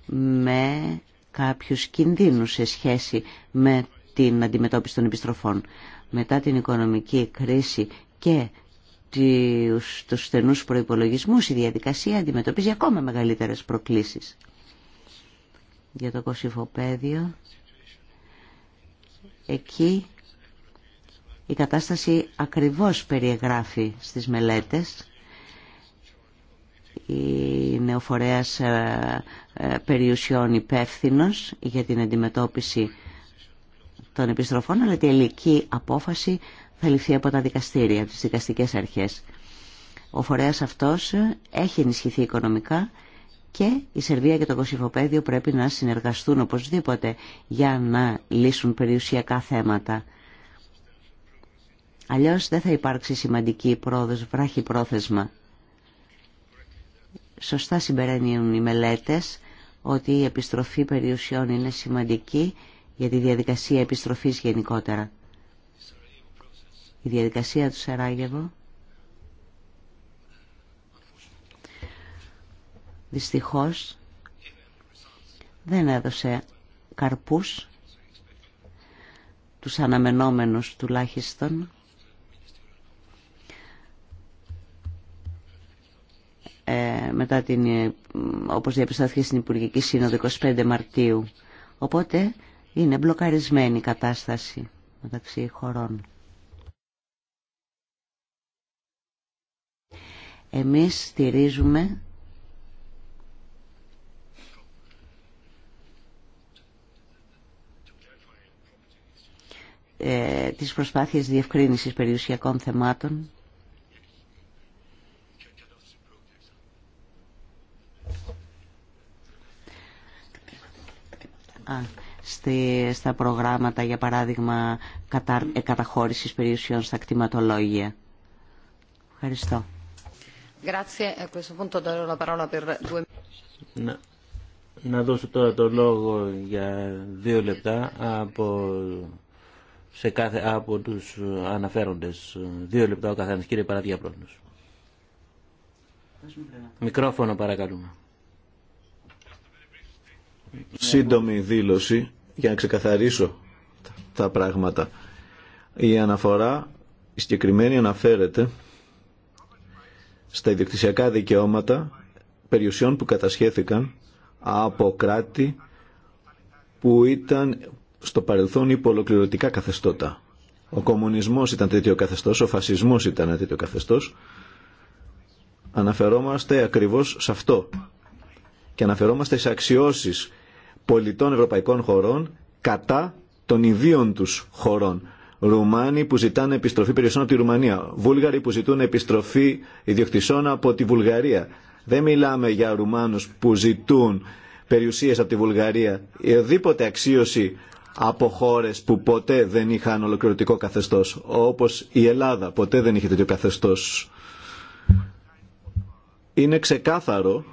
με κάποιους κινδύνους σε σχέση με την αντιμετώπιση των επιστροφών. Μετά την οικονομική κρίση και τους στενούς προϋπολογισμούς η διαδικασία αντιμετωπίζει ακόμα μεγαλύτερες προκλήσεις. Για το κοσυφοπαίδιο, εκεί η κατάσταση ακριβώς περιεγράφει στις μελέτες. η ε, ε, περιουσιών υπεύθυνο για την αντιμετώπιση των επιστροφών, αλλά τελική απόφαση θα ληφθεί από τα δικαστήρια, από τις δικαστικές αρχές. Ο φορέας αυτός έχει ενισχυθεί οικονομικά και η Σερβία και το Κωσυφοπαίδιο πρέπει να συνεργαστούν οπωσδήποτε για να λύσουν περιουσιακά θέματα. Αλλιώς δεν θα υπάρξει σημαντική πρόοδος, βράχη πρόθεσμα. Σωστά συμπεραίνουν οι μελέτες ότι η επιστροφή περιουσιών είναι σημαντική για τη διαδικασία επιστροφής γενικότερα η διαδικασία του Σαράγεβο δυστυχώς δεν έδωσε καρπούς τους αναμενόμενους τουλάχιστον ε, μετά την, όπως διαπιστώθηκε στην Υπουργική Σύνοδο 25 Μαρτίου. Οπότε είναι μπλοκαρισμένη η κατάσταση μεταξύ χωρών. Εμείς στηρίζουμε ε, τις προσπάθειες διευκρίνησης περιουσιακών θεμάτων στη, στα προγράμματα, για παράδειγμα, κατα, ε, καταχώρησης περιουσιών στα κτηματολόγια. Ευχαριστώ. Να, δώσω τώρα το λόγο για δύο λεπτά από, σε κάθε, από τους αναφέροντες. Δύο λεπτά ο καθένας. Κύριε Μικρόφωνο παρακαλούμε. Σύντομη δήλωση για να ξεκαθαρίσω τα πράγματα. Η αναφορά η συγκεκριμένη αναφέρεται στα ιδιοκτησιακά δικαιώματα περιουσιών που κατασχέθηκαν από κράτη που ήταν στο παρελθόν υπολοκληρωτικά καθεστώτα. Ο κομμουνισμός ήταν τέτοιο καθεστώς, ο φασισμός ήταν τέτοιο καθεστώς. Αναφερόμαστε ακριβώς σε αυτό. Και αναφερόμαστε σε αξιώσεις πολιτών ευρωπαϊκών χωρών κατά των ιδίων τους χωρών. Ρουμάνοι που ζητάνε επιστροφή περιουσιών από τη Ρουμανία. Βούλγαροι που ζητούν επιστροφή ιδιοκτησών από τη Βουλγαρία. Δεν μιλάμε για Ρουμάνους που ζητούν περιουσίε από τη Βουλγαρία. Η οδήποτε αξίωση από χώρε που ποτέ δεν είχαν ολοκληρωτικό καθεστώ. Όπω η Ελλάδα ποτέ δεν είχε τέτοιο καθεστώ. Είναι ξεκάθαρο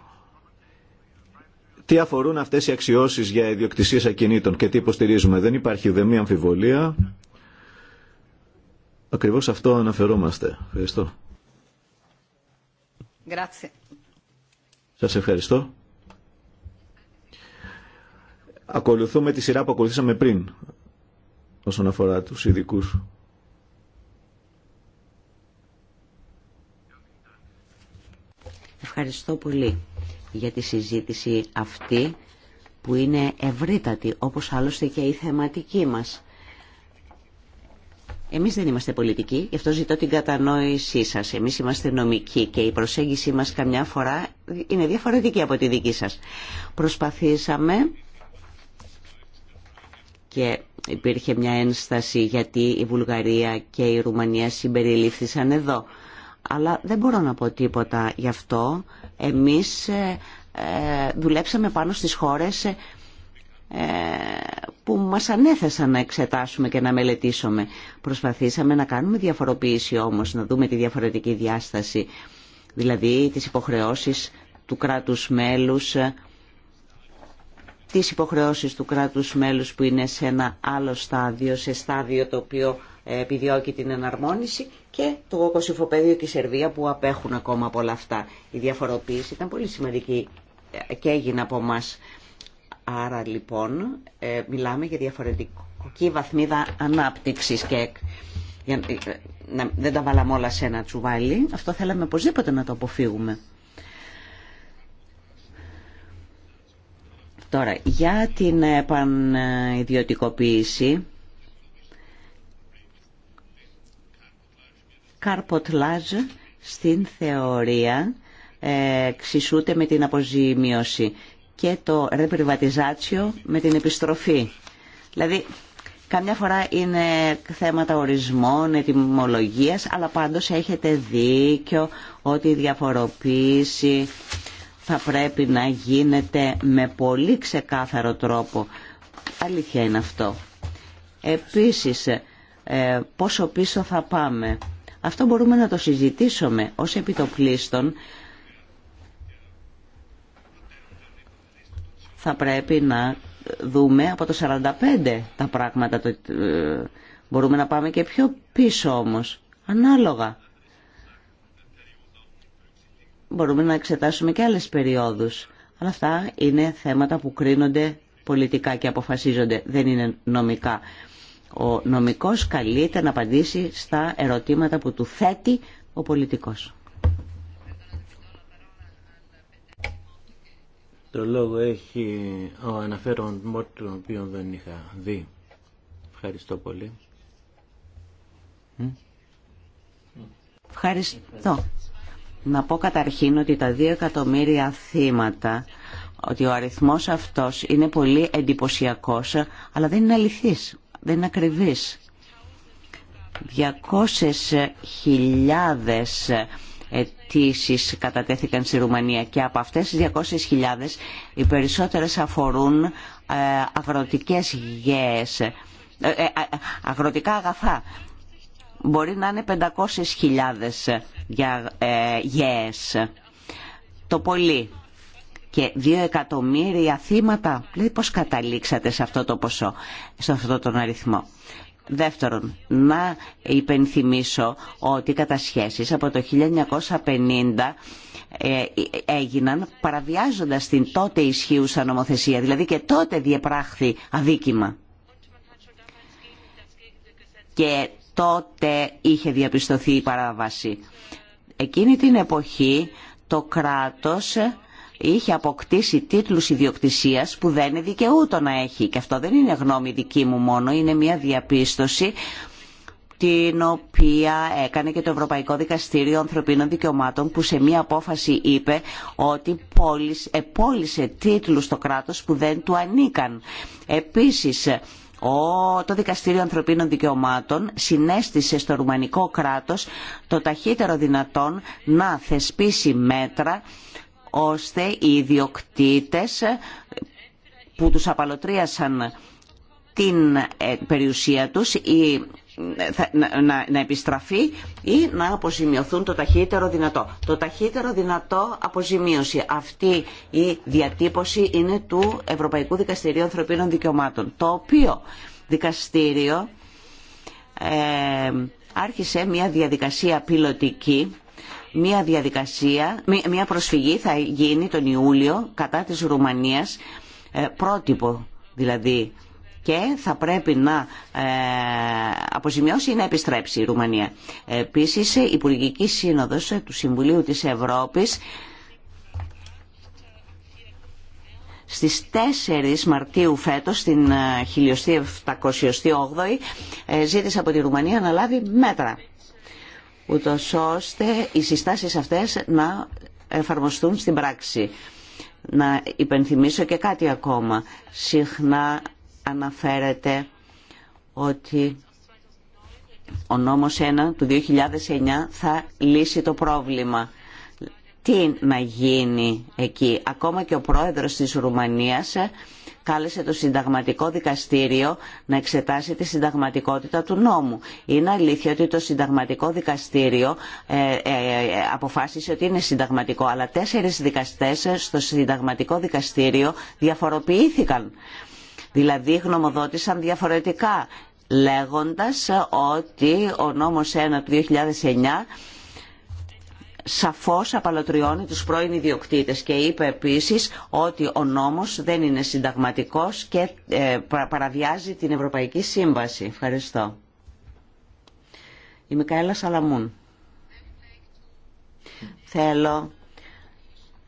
τι αφορούν αυτές οι αξιώσεις για ιδιοκτησίες ακινήτων και τι υποστηρίζουμε. Δεν υπάρχει ουδέμια αμφιβολία Ακριβώς αυτό αναφερόμαστε. Ευχαριστώ. Grazie. Σας ευχαριστώ. Ακολουθούμε τη σειρά που ακολουθήσαμε πριν όσον αφορά τους ειδικού. Ευχαριστώ πολύ για τη συζήτηση αυτή που είναι ευρύτατη όπως άλλωστε και η θεματική μας. Εμείς δεν είμαστε πολιτικοί, γι' αυτό ζητώ την κατανόησή σας. Εμείς είμαστε νομικοί και η προσέγγιση μας καμιά φορά είναι διαφορετική από τη δική σας. Προσπαθήσαμε και υπήρχε μια ένσταση γιατί η Βουλγαρία και η Ρουμανία συμπεριλήφθησαν εδώ. Αλλά δεν μπορώ να πω τίποτα γι' αυτό. Εμείς ε, ε, δουλέψαμε πάνω στις χώρες ε, ε, που μας ανέθεσαν να εξετάσουμε και να μελετήσουμε. Προσπαθήσαμε να κάνουμε διαφοροποίηση όμως, να δούμε τη διαφορετική διάσταση, δηλαδή τις υποχρεώσεις του κράτους μέλους, ε, τις υποχρεώσεις του κράτους μέλους που είναι σε ένα άλλο στάδιο, σε στάδιο το οποίο ε, επιδιώκει την εναρμόνιση και το Κωσυφοπέδιο και η Σερβία που απέχουν ακόμα από όλα αυτά. Η διαφοροποίηση ήταν πολύ σημαντική και έγινε από εμά. Άρα λοιπόν ε, μιλάμε για διαφορετική βαθμίδα ανάπτυξης και ε, δεν τα βάλαμε όλα σε ένα τσουβάλι. Αυτό θέλαμε οπωσδήποτε να το αποφύγουμε. Τώρα, για την επανειδιωτικοποίηση, καρποτλάζ στην θεωρία ε, ξισούται με την αποζημίωση και το reprivatizatio με την επιστροφή. Δηλαδή, καμιά φορά είναι θέματα ορισμών, ετοιμολογίας, αλλά πάντως έχετε δίκιο ότι η διαφοροποίηση θα πρέπει να γίνεται με πολύ ξεκάθαρο τρόπο. Αλήθεια είναι αυτό. Επίσης, ε, πόσο πίσω θα πάμε. Αυτό μπορούμε να το συζητήσουμε ως επιτοπλίστων θα πρέπει να δούμε από το 45 τα πράγματα. Ε, μπορούμε να πάμε και πιο πίσω όμως, ανάλογα. Μπορούμε να εξετάσουμε και άλλες περιόδους. Αλλά αυτά είναι θέματα που κρίνονται πολιτικά και αποφασίζονται, δεν είναι νομικά. Ο νομικός καλείται να απαντήσει στα ερωτήματα που του θέτει ο πολιτικός. Το λόγο έχει ο αναφέρον Μόρτ, τον οποίο δεν είχα δει. Ευχαριστώ πολύ. Ευχαριστώ. Να πω καταρχήν ότι τα δύο εκατομμύρια θύματα, ότι ο αριθμός αυτός είναι πολύ εντυπωσιακός, αλλά δεν είναι αληθής, δεν είναι ακριβής. 200.000 αιτήσει κατατέθηκαν στη Ρουμανία και από αυτές τις 200.000 οι περισσότερες αφορούν ε, αγροτικές γέες, ε, ε, αγροτικά αγαθά. Μπορεί να είναι 500.000 για γέες το πολύ και 2 εκατομμύρια θύματα. Λέει πώς καταλήξατε σε αυτό το ποσό, σε αυτό τον αριθμό. Δεύτερον, να υπενθυμίσω ότι οι κατασχέσεις από το 1950 ε, έγιναν παραβιάζοντας την τότε ισχύουσα νομοθεσία, δηλαδή και τότε διεπράχθη αδίκημα. Και τότε είχε διαπιστωθεί η παράβαση. Εκείνη την εποχή το κράτος είχε αποκτήσει τίτλους ιδιοκτησίας που δεν είναι δικαιούτο να έχει. Και αυτό δεν είναι γνώμη δική μου μόνο, είναι μια διαπίστωση την οποία έκανε και το Ευρωπαϊκό Δικαστήριο Ανθρωπίνων Δικαιωμάτων που σε μία απόφαση είπε ότι πώλησε, επόλυσε τίτλους στο κράτος που δεν του ανήκαν. Επίσης, ο, το Δικαστήριο Ανθρωπίνων Δικαιωμάτων συνέστησε στο Ρουμανικό κράτος το ταχύτερο δυνατόν να θεσπίσει μέτρα ώστε οι ιδιοκτήτες που τους απαλωτρίασαν την ε, περιουσία τους ή ε, να επιστραφεί ή να αποζημιωθούν το ταχύτερο δυνατό. Το ταχύτερο δυνατό αποζημίωση. Αυτή η διατύπωση είναι του Ευρωπαϊκού Δικαστηρίου Ανθρωπίνων Δικαιωμάτων, το οποίο δικαστήριο ε, άρχισε μια διαδικασία πιλωτική Μία διαδικασία, μία προσφυγή θα γίνει τον Ιούλιο κατά της Ρουμανίας, ε, πρότυπο δηλαδή, και θα πρέπει να ε, αποζημιώσει ή να επιστρέψει η Ρουμανία. Επίσης, η Υπουργική Σύνοδος του Συμβουλίου της Ευρώπης στις 4 Μαρτίου φέτος, στην 1708, ε, ζήτησε από τη Ρουμανία να λάβει μέτρα ούτως ώστε οι συστάσεις αυτές να εφαρμοστούν στην πράξη. Να υπενθυμίσω και κάτι ακόμα. Συχνά αναφέρεται ότι ο νόμος 1 του 2009 θα λύσει το πρόβλημα. Τι να γίνει εκεί. Ακόμα και ο πρόεδρος της Ρουμανίας κάλεσε το συνταγματικό δικαστήριο να εξετάσει τη συνταγματικότητα του νόμου. Είναι αλήθεια ότι το συνταγματικό δικαστήριο ε, ε, αποφάσισε ότι είναι συνταγματικό, αλλά τέσσερις δικαστές στο συνταγματικό δικαστήριο διαφοροποιήθηκαν. Δηλαδή γνωμοδότησαν διαφορετικά, λέγοντας ότι ο νόμος 1 του 2009 σαφώς απαλωτριώνει τους πρώην ιδιοκτήτες και είπε επίσης ότι ο νόμος δεν είναι συνταγματικός και ε, παραβιάζει την Ευρωπαϊκή Σύμβαση. Ευχαριστώ. Η Μικαέλα Σαλαμούν. Θέλω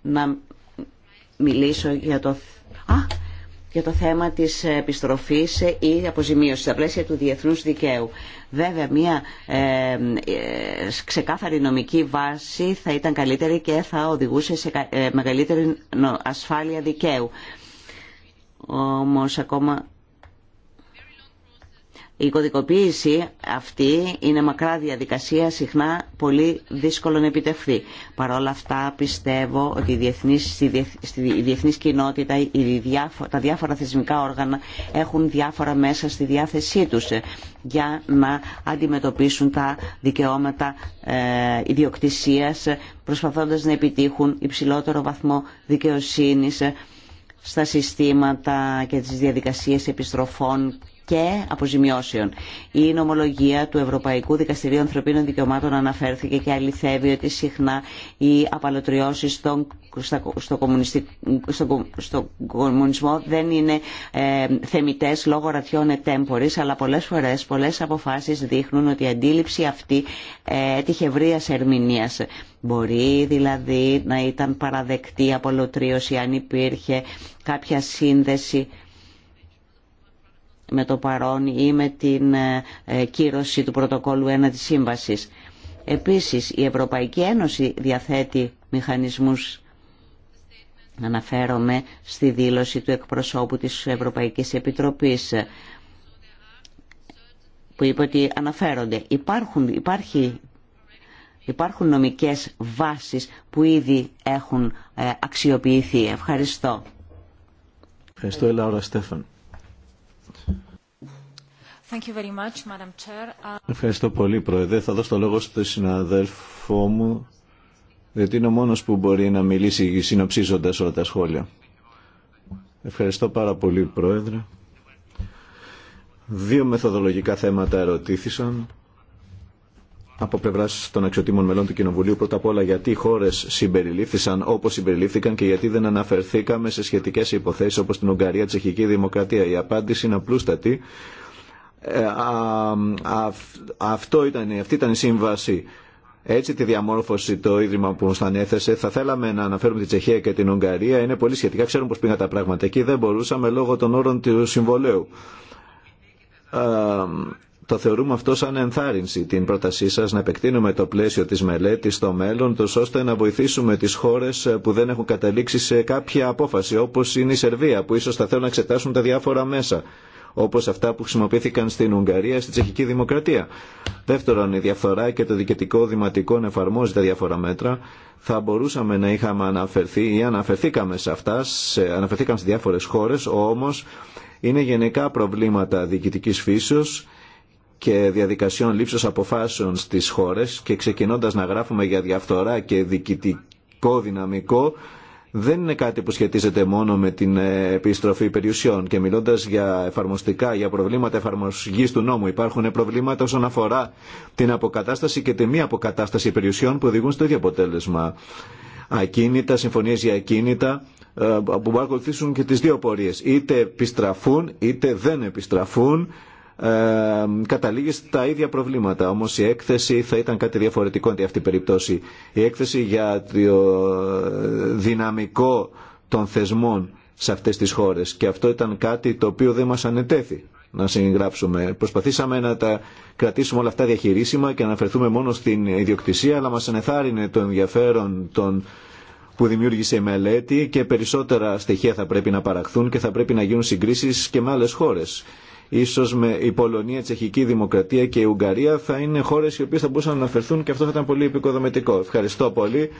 να μιλήσω για το... Α, για το θέμα της επιστροφής ή αποζημίωσης στα πλαίσια του διεθνούς δικαίου. Βέβαια, μια ε, ε, ξεκάθαρη νομική βάση θα ήταν καλύτερη και θα οδηγούσε σε ε, μεγαλύτερη ασφάλεια δικαίου. Όμως ακόμα η κωδικοποίηση αυτή είναι μακρά διαδικασία, συχνά πολύ δύσκολο να επιτευχθεί. Παρ' όλα αυτά πιστεύω ότι η διεθνής, διεθνής κοινότητα η τα διάφορα θεσμικά όργανα έχουν διάφορα μέσα στη διάθεσή τους για να αντιμετωπίσουν τα δικαιώματα ε, ιδιοκτησίας προσπαθώντας να επιτύχουν υψηλότερο βαθμό δικαιοσύνης στα συστήματα και τις διαδικασίες επιστροφών και αποζημιώσεων. Η νομολογία του Ευρωπαϊκού Δικαστηρίου Ανθρωπίνων Δικαιωμάτων αναφέρθηκε και αληθεύει ότι συχνά οι απαλωτριώσει στον, στο, στο, στο κομμουνισμό δεν είναι ε, θεμητέ λόγω ρατιών ετέμπορη, αλλά πολλέ φορέ πολλέ αποφάσει δείχνουν ότι η αντίληψη αυτή ε, έτυχε ευρεία ερμηνεία. Μπορεί δηλαδή να ήταν παραδεκτή απολωτρίωση αν υπήρχε κάποια σύνδεση με το παρόν ή με την ε, ε, κύρωση του πρωτοκόλου 1 της Σύμβασης. Επίσης, η Ευρωπαϊκή Ένωση διαθέτει μηχανισμούς Αναφέρομαι στη δήλωση του εκπροσώπου της Ευρωπαϊκής Επιτροπής ε, που είπε ότι αναφέρονται. Υπάρχουν, υπάρχει, υπάρχουν νομικές βάσεις που ήδη έχουν αξιοποιηθεί. Ευχαριστώ. Ευχαριστώ, Ελάωρα Στέφαν. Uh, Ευχαριστώ πολύ, Πρόεδρε. Θα δώσω το λόγο στον συναδέλφό μου, γιατί είναι ο μόνος που μπορεί να μιλήσει συνοψίζοντας όλα τα σχόλια. Ευχαριστώ πάρα πολύ, Πρόεδρε. Δύο μεθοδολογικά θέματα ερωτήθησαν από πλευρά των αξιωτήμων μελών του Κοινοβουλίου. Πρώτα απ' όλα, γιατί οι χώρε συμπεριλήφθησαν όπω συμπεριλήφθηκαν και γιατί δεν αναφερθήκαμε σε σχετικέ υποθέσει όπω την Ουγγαρία, Τσεχική Δημοκρατία. Η απάντηση είναι απλούστατη. Ε, αυτό ήταν, αυτή ήταν η σύμβαση. Έτσι τη διαμόρφωση το Ίδρυμα που μας ανέθεσε. Θα θέλαμε να αναφέρουμε τη Τσεχία και την Ουγγαρία. Είναι πολύ σχετικά. Ξέρουμε πώς πήγαν τα πράγματα. Εκεί δεν μπορούσαμε λόγω των όρων του συμβολέου. Ε, το θεωρούμε αυτό σαν ενθάρρυνση την πρότασή σας να επεκτείνουμε το πλαίσιο της μελέτης στο μέλλον τόσο ώστε να βοηθήσουμε τις χώρες που δεν έχουν καταλήξει σε κάποια απόφαση όπως είναι η Σερβία που ίσως θα θέλουν να εξετάσουν τα διάφορα μέσα όπως αυτά που χρησιμοποιήθηκαν στην Ουγγαρία, στη Τσεχική Δημοκρατία. Δεύτερον, η διαφθορά και το διοικητικό δηματικό εφαρμόζεται διάφορα μέτρα. Θα μπορούσαμε να είχαμε αναφερθεί ή αναφερθήκαμε σε αυτά, αναφερθήκαμε σε διάφορες χώρες, όμως είναι γενικά προβλήματα διοικητικής φύσεως και διαδικασιών λήψης αποφάσεων στις χώρες και ξεκινώντας να γράφουμε για διαφθορά και διοικητικό δυναμικό, δεν είναι κάτι που σχετίζεται μόνο με την ε, επιστροφή περιουσιών και μιλώντας για εφαρμοστικά, για προβλήματα εφαρμοσγής του νόμου υπάρχουν προβλήματα όσον αφορά την αποκατάσταση και τη μη αποκατάσταση περιουσιών που οδηγούν στο ίδιο αποτέλεσμα. Ακίνητα, συμφωνίες για ακίνητα ε, που ακολουθήσουν και τις δύο πορείες. Είτε επιστραφούν είτε δεν επιστραφούν καταλήγει στα ίδια προβλήματα. Όμω, η έκθεση θα ήταν κάτι διαφορετικό αντί αυτή η περίπτωση. Η έκθεση για το δυναμικό των θεσμών σε αυτέ τι χώρε. και αυτό ήταν κάτι το οποίο δεν μα ανετέθη να συγγράψουμε. Προσπαθήσαμε να τα κρατήσουμε όλα αυτά διαχειρίσιμα και να αναφερθούμε μόνο στην ιδιοκτησία, αλλά μα ανεθάρρυνε το ενδιαφέρον των που δημιούργησε η μελέτη και περισσότερα στοιχεία θα πρέπει να παραχθούν και θα πρέπει να γίνουν συγκρίσεις και με άλλες χώρες. Ίσως με η Πολωνία, η Τσεχική Δημοκρατία και η Ουγγαρία θα είναι χώρες οι οποίες θα μπορούσαν να αναφερθούν και αυτό θα ήταν πολύ επικοδομητικό. Ευχαριστώ πολύ.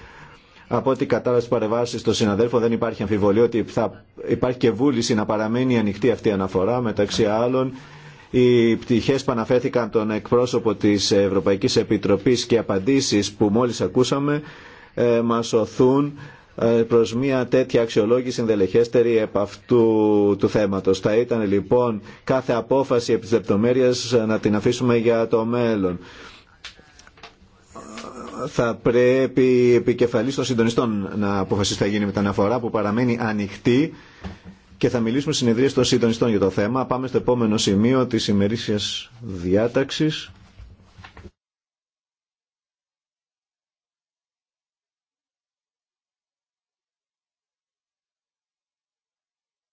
Από ό,τι κατάλαβε παρεμβάσει των συναδέλφων, δεν υπάρχει αμφιβολία ότι θα υπάρχει και βούληση να παραμένει ανοιχτή αυτή η αναφορά. Μεταξύ άλλων, οι πτυχέ που αναφέρθηκαν τον εκπρόσωπο τη Ευρωπαϊκή Επιτροπή και οι απαντήσει που μόλι ακούσαμε ε, μα οθούν ε, Προ μια τέτοια αξιολόγηση ενδελεχέστερη επ' αυτού του θέματος. Θα ήταν λοιπόν κάθε απόφαση επί τη να την αφήσουμε για το μέλλον. Θα πρέπει η επικεφαλής των συντονιστών να αποφασίσει θα γίνει με την αναφορά που παραμένει ανοιχτή και θα μιλήσουμε συνεδρίες των συντονιστών για το θέμα. Πάμε στο επόμενο σημείο της ημερήσιας διάταξης.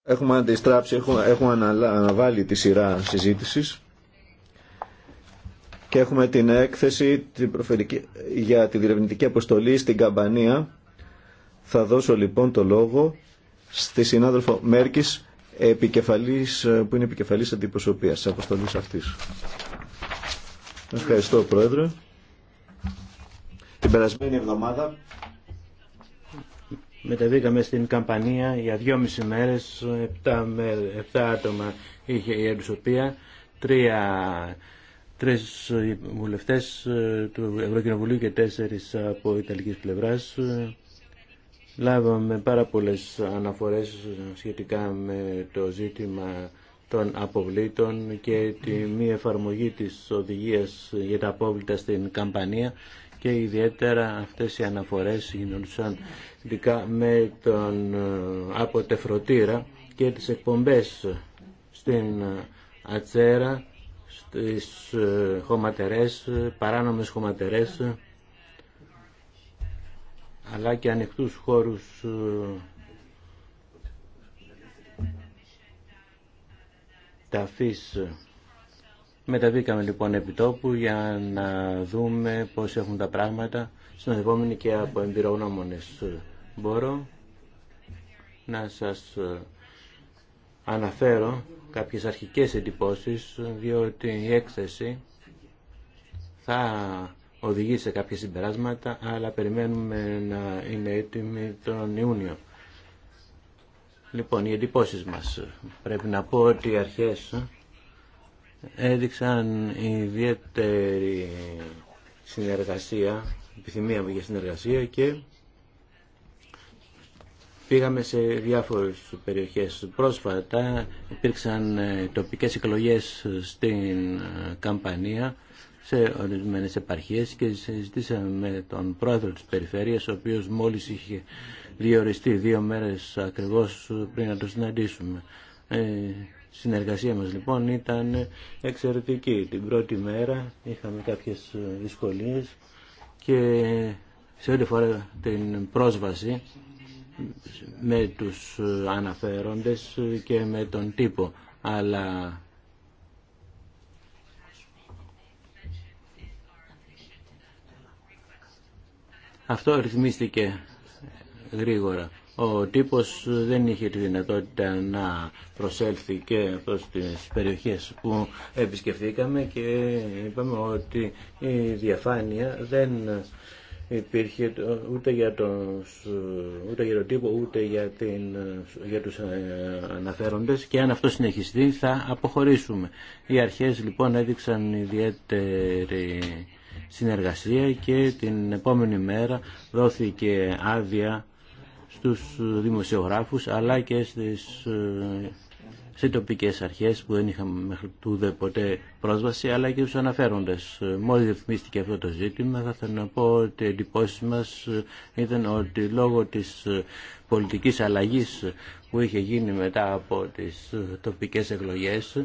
Έχουμε αντιστράψει, έχουμε, αναβάλει τη σειρά συζήτησης και έχουμε την έκθεση την για τη διερευνητική αποστολή στην Καμπανία. Θα δώσω λοιπόν το λόγο στη συνάδελφο Μέρκης επικεφαλής, που είναι επικεφαλής αντιπροσωπείας της αποστολής αυτής. Ευχαριστώ Πρόεδρε. Την περασμένη εβδομάδα μεταβήκαμε στην Καμπανία για δυόμιση μέρες, επτά, άτομα είχε η αντισωπία, τρία, τρεις βουλευτές ε, του Ευρωκοινοβουλίου και τέσσερις από Ιταλικής πλευράς. Λάβαμε πάρα πολλές αναφορές σχετικά με το ζήτημα των αποβλήτων και τη μη εφαρμογή της οδηγίας για τα απόβλητα στην Καμπανία και ιδιαίτερα αυτές οι αναφορές γίνονταν δικά με τον ε, αποτεφρωτήρα και τις εκπομπές στην ε, Ατσέρα, στις ε, χωματερές, παράνομες χωματερές αλλά και ανοιχτούς χώρους ταφής Μεταβήκαμε λοιπόν επί τόπου για να δούμε πώς έχουν τα πράγματα στον επόμενο και από εμπειρογνώμονες. Μπορώ να σας ε, αναφέρω κάποιες αρχικές εντυπώσεις διότι η έκθεση θα οδηγήσει σε κάποια συμπεράσματα αλλά περιμένουμε να είναι έτοιμη τον Ιούνιο. Λοιπόν, οι εντυπώσεις μας. Πρέπει να πω ότι οι αρχές έδειξαν ιδιαίτερη συνεργασία, επιθυμία για συνεργασία και πήγαμε σε διάφορες περιοχές. Πρόσφατα υπήρξαν ε, τοπικές εκλογές στην ε, Καμπανία σε ορισμένες επαρχίες και συζητήσαμε με τον πρόεδρο της περιφέρειας ο οποίος μόλις είχε διοριστεί δύο μέρες ακριβώς πριν να το συναντήσουμε. Ε, συνεργασία μας λοιπόν ήταν εξαιρετική. Την πρώτη μέρα είχαμε κάποιες ε, δυσκολίες και σε ό,τι φορά την πρόσβαση με τους ε, αναφέροντες και με τον τύπο. Αλλά αυτό ρυθμίστηκε γρήγορα ο τύπος δεν είχε τη δυνατότητα να προσέλθει και προς τις περιοχές που επισκεφθήκαμε και είπαμε ότι η διαφάνεια δεν υπήρχε ούτε για, τον, ούτε για τον τύπο ούτε για, την, για τους ε, αναφέροντες και αν αυτό συνεχιστεί θα αποχωρήσουμε. Οι αρχές λοιπόν έδειξαν ιδιαίτερη συνεργασία και την επόμενη μέρα δόθηκε άδεια στους δημοσιογράφους αλλά και στις, ε, σε τοπικές αρχές που δεν είχαμε μέχρι τούδε ποτέ πρόσβαση αλλά και τους αναφέροντες. Ε, μόλις ρυθμίστηκε αυτό το ζήτημα θα ήθελα να πω ότι οι εντυπώσεις μας ε, ήταν ότι λόγω της πολιτικής αλλαγής που είχε γίνει μετά από τις τοπικές εκλογές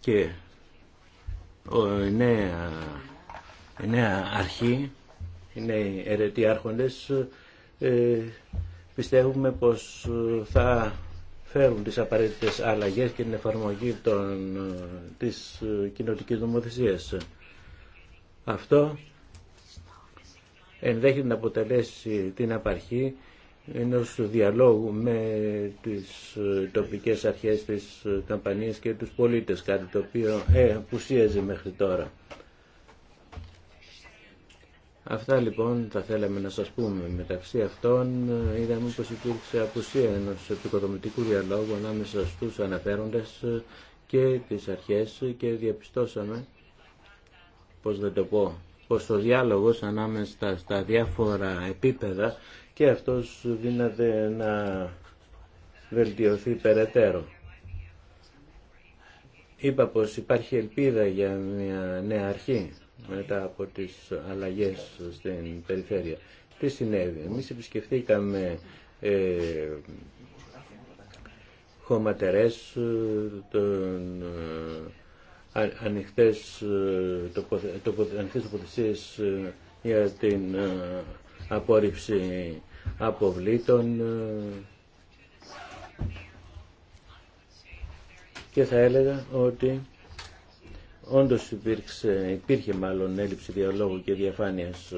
και η νέα, η νέα αρχή, οι νέοι αιρετοί άρχοντες ε, πιστεύουμε πως ε, θα φέρουν τις απαραίτητες αλλαγές και την εφαρμογή των, ε, της κοινωτικής νομοθεσίας. Αυτό ενδέχεται να αποτελέσει την απαρχή ενός διαλόγου με τις τοπικές αρχές της Καμπανίας και τους πολίτες, κάτι το οποίο ε, απουσίαζε μέχρι τώρα. Αυτά λοιπόν τα θέλαμε να σας πούμε. Μεταξύ αυτών ε, είδαμε πως υπήρξε απουσία ενός επικοδομητικού διαλόγου ανάμεσα στους αναφέροντες ε, και τις αρχές ε, και διαπιστώσαμε, πώς δεν το πω, πως ο διάλογος ανάμεσα στα διάφορα επίπεδα και αυτός δύναται να βελτιωθεί περαιτέρω. Είπα πως υπάρχει ελπίδα για μια νέα αρχή μετά από τις αλλαγές στην περιφέρεια. Τι συνέβη. Εμείς επισκεφθήκαμε ε, χωματερές, των ε, ε, ανοιχτές, τοποθεσίες ε, για την απόρριψη αποβλήτων και θα έλεγα ότι Όντως υπήρξε, υπήρχε μάλλον έλλειψη διαλόγου και διαφάνειας.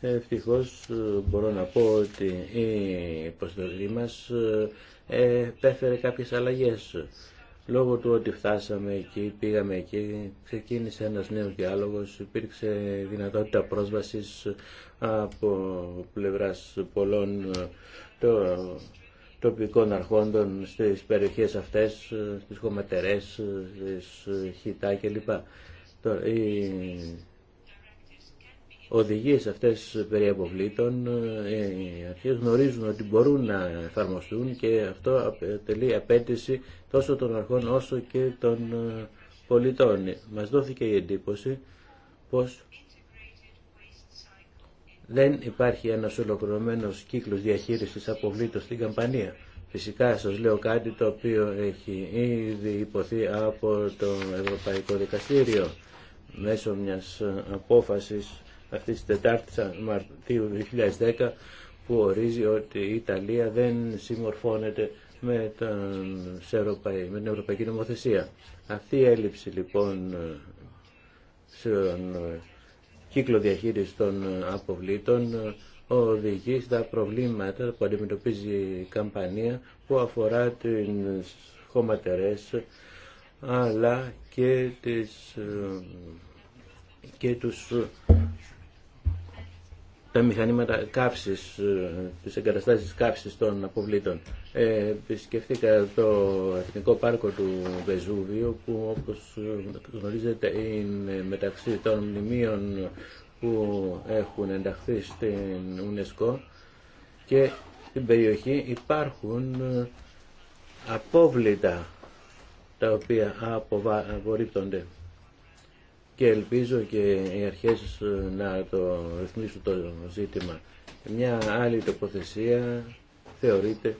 Ευτυχώς ε, μπορώ να πω ότι η υποστολή μας ε, επέφερε κάποιες αλλαγές. Λόγω του ότι φτάσαμε εκεί, πήγαμε εκεί, ξεκίνησε ένας νέος διάλογος, υπήρξε δυνατότητα πρόσβασης από πλευράς πολλών ε, το τοπικών αρχόντων στις περιοχές αυτές, στις κομματερές, στις χιτά κλπ. Τώρα, οι οδηγίες αυτές περί αποβλήτων, ε, οι αρχές γνωρίζουν ότι μπορούν να εφαρμοστούν και αυτό τελεί απέτηση τόσο των αρχών όσο και των ε, πολιτών. Μας δόθηκε η εντύπωση πως δεν υπάρχει ένας ολοκληρωμένος κύκλος διαχείρισης αποβλήτως στην καμπανία. Φυσικά σα λέω κάτι το οποίο έχει ήδη υποθεί από το Ευρωπαϊκό Δικαστήριο μέσω μιας απόφασης αυτής τη 4 Μαρτίου 2010 που ορίζει ότι η Ιταλία δεν συμμορφώνεται με, με την Ευρωπαϊκή Νομοθεσία. Αυτή η έλλειψη λοιπόν κύκλο διαχείρισης των αποβλήτων οδηγεί στα προβλήματα που αντιμετωπίζει η καμπανία που αφορά τις χωματερές αλλά και, τις, ε, και τους τα μηχανήματα κάψης, ε, τις εγκαταστάσεις κάψης των αποβλήτων. Ε, επισκεφθήκα το Εθνικό Πάρκο του Βεζούβιου που όπως ε, γνωρίζετε είναι μεταξύ των μνημείων που έχουν ενταχθεί στην UNESCO και στην περιοχή υπάρχουν ε, απόβλητα τα οποία απορρίπτονται και ελπίζω και οι αρχές ε, να το ρυθμίσουν το ζήτημα. Μια άλλη τοποθεσία θεωρείται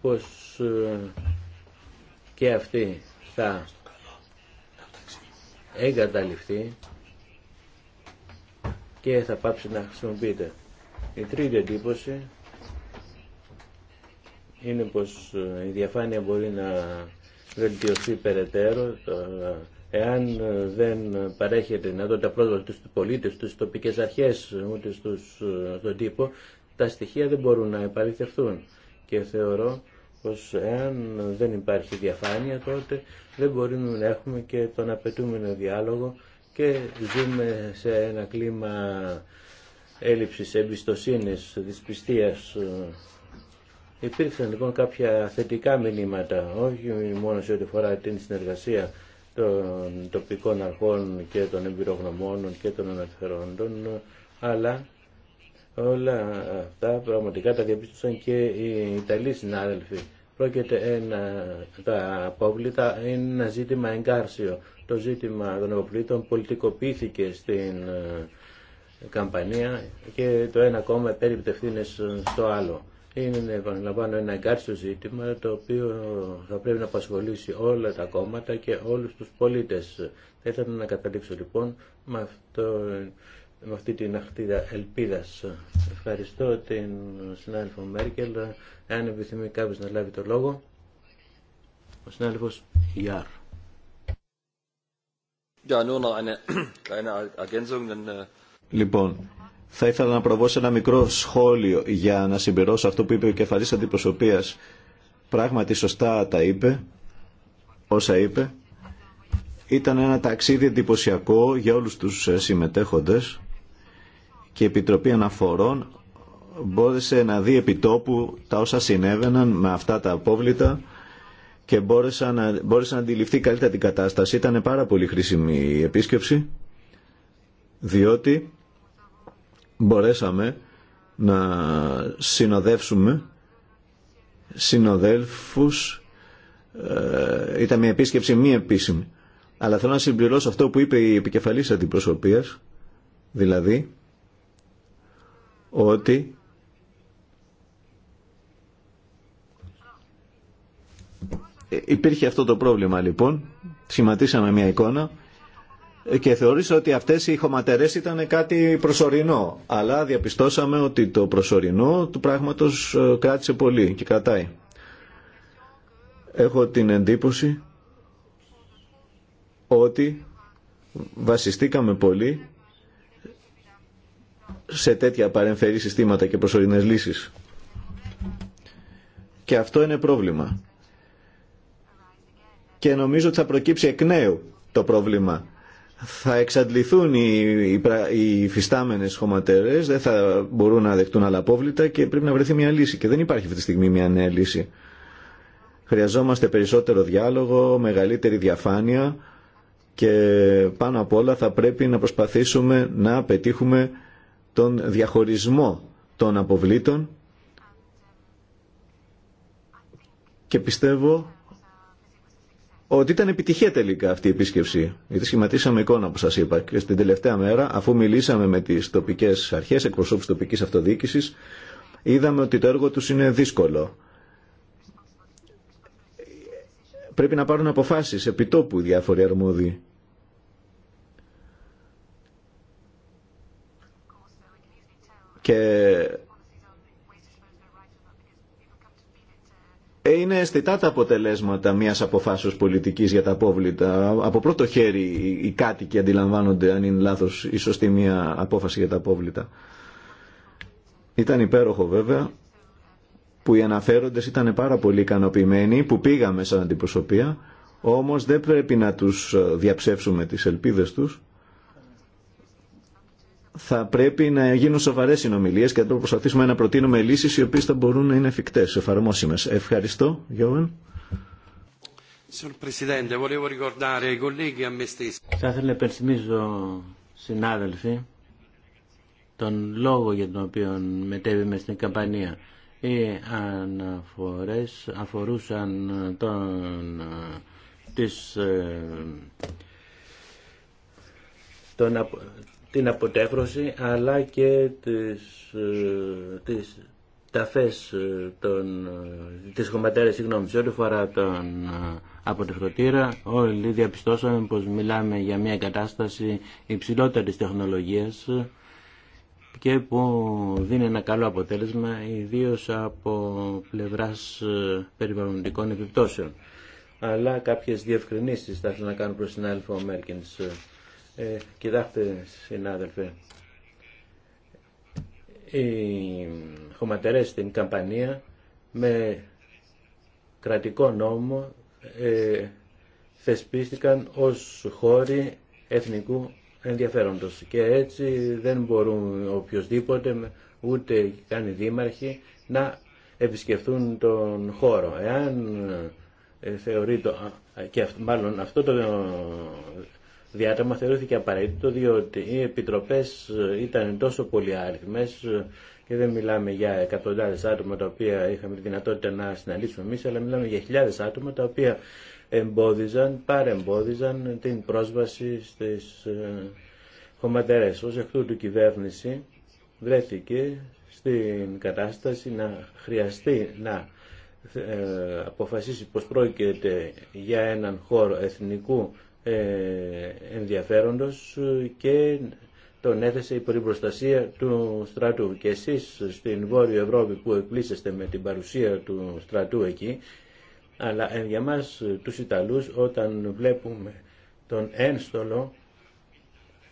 πως ε, και αυτή θα εγκαταληφθεί και θα πάψει να χρησιμοποιείται. Η τρίτη εντύπωση είναι πως ε, η διαφάνεια μπορεί να βελτιωθεί περαιτέρω, εάν ε, δεν παρέχεται δυνατότητα πρόσβαση στους πολίτες, στις τοπικές αρχές, ούτε στους, ε, στον τύπο, τα στοιχεία δεν μπορούν να επαληθευτούν. Και θεωρώ πως εάν δεν υπάρχει διαφάνεια τότε δεν μπορούμε να έχουμε και τον απαιτούμενο διάλογο και ζούμε σε ένα κλίμα έλλειψης εμπιστοσύνης, δυσπιστίας. Υπήρξαν λοιπόν κάποια θετικά μηνύματα, όχι μόνο σε ό,τι φορά την συνεργασία των τοπικών αρχών και των εμπειρογνωμών και των αναφερόντων, αλλά όλα αυτά πραγματικά τα διαπίστωσαν και οι Ιταλοί συνάδελφοι. Πρόκειται ένα, τα απόβλητα είναι ένα ζήτημα εγκάρσιο. Το ζήτημα των απόβλητων πολιτικοποιήθηκε στην ε, Καμπανία και το ένα κόμμα επέριπτε στο άλλο είναι επαναλαμβάνω ένα εγκάρσιο ζήτημα το οποίο θα πρέπει να απασχολήσει όλα τα κόμματα και όλους τους πολίτες. Θα ήθελα να καταλήξω λοιπόν με, αυτό, με αυτή την αχτίδα ελπίδας. Ευχαριστώ την συνάδελφο Μέρκελ. Αν επιθυμεί κάποιος να λάβει το λόγο, ο συνάδελφος Γιάρ. Äh, λοιπόν, θα ήθελα να προβώ ένα μικρό σχόλιο για να συμπληρώσω αυτό που είπε ο κεφαλής αντιπροσωπείας. Πράγματι σωστά τα είπε, όσα είπε. Ήταν ένα ταξίδι εντυπωσιακό για όλους τους ε, συμμετέχοντες και η Επιτροπή Αναφορών μπόρεσε να δει επιτόπου τα όσα συνέβαιναν με αυτά τα απόβλητα και μπόρεσε να, μπόρεσε να αντιληφθεί καλύτερα την κατάσταση. Ήταν πάρα πολύ χρήσιμη η επίσκεψη διότι μπορέσαμε να συνοδεύσουμε συνοδέλφους ε, ήταν μια επίσκεψη μη επίσημη αλλά θέλω να συμπληρώσω αυτό που είπε η επικεφαλής αντιπροσωπείας δηλαδή ότι ε, υπήρχε αυτό το πρόβλημα λοιπόν σχηματίσαμε μια εικόνα και θεωρήσα ότι αυτές οι χωματερές ήταν κάτι προσωρινό. Αλλά διαπιστώσαμε ότι το προσωρινό του πράγματος ε, κράτησε πολύ και κρατάει. Έχω την εντύπωση ότι βασιστήκαμε πολύ σε τέτοια παρεμφερή συστήματα και προσωρινές λύσεις. Και αυτό είναι πρόβλημα. Και νομίζω ότι θα προκύψει εκ νέου το πρόβλημα θα εξαντληθούν οι, οι, οι φυστάμενες χωματερές, δεν θα μπορούν να δεχτούν άλλα απόβλητα και πρέπει να βρεθεί μια λύση. Και δεν υπάρχει αυτή τη στιγμή μια νέα λύση. Χρειαζόμαστε περισσότερο διάλογο, μεγαλύτερη διαφάνεια και πάνω απ' όλα θα πρέπει να προσπαθήσουμε να πετύχουμε τον διαχωρισμό των αποβλήτων και πιστεύω ότι ήταν επιτυχία τελικά αυτή η επίσκεψη. Γιατί σχηματίσαμε εικόνα, όπω σα είπα. Και στην τελευταία μέρα, αφού μιλήσαμε με τι τοπικέ αρχέ, εκπροσώπου τοπική αυτοδιοίκηση, είδαμε ότι το έργο του είναι δύσκολο. Πρέπει να πάρουν αποφάσει επιτόπου διάφοροι αρμόδιοι. Και είναι αισθητά τα αποτελέσματα μια αποφάσεως πολιτικής για τα απόβλητα. Από πρώτο χέρι οι κάτοικοι αντιλαμβάνονται αν είναι λάθος ή σωστή μια απόφαση για τα απόβλητα. Ήταν υπέροχο βέβαια που οι αναφέροντες ήταν πάρα πολύ ικανοποιημένοι που πήγαμε σαν αντιπροσωπεία όμως δεν πρέπει να τους ε, διαψεύσουμε τις ελπίδες τους θα πρέπει να γίνουν σοβαρέ συνομιλίε και θα προσπαθήσουμε να προτείνουμε λύσει οι οποίε θα μπορούν να είναι εφικτέ, εφαρμόσιμε. Ευχαριστώ, Γιώργαν. E θα ήθελα να υπενθυμίσω, συνάδελφοι, τον λόγο για τον οποίο μετέβημε στην καμπανία. Οι αναφορές αφορούσαν τον, τις, ε, τον, την αποτέφρωση αλλά και τις, ε, τις ταφές ε, των, ε, της χωματέρας συγγνώμη σε ό,τι φορά τον αποτεφρωτήρα όλοι διαπιστώσαμε πως μιλάμε για μια κατάσταση υψηλότερης τεχνολογίας και που δίνει ένα καλό αποτέλεσμα ιδίως από πλευράς περιβαλλοντικών επιπτώσεων αλλά κάποιες διευκρινήσεις θα ήθελα να κάνω προς την Αλφα Μέρκενς ε, κοιτάξτε, συνάδελφε, οι χωματερές στην Καμπανία με κρατικό νόμο ε, θεσπίστηκαν ως χώροι εθνικού ενδιαφέροντος και έτσι δεν μπορούν οποιοδήποτε ούτε καν οι δήμαρχοι να επισκεφθούν τον χώρο. Εάν ε, θεωρεί και μάλλον αυτό το διάταγμα θεωρήθηκε απαραίτητο διότι οι επιτροπές ήταν τόσο πολύ άριθμες και δεν μιλάμε για εκατοντάδες άτομα τα οποία είχαμε τη δυνατότητα να συναντήσουμε εμείς, αλλά μιλάμε για χιλιάδες άτομα τα οποία εμπόδιζαν, παρεμπόδιζαν την πρόσβαση στις ε, χωματερές. Ως εκ τούτου η κυβέρνηση βρέθηκε στην κατάσταση να χρειαστεί να ε, αποφασίσει πως πρόκειται για έναν χώρο εθνικού ε, ενδιαφέροντος και τον έθεσε υπό την προστασία του στρατού. Και εσείς στην Βόρεια Ευρώπη που εκπλήσεστε με την παρουσία του στρατού εκεί, αλλά ε, για μας τους Ιταλούς όταν βλέπουμε τον ένστολο,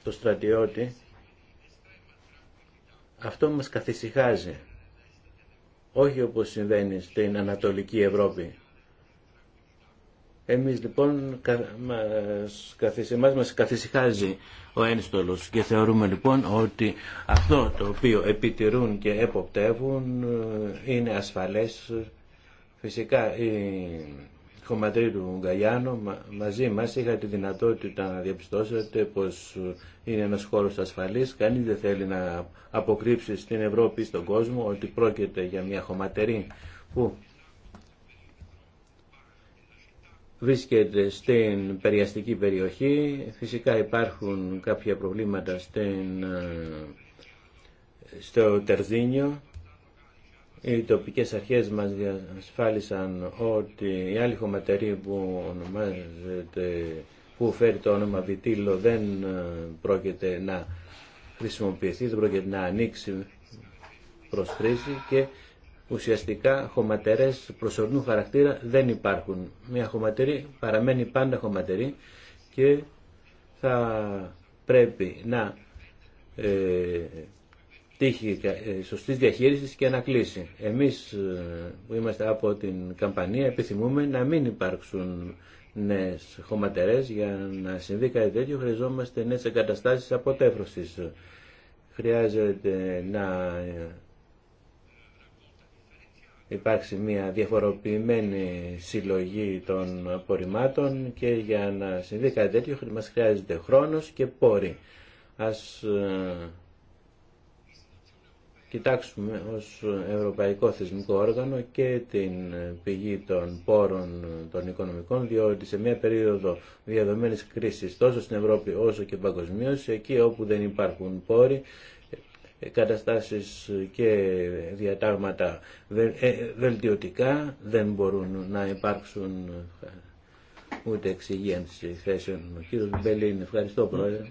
το στρατιώτη, αυτό μας καθησυχάζει. Όχι όπως συμβαίνει στην Ανατολική Ευρώπη, εμείς λοιπόν εμάς μας καθησυχάζει ο ένστολος και θεωρούμε λοιπόν ότι αυτό το οποίο επιτηρούν και εποπτεύουν ε, είναι ασφαλές. Φυσικά η του Γκαγιάνο μαζί μας είχα τη δυνατότητα να διαπιστώσετε πως είναι ένας χώρος ασφαλής. Κανείς δεν θέλει να αποκρύψει στην Ευρώπη, στον κόσμο ότι πρόκειται για μια χωματερή που βρίσκεται στην περιαστική περιοχή. Φυσικά υπάρχουν κάποια προβλήματα στην, ε, στο Τερζίνιο. Οι τοπικές αρχές μας διασφάλισαν ότι η άλλη χωματερή που που φέρει το όνομα Βιτήλο δεν ε, πρόκειται να χρησιμοποιηθεί, δεν πρόκειται να ανοίξει προς χρήση και ουσιαστικά χωματερές προσωρινού χαρακτήρα δεν υπάρχουν. Μια χωματερή παραμένει πάντα χωματερή και θα πρέπει να ε, τύχει ε, σωστή διαχείριση και να κλείσει. Εμείς ε, που είμαστε από την καμπανία επιθυμούμε να μην υπάρξουν νέες χωματερές για να συμβεί κάτι τέτοιο χρειαζόμαστε νέες εγκαταστάσεις αποτέφρωσης. Χρειάζεται να υπάρξει μια διαφοροποιημένη συλλογή των απορριμμάτων και για να συμβεί κάτι τέτοιο μας χρειάζεται χρόνος και πόροι. Ας ε, κοιτάξουμε ως Ευρωπαϊκό Θεσμικό Όργανο και την πηγή των πόρων των οικονομικών, διότι σε μια περίοδο διαδομένης κρίσης τόσο στην Ευρώπη όσο και παγκοσμίω, εκεί όπου δεν υπάρχουν πόροι, καταστάσεις και διατάγματα ε, βελτιωτικά δεν μπορούν να υπάρξουν ε, ούτε εξηγένση θέσεων. Ο Μπελίν, ευχαριστώ πρόεδρε.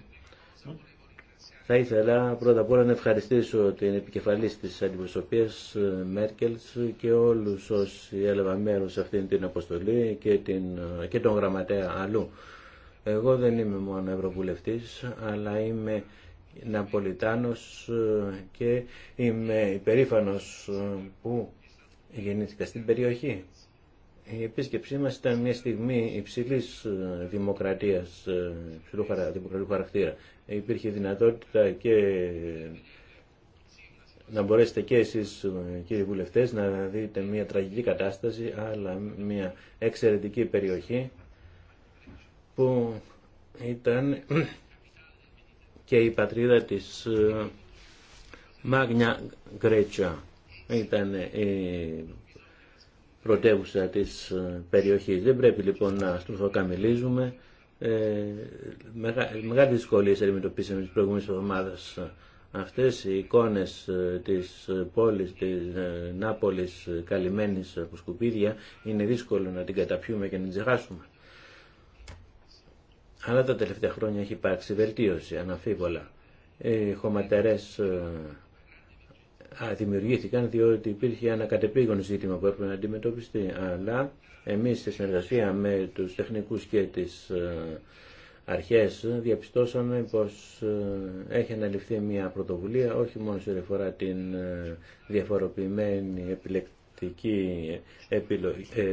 Θα ήθελα πρώτα απ' όλα να ευχαριστήσω την επικεφαλής της αντιπροσωπείας ε, Μέρκελ και όλους όσοι έλαβαν μέρος σε αυτήν την αποστολή και, την, και τον γραμματέα αλλού. Εγώ δεν είμαι μόνο ευρωβουλευτής, αλλά είμαι Ναπολιτάνος ε, και είμαι υπερήφανος ε, που γεννήθηκα στην περιοχή. Η επίσκεψή μας ήταν μια στιγμή υψηλής ε, δημοκρατίας, υψηλού δημοκρατικού χαρακτήρα. Υπήρχε δυνατότητα και να μπορέσετε και εσείς κύριοι βουλευτές να δείτε μια τραγική κατάσταση, αλλά μια εξαιρετική περιοχή που ήταν και η πατρίδα της ε, Μάγνια Γκρέτσια ήταν η πρωτεύουσα της ε, περιοχής. Δεν πρέπει λοιπόν να στροφοκαμιλίζουμε. Ε, μεγάλη δυσκολία αντιμετωπίσαμε τις προηγούμενες εβδομάδες ε, αυτές οι εικόνες της πόλης της Νάπολης καλυμμένης από σκουπίδια είναι δύσκολο να την καταπιούμε και να την ξεχάσουμε αλλά τα τελευταία χρόνια έχει υπάρξει βελτίωση, αναφίβολα. Ε, οι χωματερές ε, δημιουργήθηκαν διότι υπήρχε ένα κατεπήγον ζήτημα που έπρεπε να αντιμετωπιστεί, αλλά εμείς στη συνεργασία με τους τεχνικούς και τις ε, αρχές διαπιστώσαμε πως έχει αναλυφθεί μια πρωτοβουλία όχι μόνο σε ρεφορά την διαφοροποιημένη επιλεκτική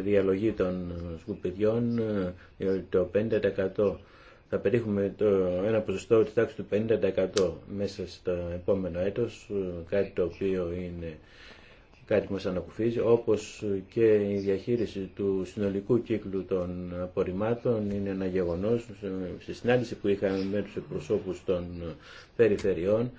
διαλογή των σκουπιδιών διότι το 5% θα πετύχουμε το, ένα ποσοστό της τάξης του 50% μέσα στο επόμενο έτος, ε, κάτι το οποίο είναι κάτι που μας ανακουφίζει, όπως και η διαχείριση του συνολικού κύκλου των απορριμμάτων είναι ένα γεγονός. Ε, Στη συνάντηση που είχαμε με τους εκπροσώπους των περιφερειών,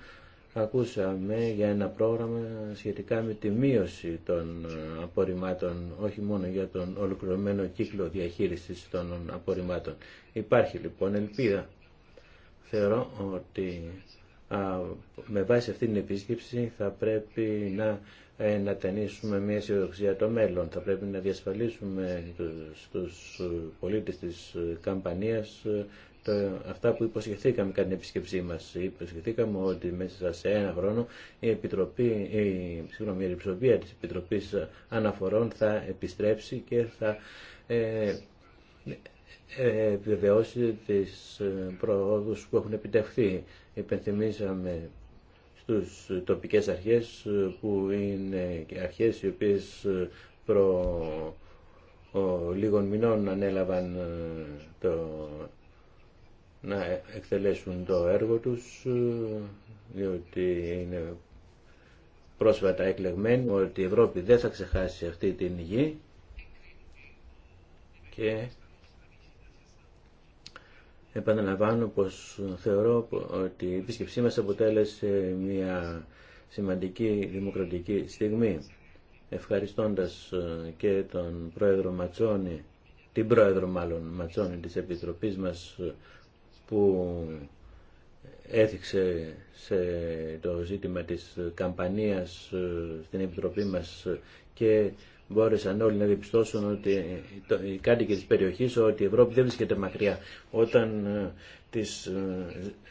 ακούσαμε για ένα πρόγραμμα σχετικά με τη μείωση των ε, απορριμμάτων, όχι μόνο για τον ολοκληρωμένο κύκλο διαχείρισης των απορριμμάτων. Υπάρχει λοιπόν ελπίδα. Θεωρώ ότι με βάση αυτή την επίσκεψη θα πρέπει να ε, να ταινίσουμε μια αισιοδοξία το μέλλον. Θα πρέπει να διασφαλίσουμε στους πολίτες της ε, καμπανίας αυτά που υποσχεθήκαμε κατά την επισκεψή μας. Υποσχεθήκαμε ότι μέσα σε ένα χρόνο η, Επιτροπή, η, συγγνώμη, η Επιτροπή της Επιτροπής Αναφορών θα επιστρέψει και θα ε, ε, επιβεβαιώσει τις ε, προόδους που έχουν επιτευχθεί. Υπενθυμίσαμε στους τοπικές αρχές ε, που είναι και αρχές οι οποίες ε, προ ο, λίγων μηνών ανέλαβαν το να εκτελέσουν το έργο τους ε, διότι είναι πρόσφατα εκλεγμένοι ότι η Ευρώπη δεν θα ξεχάσει αυτή την γη και επαναλαμβάνω πως θεωρώ ότι η επίσκεψή μας αποτέλεσε μια σημαντική δημοκρατική στιγμή ευχαριστώντας ε, και τον πρόεδρο Ματσόνη την πρόεδρο μάλλον Ματσόνη της Επιτροπής μας ε, που έθιξε σε το ζήτημα της καμπανίας ε, στην Επιτροπή μας και μπόρεσαν όλοι να διπιστώσουν ότι οι κάτοικοι της περιοχής ότι η Ευρώπη δεν βρίσκεται μακριά. Όταν ε, της ε,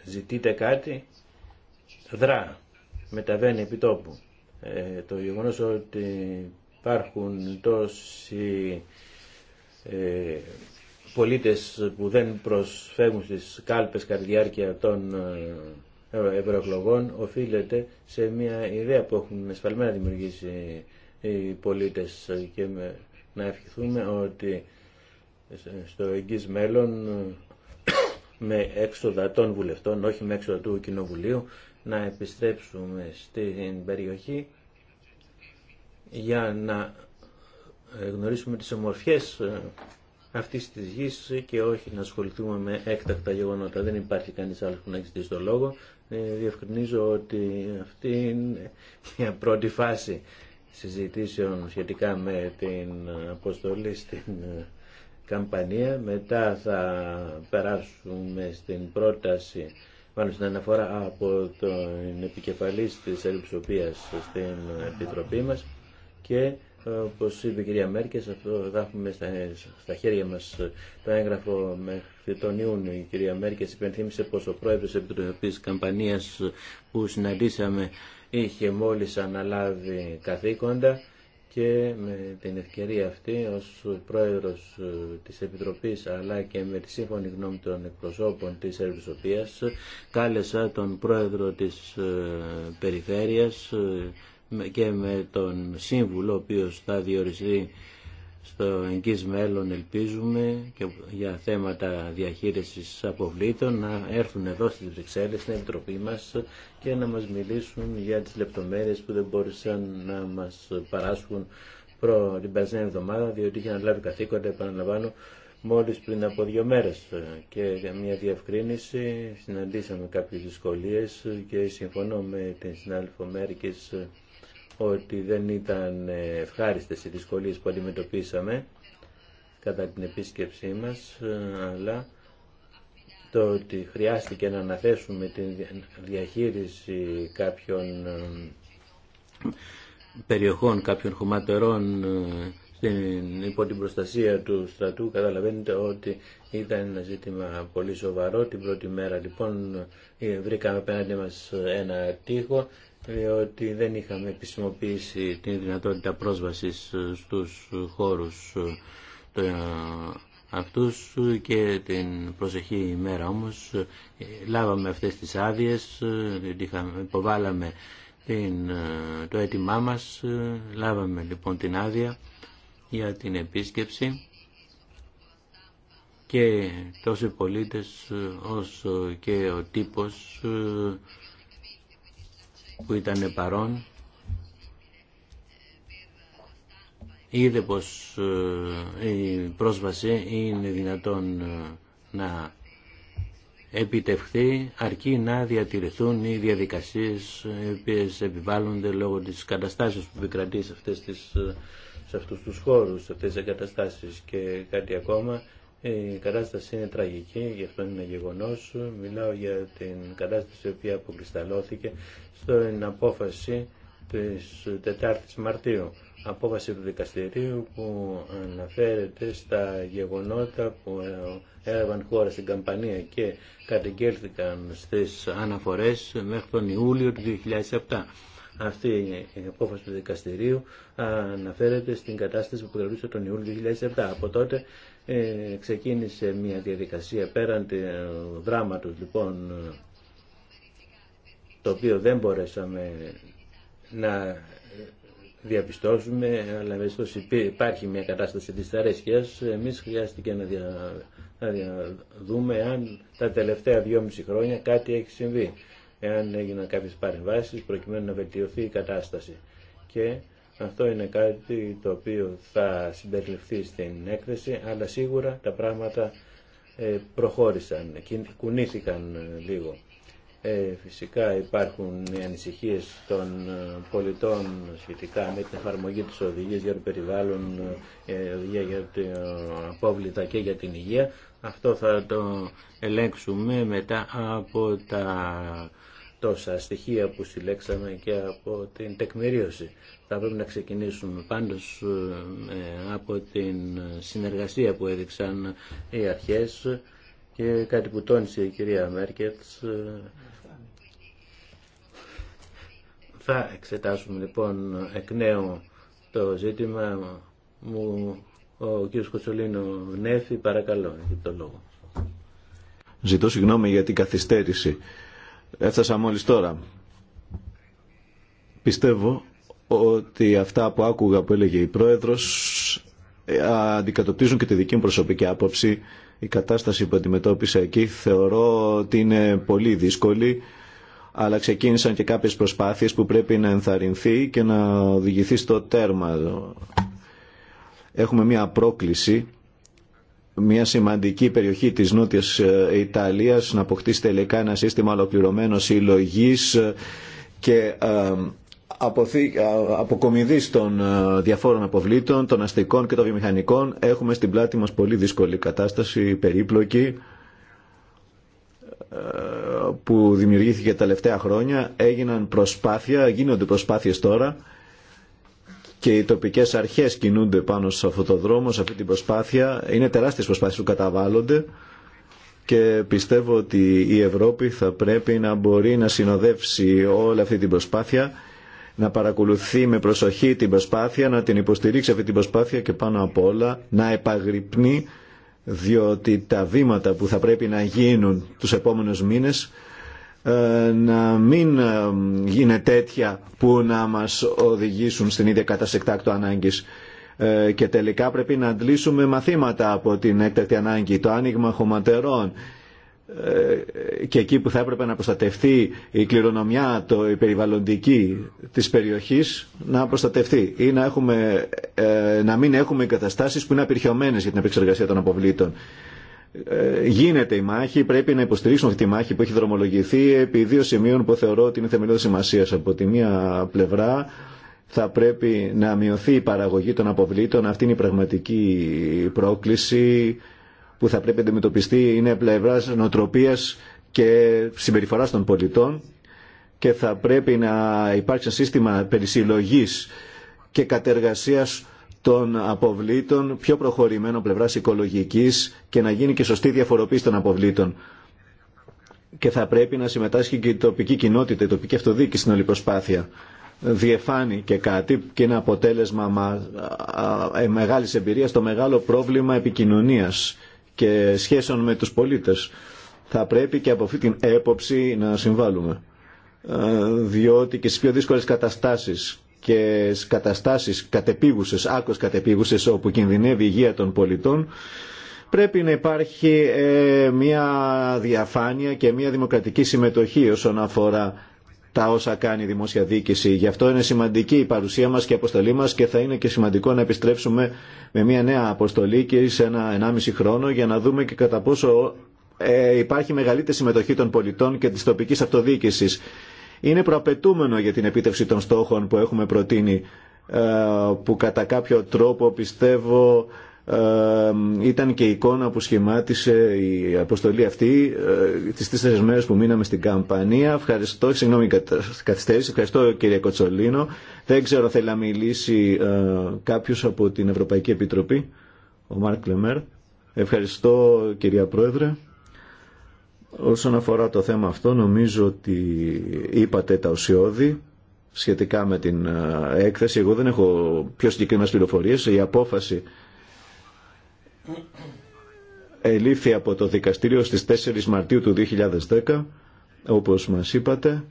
ζητείτε κάτι, δρά, μεταβαίνει επί τόπου. το γεγονός ότι υπάρχουν τόσοι ε, πολίτες που δεν προσφέρουν στις κάλπες κατά των ε, ε, ευρωεκλογών οφείλεται σε μια ιδέα που έχουν εσφαλμένα δημιουργήσει οι πολίτες και να ευχηθούμε ότι στο εγγύς μέλλον με έξοδα των βουλευτών, όχι με έξοδα του Κοινοβουλίου, να επιστρέψουμε στην περιοχή για να γνωρίσουμε τις ομορφιές αυτή τη γη και όχι να ασχοληθούμε με έκτακτα γεγονότα. Δεν υπάρχει κανείς άλλος που να έχει ζητήσει το λόγο. Ε, διευκρινίζω ότι αυτή είναι μια πρώτη φάση συζητήσεων σχετικά με την αποστολή στην ε, καμπανία. Μετά θα περάσουμε στην πρόταση, μάλλον στην αναφορά από τον επικεφαλής της Ελληνικής στην Επιτροπή μας και Όπω είπε η κυρία Μέρκε, αυτό θα στα, χέρια μας το έγγραφο μέχρι τον Ιούνιο. Η κυρία Μέρκε. υπενθύμησε πως ο Πρόεδρο τη Επιτροπή Καμπανίας που συναντήσαμε είχε μόλις αναλάβει καθήκοντα και με την ευκαιρία αυτή ως πρόεδρος της Επιτροπής αλλά και με τη σύμφωνη γνώμη των εκπροσώπων της Ευρωπαϊκής κάλεσα τον πρόεδρο της ε, Περιφέρειας και με τον σύμβουλο ο οποίος θα διοριστεί στο εγγύς μέλλον ελπίζουμε και για θέματα διαχείρισης αποβλήτων να έρθουν εδώ στις Βρυξέλλες στην Επιτροπή μας και να μας μιλήσουν για τις λεπτομέρειες που δεν μπόρεσαν να μας παράσχουν προ την περσμένη εβδομάδα διότι είχε λάβει καθήκοντα επαναλαμβάνω μόλις πριν από δύο μέρες και για μια διευκρίνηση συναντήσαμε κάποιες δυσκολίες και συμφωνώ με την συνάδελφο Μέρικης ότι δεν ήταν ευχάριστες οι δυσκολίες που αντιμετωπίσαμε κατά την επίσκεψή μας, αλλά το ότι χρειάστηκε να αναθέσουμε τη διαχείριση κάποιων ε, περιοχών, κάποιων χωματερών ε, στην, υπό την προστασία του στρατού καταλαβαίνετε ότι ήταν ένα ζήτημα πολύ σοβαρό την πρώτη μέρα λοιπόν ε, βρήκαμε απέναντι μας ένα τείχο διότι δεν είχαμε επισημοποιήσει την δυνατότητα πρόσβασης στους χώρους ε, ε, αυτούς και την προσεχή ημέρα όμως ε, λάβαμε αυτές τις άδειες, υποβάλαμε το αίτημά μας, λάβαμε λοιπόν την άδεια για την επίσκεψη και τόσοι πολίτες όσο και ο τύπος που ήταν παρόν είδε πως ε, η πρόσβαση είναι δυνατόν ε, να επιτευχθεί αρκεί να διατηρηθούν οι διαδικασίες οι οποίες επιβάλλονται λόγω της καταστάσεως που επικρατεί σε, αυτές τις, ε, σε αυτούς τους χώρους, σε αυτές τις εγκαταστάσεις και κάτι ακόμα ε, η κατάσταση είναι τραγική, γι' αυτό είναι γεγονό. Μιλάω για την κατάσταση η οποία αποκρισταλώθηκε στην απόφαση της 4 η Μαρτίου. Απόφαση του δικαστηρίου που αναφέρεται στα γεγονότα που έλαβαν χώρα στην Καμπανία και κατεγγέλθηκαν στις αναφορές μέχρι τον Ιούλιο του 2007. Αυτή η απόφαση του δικαστηρίου αναφέρεται στην κατάσταση που κρατούσε τον Ιούλιο 2007. Από τότε ε, ξεκίνησε μια διαδικασία πέραν του δράματος λοιπόν το οποίο δεν μπορέσαμε να διαπιστώσουμε αλλά βέστος υπάρχει μια κατάσταση αρέσκειας εμείς χρειάστηκε να, να δούμε αν τα τελευταία δυόμιση χρόνια κάτι έχει συμβεί εάν έγιναν κάποιες παρεμβάσεις προκειμένου να βελτιωθεί η κατάσταση και αυτό είναι κάτι το οποίο θα συμπεριληφθεί στην έκθεση, αλλά σίγουρα τα πράγματα ε, προχώρησαν, κουνήθηκαν ε, λίγο. Ε, φυσικά υπάρχουν οι ανησυχίες των πολιτών σχετικά με την εφαρμογή της οδηγίας για το περιβάλλον, οδηγία για την απόβλητα και για την υγεία. Αυτό θα το ελέγξουμε μετά από τα τόσα στοιχεία που συλλέξαμε και από την τεκμηρίωση θα πρέπει να ξεκινήσουν πάντως ε, από την συνεργασία που έδειξαν οι αρχές και κάτι που τόνισε η κυρία Μέρκετς. Ε, θα εξετάσουμε λοιπόν εκ νέου το ζήτημα μου. Ο κ. Κοτσολίνο Νέφη, παρακαλώ, για το λόγο. Ζητώ συγγνώμη για την καθυστέρηση. Έφτασα μόλις τώρα. Πιστεύω ότι αυτά που άκουγα που έλεγε η Πρόεδρος ε, αντικατοπτίζουν και τη δική μου προσωπική άποψη. Η κατάσταση που αντιμετώπισα εκεί θεωρώ ότι είναι πολύ δύσκολη, αλλά ξεκίνησαν και κάποιες προσπάθειες που πρέπει να ενθαρρυνθεί και να οδηγηθεί στο τέρμα. Έχουμε μία πρόκληση, μία σημαντική περιοχή της Νότιας ε, Ιταλίας να αποκτήσει τελικά ένα σύστημα ολοκληρωμένο συλλογής ε, και αποκομιδή των διαφόρων αποβλήτων, των αστικών και των βιομηχανικών. Έχουμε στην πλάτη μας πολύ δύσκολη κατάσταση, περίπλοκη, ε, που δημιουργήθηκε τα τελευταία χρόνια. Έγιναν προσπάθεια, γίνονται προσπάθειες τώρα και οι τοπικές αρχές κινούνται πάνω σε αυτό το δρόμο, σε αυτή την προσπάθεια. Είναι τεράστιες προσπάθειες που καταβάλλονται και πιστεύω ότι η Ευρώπη θα πρέπει να μπορεί να συνοδεύσει όλη αυτή την προσπάθεια να παρακολουθεί με προσοχή την προσπάθεια, να την υποστηρίξει αυτή την προσπάθεια και πάνω απ' όλα να επαγρυπνεί διότι τα βήματα που θα πρέπει να γίνουν τους επόμενους μήνες ε, να μην γίνει ε, τέτοια που να μας οδηγήσουν στην ίδια κατάσταση εκτάκτου ανάγκης. Ε, και τελικά πρέπει να αντλήσουμε μαθήματα από την έκτακτη ανάγκη, το άνοιγμα χωματερών, ε, και εκεί που θα έπρεπε να προστατευτεί η κληρονομιά το, η περιβαλλοντική της περιοχής να προστατευτεί ή να, έχουμε, ε, να μην έχουμε εγκαταστάσεις που είναι απειρχιωμένες για την επεξεργασία των αποβλήτων. Ε, γίνεται η μάχη, πρέπει να υποστηρίξουμε αυτή τη μάχη που έχει δρομολογηθεί επί δύο σημείων που θεωρώ ότι είναι θεμελιώδη σημασία. Από τη μία πλευρά θα πρέπει να μειωθεί η παραγωγή των αποβλήτων, αυτή είναι η πραγματική πρόκληση που θα πρέπει να αντιμετωπιστεί είναι πλευρά νοοτροπία και συμπεριφορά των πολιτών και θα πρέπει να υπάρξει ένα σύστημα περισυλλογή και κατεργασίας των αποβλήτων πιο προχωρημένο πλευράς οικολογικής και να γίνει και σωστή διαφοροποίηση των αποβλήτων. Και θα πρέπει να συμμετάσχει και η τοπική κοινότητα, η τοπική αυτοδίκηση στην όλη προσπάθεια. Διεφάνει και κάτι και είναι αποτέλεσμα μεγάλης εμπειρίας το μεγάλο πρόβλημα επικοινωνίας και σχέσεων με τους πολίτες. Θα πρέπει και από αυτή την έποψη να συμβάλλουμε. Ε, διότι και στις πιο δύσκολες καταστάσεις και στις καταστάσεις κατεπίγουσες, άκρως κατεπίγουσες όπου κινδυνεύει η υγεία των πολιτών, πρέπει να υπάρχει ε, μια διαφάνεια και μια δημοκρατική συμμετοχή όσον αφορά τα όσα κάνει η δημόσια διοίκηση. Γι' αυτό είναι σημαντική η παρουσία μας και η αποστολή μα και θα είναι και σημαντικό να επιστρέψουμε με μια νέα αποστολή και σε ένα ενάμιση χρόνο για να δούμε και κατά πόσο ε, υπάρχει μεγαλύτερη συμμετοχή των πολιτών και τη τοπική αυτοδιοίκηση. Είναι προαπαιτούμενο για την επίτευξη των στόχων που έχουμε προτείνει ε, που κατά κάποιο τρόπο πιστεύω ε, ήταν και η εικόνα που σχημάτισε η αποστολή αυτή ε, τις τέσσερις μέρες που μείναμε στην καμπανία. Ευχαριστώ, συγγνώμη καθυστέρηση, ευχαριστώ κύριε Κοτσολίνο. Δεν ξέρω θέλει να μιλήσει ε, από την Ευρωπαϊκή Επιτροπή, ο Μάρκ Λεμέρ. Ευχαριστώ κυρία Πρόεδρε. Όσον αφορά το θέμα αυτό, νομίζω ότι είπατε τα ουσιώδη σχετικά με την ε, έκθεση. Εγώ δεν έχω πιο συγκεκριμένες πληροφορίες. Η απόφαση ελήφθη από το δικαστήριο στις 4 Μαρτίου του 2010, όπως μας είπατε.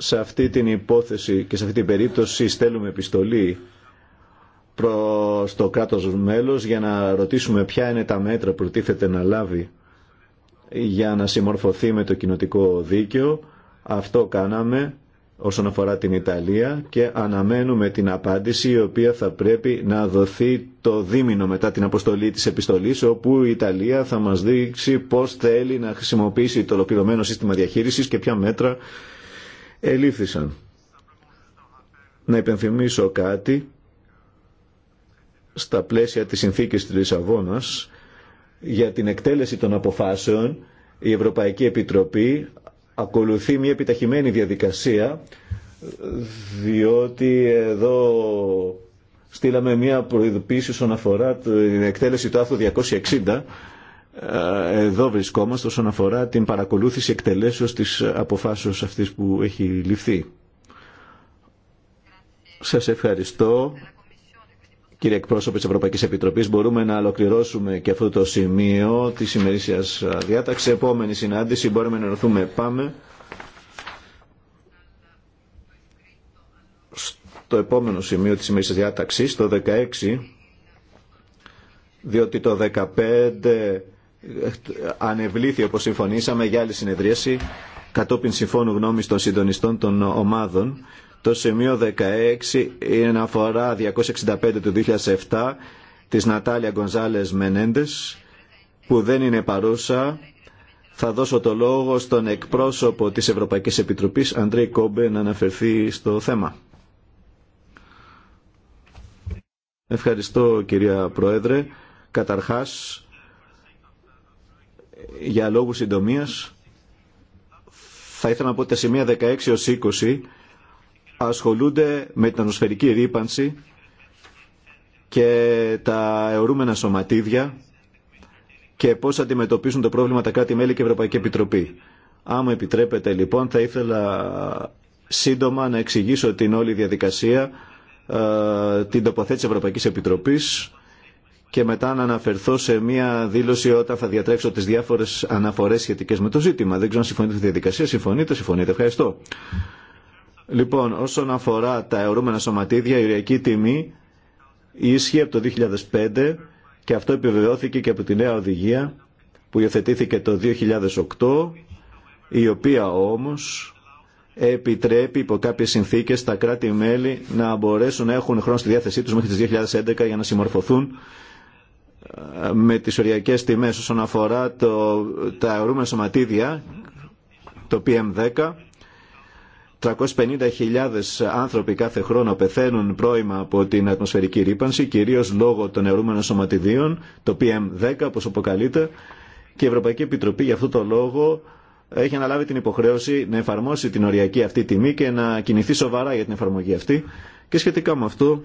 Σε αυτή την υπόθεση και σε αυτή την περίπτωση στέλνουμε επιστολή προς το κράτος μέλος για να ρωτήσουμε ποια είναι τα μέτρα που προτίθεται να λάβει για να συμμορφωθεί με το κοινοτικό δίκαιο. Αυτό κάναμε όσον αφορά την Ιταλία και αναμένουμε την απάντηση η οποία θα πρέπει να δοθεί το δίμηνο μετά την αποστολή της επιστολής όπου η Ιταλία θα μας δείξει πώς θέλει να χρησιμοποιήσει το ολοκληρωμένο σύστημα διαχείρισης και ποια μέτρα ελήφθησαν. Να υπενθυμίσω κάτι στα πλαίσια της συνθήκης της Λισαβόνας για την εκτέλεση των αποφάσεων η Ευρωπαϊκή Επιτροπή ακολουθεί μια επιταχυμένη διαδικασία διότι εδώ στείλαμε μια προειδοποίηση όσον αφορά την εκτέλεση του άρθρου 260 ε, εδώ βρισκόμαστε όσον αφορά την παρακολούθηση εκτελέσεως της αποφάσεως αυτής που έχει ληφθεί. Σας ευχαριστώ. Κύριε εκπρόσωπε τη Ευρωπαϊκή Επιτροπή, μπορούμε να ολοκληρώσουμε και αυτό το σημείο τη ημερήσια διάταξη. Επόμενη συνάντηση, μπορούμε να ενωθούμε. Πάμε. Στο επόμενο σημείο της ημερήσια διάταξη, το 16, διότι το 15 ε, ανεβλήθη όπως συμφωνήσαμε για άλλη συνεδρίαση κατόπιν συμφώνου γνώμης των συντονιστών των ομάδων το σημείο 16 είναι αναφορά 265 του 2007 της Νατάλια Γκονζάλες Μενέντες που δεν είναι παρούσα. Θα δώσω το λόγο στον εκπρόσωπο της Ευρωπαϊκής Επιτροπής, Αντρέ Κόμπε, να αναφερθεί στο θέμα. Ευχαριστώ κυρία Πρόεδρε. Καταρχάς, για λόγους συντομίας, θα ήθελα να πω ότι τα σημεία 16 ως 20 ασχολούνται με την ανοσφαιρική ρήπανση και τα αιωρούμενα σωματίδια και πώς αντιμετωπίζουν το πρόβλημα τα κράτη-μέλη και η Ευρωπαϊκή Επιτροπή. Άμα επιτρέπετε λοιπόν θα ήθελα σύντομα να εξηγήσω την όλη διαδικασία, ε, την τοποθέτηση Ευρωπαϊκής Επιτροπής και μετά να αναφερθώ σε μια δήλωση όταν θα διατρέξω τις διάφορες αναφορές σχετικές με το ζήτημα. Δεν ξέρω αν συμφωνείτε με τη διαδικασία. Συμφωνείτε, συμφωνείτε. Ευχαριστώ. Λοιπόν, όσον αφορά τα αιωρούμενα σωματίδια, η ουριακή τιμή ίσχυε από το 2005 και αυτό επιβεβαιώθηκε και από τη νέα οδηγία που υιοθετήθηκε το 2008, η οποία όμως επιτρέπει υπό κάποιες συνθήκες τα κράτη-μέλη να μπορέσουν να έχουν χρόνο στη διάθεσή τους μέχρι τις 2011 για να συμμορφωθούν ε, με τις οριακές τιμές όσον αφορά το, τα αιωρούμενα σωματίδια, το PM10, 350.000 άνθρωποι κάθε χρόνο πεθαίνουν πρώιμα από την ατμοσφαιρική ρήπανση, κυρίως λόγω των αιρούμενων σωματιδίων, το PM10 όπως αποκαλείται, και η Ευρωπαϊκή Επιτροπή για αυτό το λόγο έχει αναλάβει την υποχρέωση να εφαρμόσει την οριακή αυτή τιμή και να κινηθεί σοβαρά για την εφαρμογή αυτή. Και σχετικά με αυτό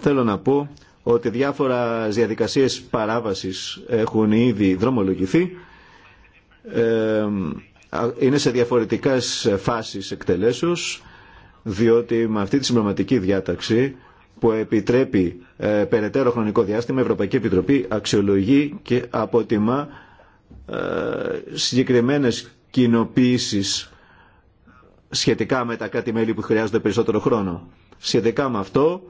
θέλω να πω ότι διάφορα διαδικασίες παράβασης έχουν ήδη δρομολογηθεί. Ε, είναι σε διαφορετικές ε, φάσεις εκτελέσεως διότι με αυτή τη συμπληρωματική διάταξη που επιτρέπει ε, περαιτέρω χρονικό διάστημα η Ευρωπαϊκή Επιτροπή αξιολογεί και αποτιμά ε, συγκεκριμένες κοινοποίησεις σχετικά με τα κάτι μέλη που χρειάζονται περισσότερο χρόνο. Σχετικά με αυτό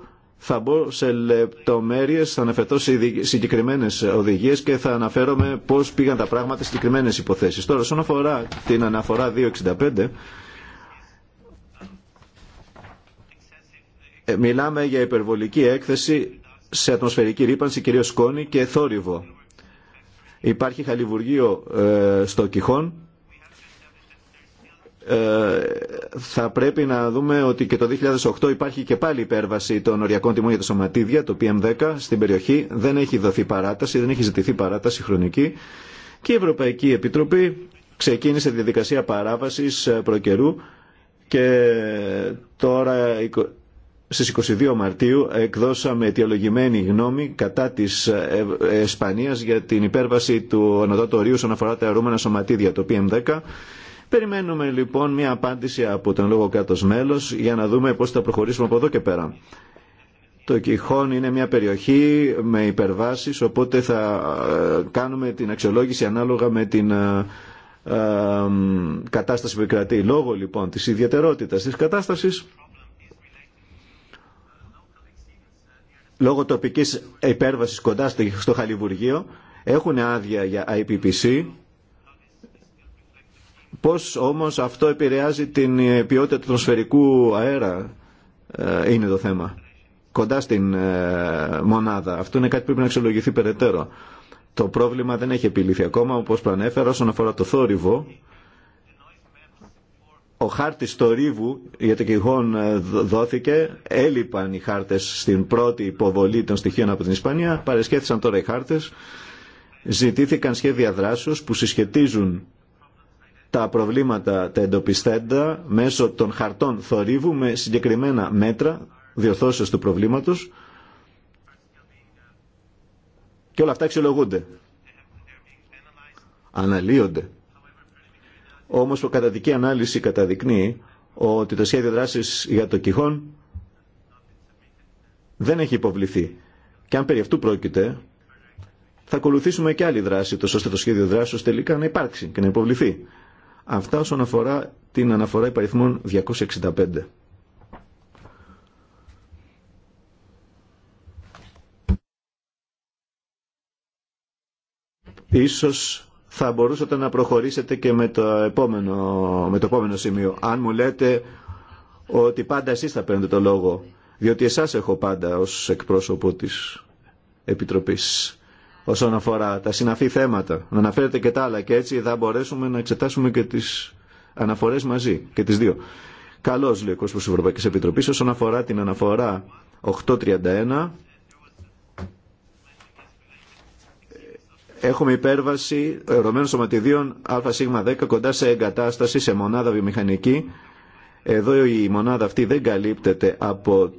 θα μπω σε λεπτομέρειε, θα αναφερθώ σε συγκεκριμένε οδηγίε και θα αναφέρομαι πώ πήγαν τα πράγματα σε συγκεκριμένε υποθέσει. Τώρα, όσον αφορά την αναφορά 265, ε, μιλάμε για υπερβολική έκθεση σε ατμοσφαιρική ρήπανση, κυρίως σκόνη και θόρυβο. Υπάρχει χαλιβουργείο ε, στο Κιχόν ε, θα πρέπει να δούμε ότι και το 2008 υπάρχει και πάλι υπέρβαση των οριακών τιμών για τα σωματίδια, το PM10, στην περιοχή. Δεν έχει δοθεί παράταση, δεν έχει ζητηθεί παράταση χρονική. Και η Ευρωπαϊκή Επιτροπή ξεκίνησε τη διαδικασία παράβασης ε, προκαιρού και τώρα στις 22 Μαρτίου εκδώσαμε αιτιολογημένη γνώμη κατά της Ισπανίας ε, για την υπέρβαση του ανωτάτου ορίου όσον αφορά τα αερούμενα σωματίδια, το PM10 Περιμένουμε λοιπόν μια απάντηση από τον λόγο κάτω μέλος για να δούμε πώς θα προχωρήσουμε από εδώ και πέρα. Το Κιχόν είναι μια περιοχή με υπερβάσεις, οπότε θα ε, κάνουμε την αξιολόγηση ανάλογα με την ε, ε, κατάσταση που κρατεί. Λόγω λοιπόν της ιδιαιτερότητας της κατάστασης, λόγω τοπικής υπέρβασης κοντά στο Χαλιβουργείο, έχουν άδεια για IPPC, Πώς όμως αυτό επηρεάζει την ποιότητα του τροσφαιρικού αέρα ε, είναι το θέμα. Κοντά στην ε, μονάδα. Αυτό είναι κάτι που πρέπει να αξιολογηθεί περαιτέρω. Το πρόβλημα δεν έχει επιλύθει ακόμα, όπως προανέφερα, όσον αφορά το θόρυβο. Ο χάρτης θορύβου για το κηγόν ε, δόθηκε, έλειπαν οι χάρτες στην πρώτη υποβολή των στοιχείων από την Ισπανία, παρεσκέθησαν τώρα οι χάρτες, ζητήθηκαν σχέδια δράσεως που συσχετίζουν τα προβλήματα τα εντοπιστέντα μέσω των χαρτών θορύβου με συγκεκριμένα μέτρα διορθώσεως του προβλήματος και όλα αυτά αξιολογούνται, αναλύονται. Όμως η καταδική ανάλυση καταδεικνύει ότι το σχέδιο δράσης για το Κιχόν δεν έχει υποβληθεί. Και αν περί αυτού πρόκειται, θα ακολουθήσουμε και άλλη δράση, τόσο ώστε το σχέδιο δράσης τελικά να υπάρξει και να υποβληθεί. Αυτά όσον αφορά την αναφορά υπαριθμών 265. Ίσως θα μπορούσατε να προχωρήσετε και με το επόμενο, με το επόμενο σημείο. Αν μου λέτε ότι πάντα εσείς θα παίρνετε το λόγο, διότι εσάς έχω πάντα ως εκπρόσωπο της Επιτροπής όσον αφορά τα συναφή θέματα. Να αναφέρετε και τα άλλα και έτσι θα μπορέσουμε να εξετάσουμε και τις αναφορές μαζί και τι δύο. Καλώς λέει ο κόσμο τη Ευρωπαϊκή Επιτροπή όσον αφορά την αναφορά 831 Έχουμε υπέρβαση ερωμένων σωματιδίων ΑΣ10 κοντά σε εγκατάσταση, σε μονάδα βιομηχανική. Εδώ η μονάδα αυτή δεν καλύπτεται από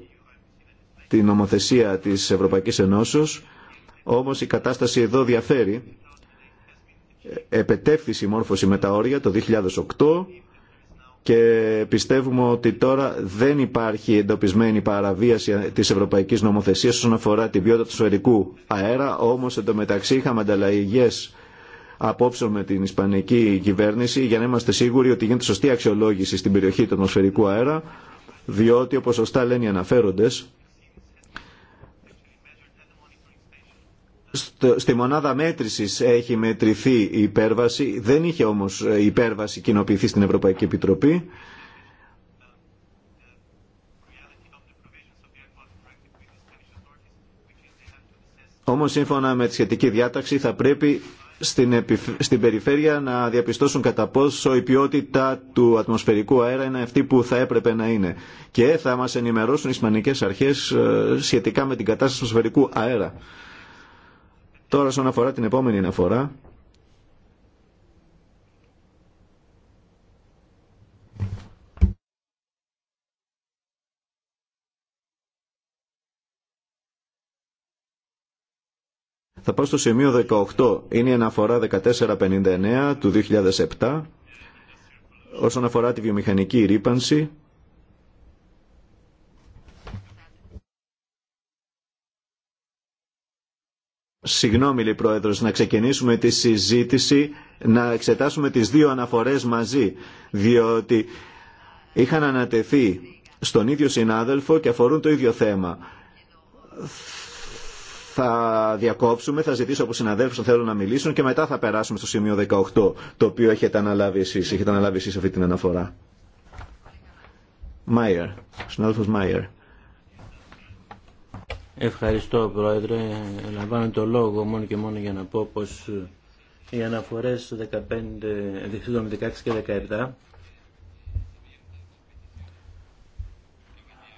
την νομοθεσία της Ευρωπαϊκής Ενώσεως όμως η κατάσταση εδώ διαφέρει. Επετεύθη η μόρφωση με τα όρια το 2008 και πιστεύουμε ότι τώρα δεν υπάρχει εντοπισμένη παραβίαση της ευρωπαϊκής νομοθεσίας όσον αφορά τη βιότα του σφαιρικού αέρα, όμως εντωμεταξύ είχαμε ανταλλαγές απόψεων με την ισπανική κυβέρνηση για να είμαστε σίγουροι ότι γίνεται σωστή αξιολόγηση στην περιοχή του ατμοσφαιρικού αέρα, διότι όπως σωστά λένε οι αναφέροντες, στη μονάδα μέτρησης έχει μετρηθεί η υπέρβαση, δεν είχε όμως ε, η υπέρβαση κοινοποιηθεί στην Ευρωπαϊκή Επιτροπή. Όμως σύμφωνα με τη σχετική διάταξη θα πρέπει στην, στην περιφέρεια να διαπιστώσουν κατά πόσο η ποιότητα του ατμοσφαιρικού αέρα είναι αυτή που θα έπρεπε να είναι. Και θα μας ενημερώσουν οι αρχέ Αρχές ε, σχετικά με την κατάσταση του ατμοσφαιρικού αέρα. Τώρα, όσον αφορά την επόμενη αναφορά, Θα πάω στο σημείο 18. Είναι η αναφορά 1459 του 2007 όσον αφορά τη βιομηχανική ρήπανση Συγγνώμη, λέει Πρόεδρος, να ξεκινήσουμε τη συζήτηση, να εξετάσουμε τις δύο αναφορές μαζί, διότι είχαν ανατεθεί στον ίδιο συνάδελφο και αφορούν το ίδιο θέμα. Θα διακόψουμε, θα ζητήσω από συναδέλφους να θέλουν να μιλήσουν και μετά θα περάσουμε στο σημείο 18, το οποίο έχετε αναλάβει εσείς, έχετε αναλάβει εσείς αυτή την αναφορά. Μάιερ, συνάδελφος Μάιερ. Ευχαριστώ Πρόεδρε. Λαμβάνω το λόγο μόνο και μόνο για να πω πως οι αναφορές 15, 16 και 17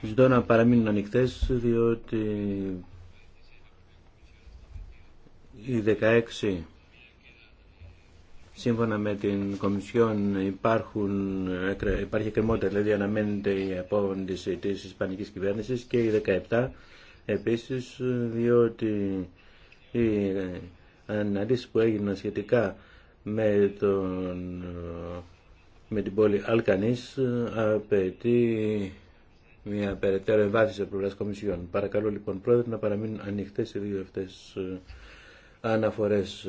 ζητώ να παραμείνουν ανοιχτές διότι οι 16 σύμφωνα με την Κομισιόν υπάρχουν, υπάρχει εκκρεμότητα, δηλαδή αναμένεται η απόβονηση της Ισπανικής Κυβέρνησης και οι 17 Επίσης, διότι οι αναλύσεις που έγιναν σχετικά με, τον, με την πόλη Αλκανής απαιτεί μια περαιτέρω εμβάθυνση από πλευρά Κομισιόν. Παρακαλώ λοιπόν πρόεδρε να παραμείνουν ανοιχτές οι δύο αυτές αναφορές.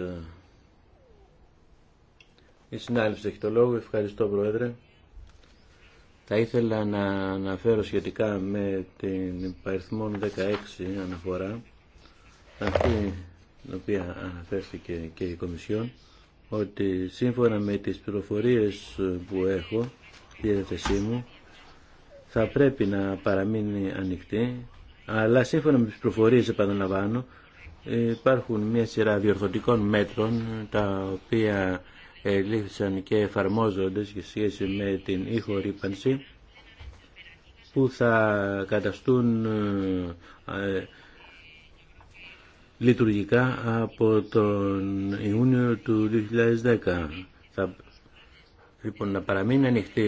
Η συνάλληψη έχει το λόγο. Ευχαριστώ πρόεδρε. Θα ήθελα να αναφέρω σχετικά με την παριθμόν 16 αναφορά αυτή την οποία αναφέρθηκε και η Κομισιόν ότι σύμφωνα με τις πληροφορίες που έχω στη διάθεσή μου θα πρέπει να παραμείνει ανοιχτή αλλά σύμφωνα με τις πληροφορίες επαναλαμβάνω υπάρχουν μια σειρά διορθωτικών μέτρων τα οποία ελήφθησαν και εφαρμόζονται σε σχέση με την ηχορύπανση που θα καταστούν ε, ε, λειτουργικά από τον Ιούνιο του 2010. Θα, λοιπόν, να παραμείνει ανοιχτή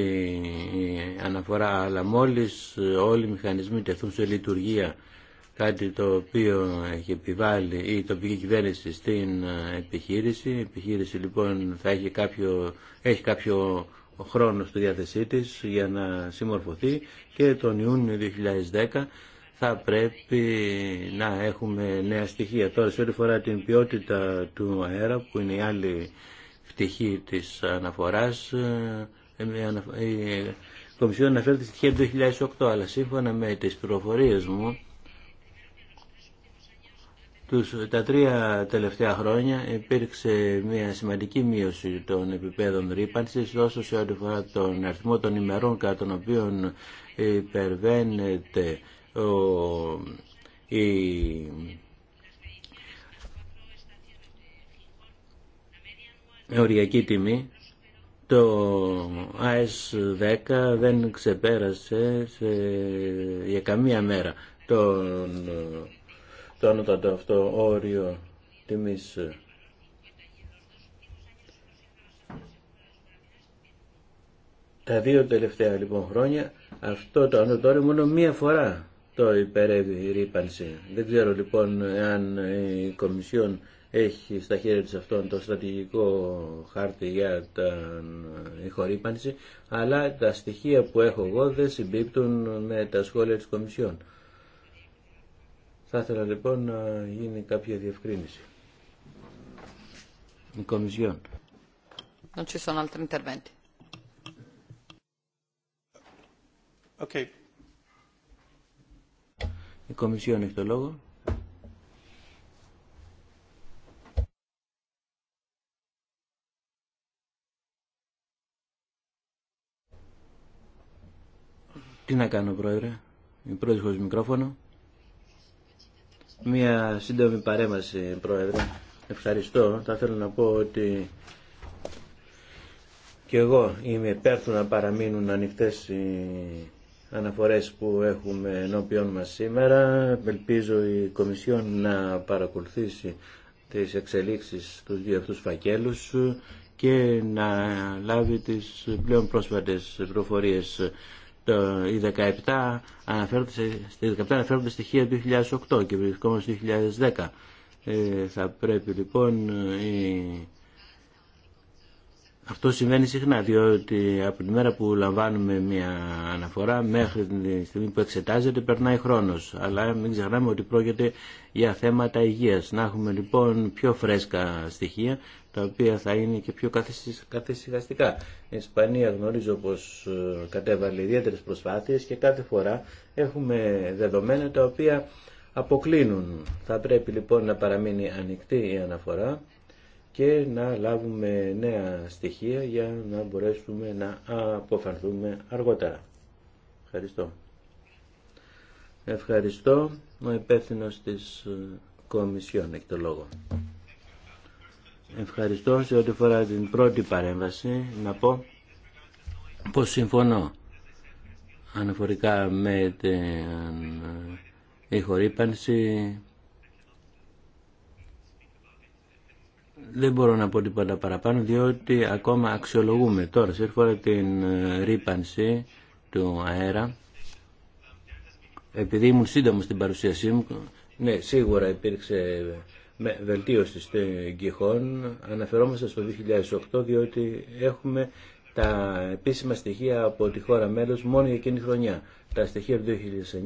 η αναφορά, αλλά μόλις όλοι οι μηχανισμοί τεθούν σε λειτουργία κάτι το οποίο έχει επιβάλει η τοπική κυβέρνηση στην ε, επιχείρηση. Η επιχείρηση λοιπόν θα έχει κάποιο, έχει κάποιο χρόνο στη διάθεσή της για να συμμορφωθεί και τον Ιούνιο 2010 θα πρέπει να έχουμε νέα στοιχεία. Τώρα σε ό,τι φορά την ποιότητα του αέρα που είναι η άλλη πτυχή της αναφοράς ε, η Κομισιόν αναφέρει τη στοιχεία του 2008 αλλά σύμφωνα με τις πληροφορίες μου τους, τα τρία τελευταία χρόνια υπήρξε μια σημαντική μείωση των επιπέδων ρήπανσης όσο σε ό,τι αφορά τον αριθμό των ημερών κατά τον οποίο υπερβαίνεται ο, η, οριακή τιμή το ΑΕΣ 10 δεν ξεπέρασε για καμία μέρα τον το ανώτατο αυτό όριο τιμής. Ε, τα δύο τελευταία λοιπόν χρόνια αυτό το ανώτατο μόνο μία φορά το υπερεύει η ρήπανση. Δεν ξέρω λοιπόν αν η Κομισιόν έχει στα χέρια της αυτόν το στρατηγικό χάρτη για την ε, ηχορύπανση, αλλά τα στοιχεία που έχω εγώ δεν συμπίπτουν με τα σχόλια της Κομισιόν. Θα ήθελα λοιπόν να γίνει κάποια διευκρίνηση. Η Κομισιόν. Δεν ci sono altri interventi. Η Κομισιόν έχει το λόγο. Τι να κάνω, Πρόεδρε. Η πρόεδρος χωρίς μικρόφωνο. Μία σύντομη παρέμβαση, Πρόεδρε. Ευχαριστώ. Θα θέλω να πω ότι και εγώ είμαι υπέρ να παραμείνουν ανοιχτές οι αναφορές που έχουμε ενώπιον μας σήμερα. Ελπίζω η Κομισιόν να παρακολουθήσει τις εξελίξεις τους δύο αυτούς φακέλους και να λάβει τις πλέον πρόσφατες πληροφορίες το, 17 αναφέρονται, στις 17 αναφέρονται στοιχεία του 2008 και βρισκόμαστε στο 2010. Ε, θα πρέπει λοιπόν ε, αυτό συμβαίνει συχνά διότι από τη μέρα που λαμβάνουμε μια αναφορά μέχρι τη στιγμή που εξετάζεται περνάει χρόνος αλλά μην ξεχνάμε ότι πρόκειται για θέματα υγείας να έχουμε λοιπόν πιο φρέσκα στοιχεία τα οποία θα είναι και πιο καθησυχαστικά. Η Ισπανία γνωρίζω πως ε, κατέβαλε ιδιαίτερες προσπάθειες και κάθε φορά έχουμε δεδομένα τα οποία αποκλίνουν. Θα πρέπει λοιπόν να παραμείνει ανοιχτή η αναφορά και να λάβουμε νέα στοιχεία για να μπορέσουμε να αποφανθούμε αργότερα. Ευχαριστώ. Ευχαριστώ. Ο υπεύθυνο της ε, Κομισιόν έχει το λόγο. Ευχαριστώ σε ό,τι φορά την πρώτη παρέμβαση να πω πως συμφωνώ αναφορικά με την ε, ηχορύπανση δεν μπορώ να πω τίποτα παραπάνω διότι ακόμα αξιολογούμε τώρα σε φορά την ε, ρύπανση του αέρα επειδή ήμουν σύντομο στην παρουσίασή μου ναι σίγουρα υπήρξε με βελτίωση Κιχών αναφερόμαστε στο 2008 διότι έχουμε τα επίσημα στοιχεία από τη χώρα μέλος μόνο για εκείνη χρονιά. Τα στοιχεία του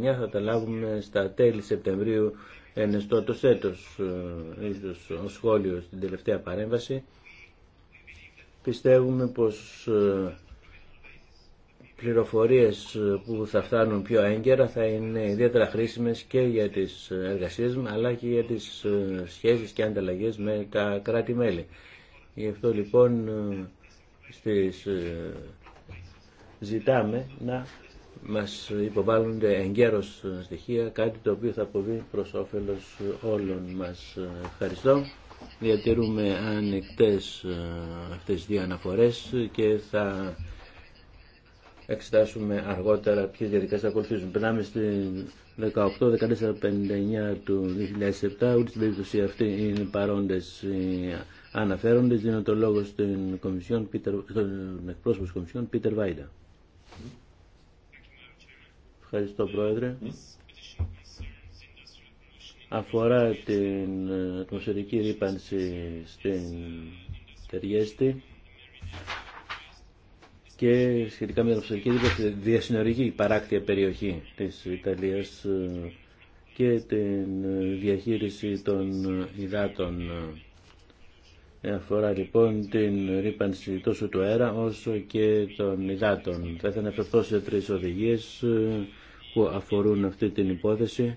2009 θα τα λάβουμε στα τέλη Σεπτεμβρίου εστώτος έτος ε, ίσως ως σχόλιο στην τελευταία παρέμβαση. Πιστεύουμε πως ε, πληροφορίες ε, που θα φτάνουν πιο έγκαιρα θα είναι ιδιαίτερα χρήσιμες και για τις εργασίες μας αλλά και για τις ε, σχέσεις και ανταλλαγές με τα κράτη-μέλη. Γι' αυτό λοιπόν ε, στις, ζητάμε να μας υποβάλλονται εγκαίρως στοιχεία, κάτι το οποίο θα αποβεί προς όφελος όλων μας. Ευχαριστώ. Διατηρούμε ανοιχτές αυτές τις δύο αναφορές και θα εξετάσουμε αργότερα ποιε διαδικασίε θα ακολουθήσουν. Περνάμε στην 18-14-59 του 2007. Ούτε στην περίπτωση αυτή είναι παρόντε οι αναφέροντε. Δίνω το λόγο στον, Κομισιόν, εκπρόσωπο τη Κομισιόν, Πίτερ Βάιντα. Ευχαριστώ, Πρόεδρε. Αφορά την ατμοσφαιρική ρήπανση στην Τεριέστη και σχετικά με την αψηφιακή διασυνορική παράκτια περιοχή της Ιταλίας ε, και την ε, διαχείριση των ε, υδάτων. Αφορά λοιπόν την ρήπανση τόσο του αέρα όσο και των υδάτων. Θα ήθελα να σε τρεις οδηγίες που αφορούν αυτή την υπόθεση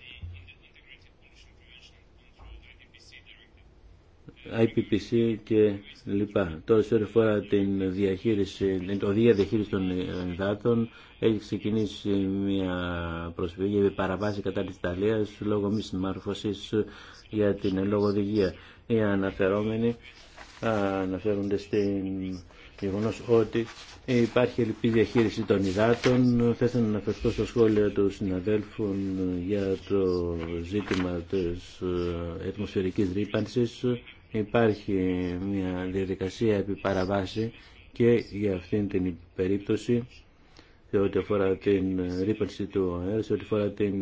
IPPC και λοιπά. Τώρα σε ό,τι αφορά την διαχείριση, την οδηγία διαχείριση των ε, υδάτων, έχει ξεκινήσει μια προσφυγή με παραβάση κατά της Ιταλίας λόγω μη συμμάρφωσης για την λόγω οδηγία. Οι αναφερόμενοι αναφέρονται στην γεγονό ότι υπάρχει ελληπή διαχείριση των υδάτων. θέλω να αναφερθώ στο σχόλιο του συναδέλφων για το ζήτημα της ε, ατμοσφαιρικής ρήπανσης υπάρχει μια διαδικασία επί παραβάση και για αυτήν την περίπτωση σε ό,τι αφορά την ρήπανση του αέρα, σε ό,τι αφορά την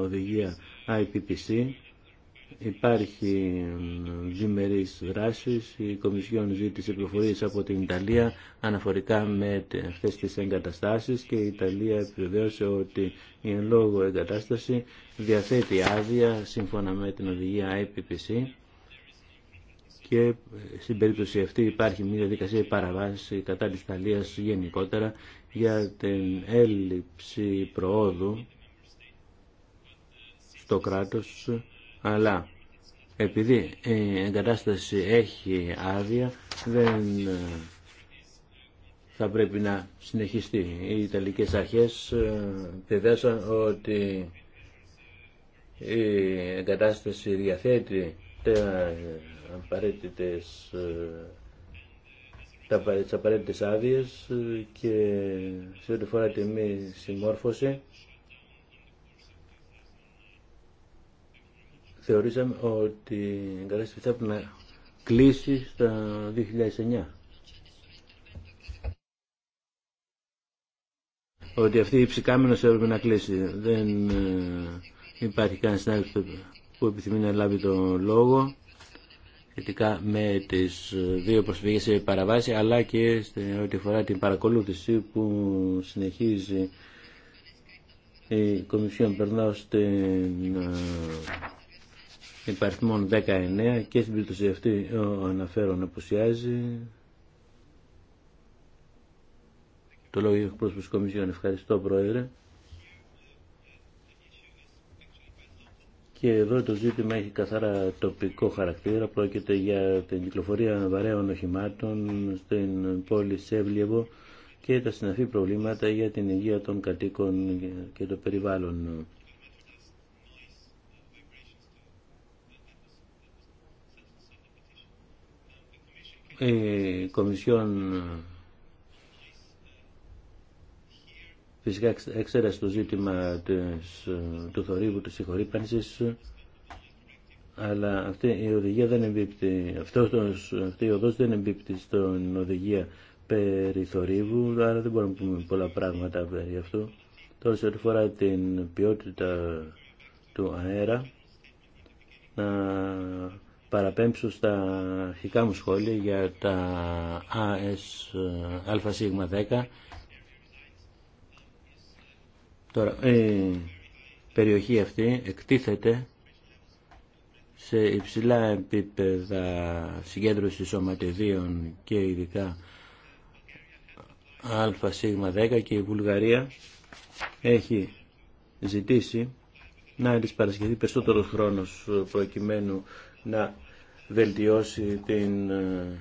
οδηγία IPPC υπάρχει διμερείς δράσεις. Η Κομισιόν ζήτησε πληροφορίες από την Ιταλία αναφορικά με αυτές τις εγκαταστάσεις και η Ιταλία επιβεβαίωσε ότι η εν λόγω εγκατάσταση διαθέτει άδεια σύμφωνα με την οδηγία IPPC και ε, στην περίπτωση αυτή υπάρχει μια διαδικασία παραβάσης κατά της Ιταλίας γενικότερα για την έλλειψη προόδου στο κράτος αλλά επειδή η εγκατάσταση έχει άδεια δεν ε, θα πρέπει να συνεχιστεί. Οι Ιταλικές αρχές ε, πειδέσαν ότι η εγκατάσταση διαθέτει απαραίτητες ε, τα, τις απαραίτητες άδειες ε, και σε ό,τι φορά τη μη συμμόρφωση θεωρήσαμε ότι η εγκατάσταση θα έπρεπε να κλείσει στα 2009. Ότι αυτή η ψυκάμενος έπρεπε να κλείσει. Δεν ε, υπάρχει κανένα συνάδελφο που επιθυμεί να λάβει τον λόγο σχετικά με τις ε, δύο προσφυγές σε παραβάση αλλά και ό,τι φορά την παρακολούθηση που συνεχίζει η Κομισιόν. Περνάω στην ε, υπαριθμό 19 και στην περίπτωση αυτή ο αναφέρον απουσιάζει. Το λόγο εκπρόσωπος της Κομισιόν. Ευχαριστώ Πρόεδρε. Και εδώ το ζήτημα έχει καθαρά τοπικό χαρακτήρα. Πρόκειται για την κυκλοφορία βαρέων οχημάτων στην πόλη Σεύλιεβο και τα συναφή προβλήματα για την υγεία των κατοίκων και το περιβάλλον. Η Κομισιόν Φυσικά έξερα στο ζήτημα της, του θορύβου, της συγχωρήπανσης, αλλά αυτή η οδηγία δεν εμπίπτει, αυτός, αυτή οδός δεν εμπίπτει στην οδηγία περί θορύβου, άρα δεν μπορούμε να πούμε πολλά πράγματα περί αυτού. Τώρα σε ό,τι φορά την ποιότητα του αέρα, να παραπέμψω στα αρχικά μου σχόλια για τα AS 10 Τώρα, η ε, περιοχή αυτή εκτίθεται σε υψηλά επίπεδα συγκέντρωση σωματιδίων και ειδικά ΑΣ10 και η Βουλγαρία έχει ζητήσει να της παρασχεθεί περισσότερος χρόνος προκειμένου να βελτιώσει την ε,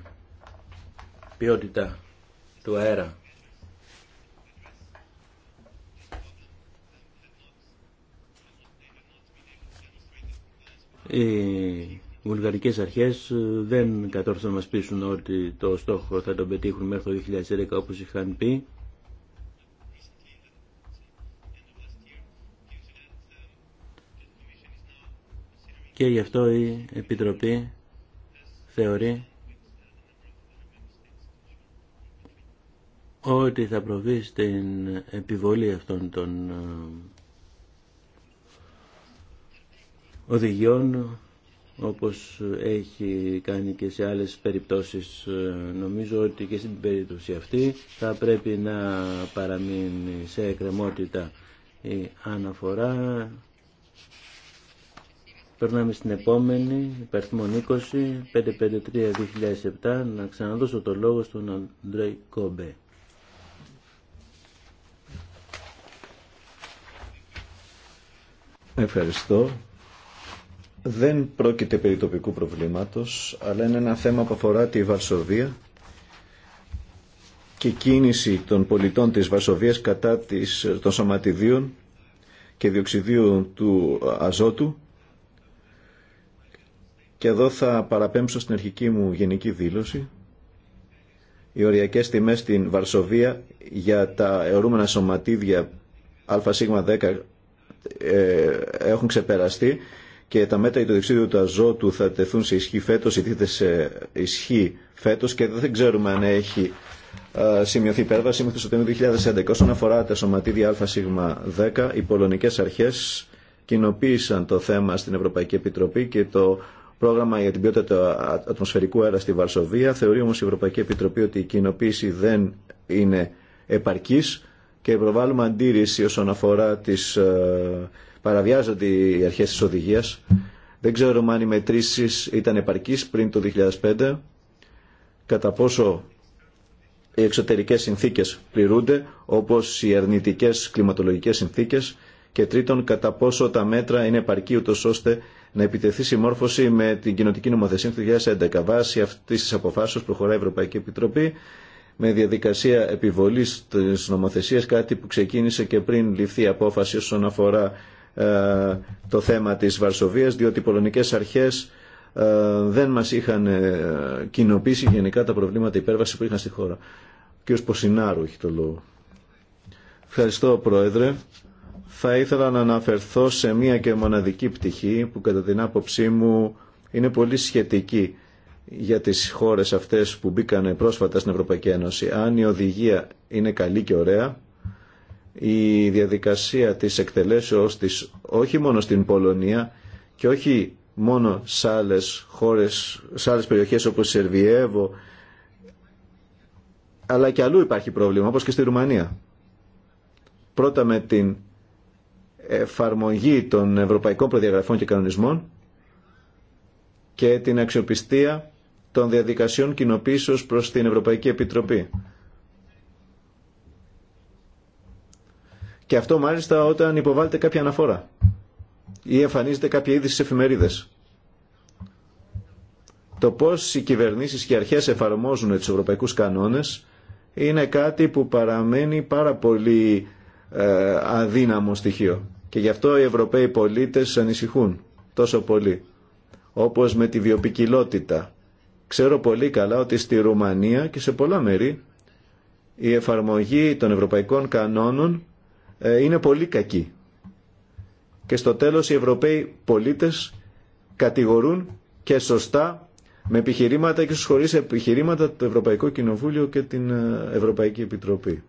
ποιότητα του αέρα Οι βουλγαρικές αρχές δεν κατόρθωσαν να μας πείσουν ότι το στόχο θα τον πετύχουν μέχρι το 2011 όπως είχαν πει. Και γι' αυτό η Επιτροπή θεωρεί ότι θα προβεί στην επιβολή αυτών των ε, οδηγιών όπως έχει κάνει και σε άλλες περιπτώσεις. Ε, νομίζω ότι και στην περίπτωση αυτή θα πρέπει να παραμείνει σε εκκρεμότητα η αναφορά. Περνάμε στην επόμενη, υπερθμονή 20, 553-2007, να ξαναδώσω το λόγο στον Αντρέ Κόμπε. Ευχαριστώ δεν πρόκειται περί τοπικού προβλήματος, αλλά είναι ένα θέμα που αφορά τη Βαρσοβία και κίνηση των πολιτών της Βαρσοβίας κατά της, των σωματιδίων και διοξιδίου του αζότου. Και εδώ θα παραπέμψω στην αρχική μου γενική δήλωση. Οι οριακές τιμές στην Βαρσοβία για τα αιωρούμενα σωματίδια ΑΣ10 ε, έχουν ξεπεραστεί και τα μέτρα για το διοξείδιο του αζότου θα τεθούν σε ισχύ φέτος, ή σε ισχύ φέτος και δεν ξέρουμε αν έχει σημειωθεί υπέρβαση μέχρι το Σεπτέμβριο 2011. Όσον αφορά τα σωματίδια ΑΣ10, οι πολωνικές αρχές κοινοποίησαν το θέμα στην Ευρωπαϊκή Επιτροπή και το πρόγραμμα για την ποιότητα του ατμοσφαιρικού αέρα στη Βαρσοβία. Θεωρεί όμως η Ευρωπαϊκή Επιτροπή ότι η κοινοποίηση δεν είναι επαρκής και προβάλλουμε αντίρρηση όσον αφορά τις παραβιάζονται οι αρχέ τη οδηγία. Δεν ξέρουμε αν οι μετρήσει ήταν επαρκείς πριν το 2005, κατά πόσο οι εξωτερικέ συνθήκε πληρούνται, όπω οι αρνητικέ κλιματολογικέ συνθήκε και τρίτον, κατά πόσο τα μέτρα είναι επαρκή ούτω ώστε να επιτεθεί συμμόρφωση με την κοινοτική νομοθεσία του 2011. Βάσει αυτή τη αποφάσεω προχωράει η Ευρωπαϊκή Επιτροπή με διαδικασία επιβολή τη νομοθεσία, κάτι που ξεκίνησε και πριν ληφθεί η απόφαση όσον αφορά ε, το θέμα της Βαρσοβίας διότι οι πολωνικές αρχές ε, δεν μας είχαν ε, κοινοποίησει γενικά τα προβλήματα υπέρβαση που είχαν στη χώρα. Ο κ. Ποσινάρου έχει το λόγο. Ευχαριστώ Πρόεδρε. Θα ήθελα να αναφερθώ σε μία και μοναδική πτυχή που κατά την άποψή μου είναι πολύ σχετική για τις χώρες αυτές που μπήκαν πρόσφατα στην Ευρωπαϊκή Ένωση. Αν η οδηγία είναι καλή και ωραία, η διαδικασία της εκτελέσεως της όχι μόνο στην Πολωνία και όχι μόνο σε άλλες χώρες, σε άλλες περιοχές όπως Σερβιεύο, αλλά και αλλού υπάρχει πρόβλημα, όπως και στη Ρουμανία. Πρώτα με την εφαρμογή των ευρωπαϊκών προδιαγραφών και κανονισμών και την αξιοπιστία των διαδικασιών κοινοποίησεως προς την Ευρωπαϊκή Επιτροπή. Και αυτό μάλιστα όταν υποβάλλεται κάποια αναφορά ή εμφανίζεται κάποια είδη στις εφημερίδες. Το πώς οι κυβερνήσεις και οι αρχές εφαρμόζουν τους ευρωπαϊκούς κανόνες είναι κάτι που παραμένει πάρα πολύ ε, αδύναμο στοιχείο. Και γι' αυτό οι Ευρωπαίοι πολίτες ανησυχούν τόσο πολύ. Όπως με τη βιοπικιλότητα. Ξέρω πολύ καλά ότι στη Ρουμανία και σε πολλά μέρη η εφαρμογή των ευρωπαϊκών κανόνων ε, είναι πολύ κακή. Και στο τέλος οι Ευρωπαίοι πολίτες κατηγορούν και σωστά με επιχειρήματα και χωρίς επιχειρήματα το Ευρωπαϊκό Κοινοβούλιο και την ε, Ευρωπαϊκή Επιτροπή.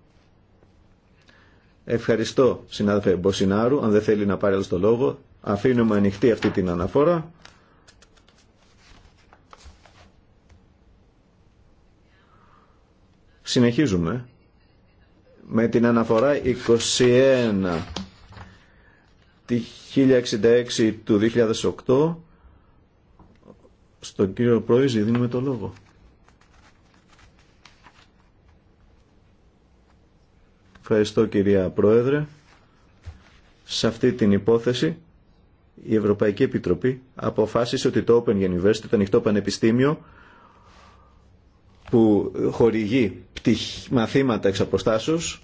Ευχαριστώ συνάδελφε Μποσινάρου, αν δεν θέλει να πάρει άλλο το λόγο, αφήνουμε ανοιχτή αυτή την αναφορά. Συνεχίζουμε με την αναφορά 21 τη 1066 του 2008 στον κύριο Πρόιζη δίνουμε το λόγο. Ευχαριστώ κυρία Πρόεδρε. Σε αυτή την υπόθεση η Ευρωπαϊκή Επιτροπή αποφάσισε ότι το Open University, το ανοιχτό πανεπιστήμιο, που χορηγεί μαθήματα εξ αποστάσεως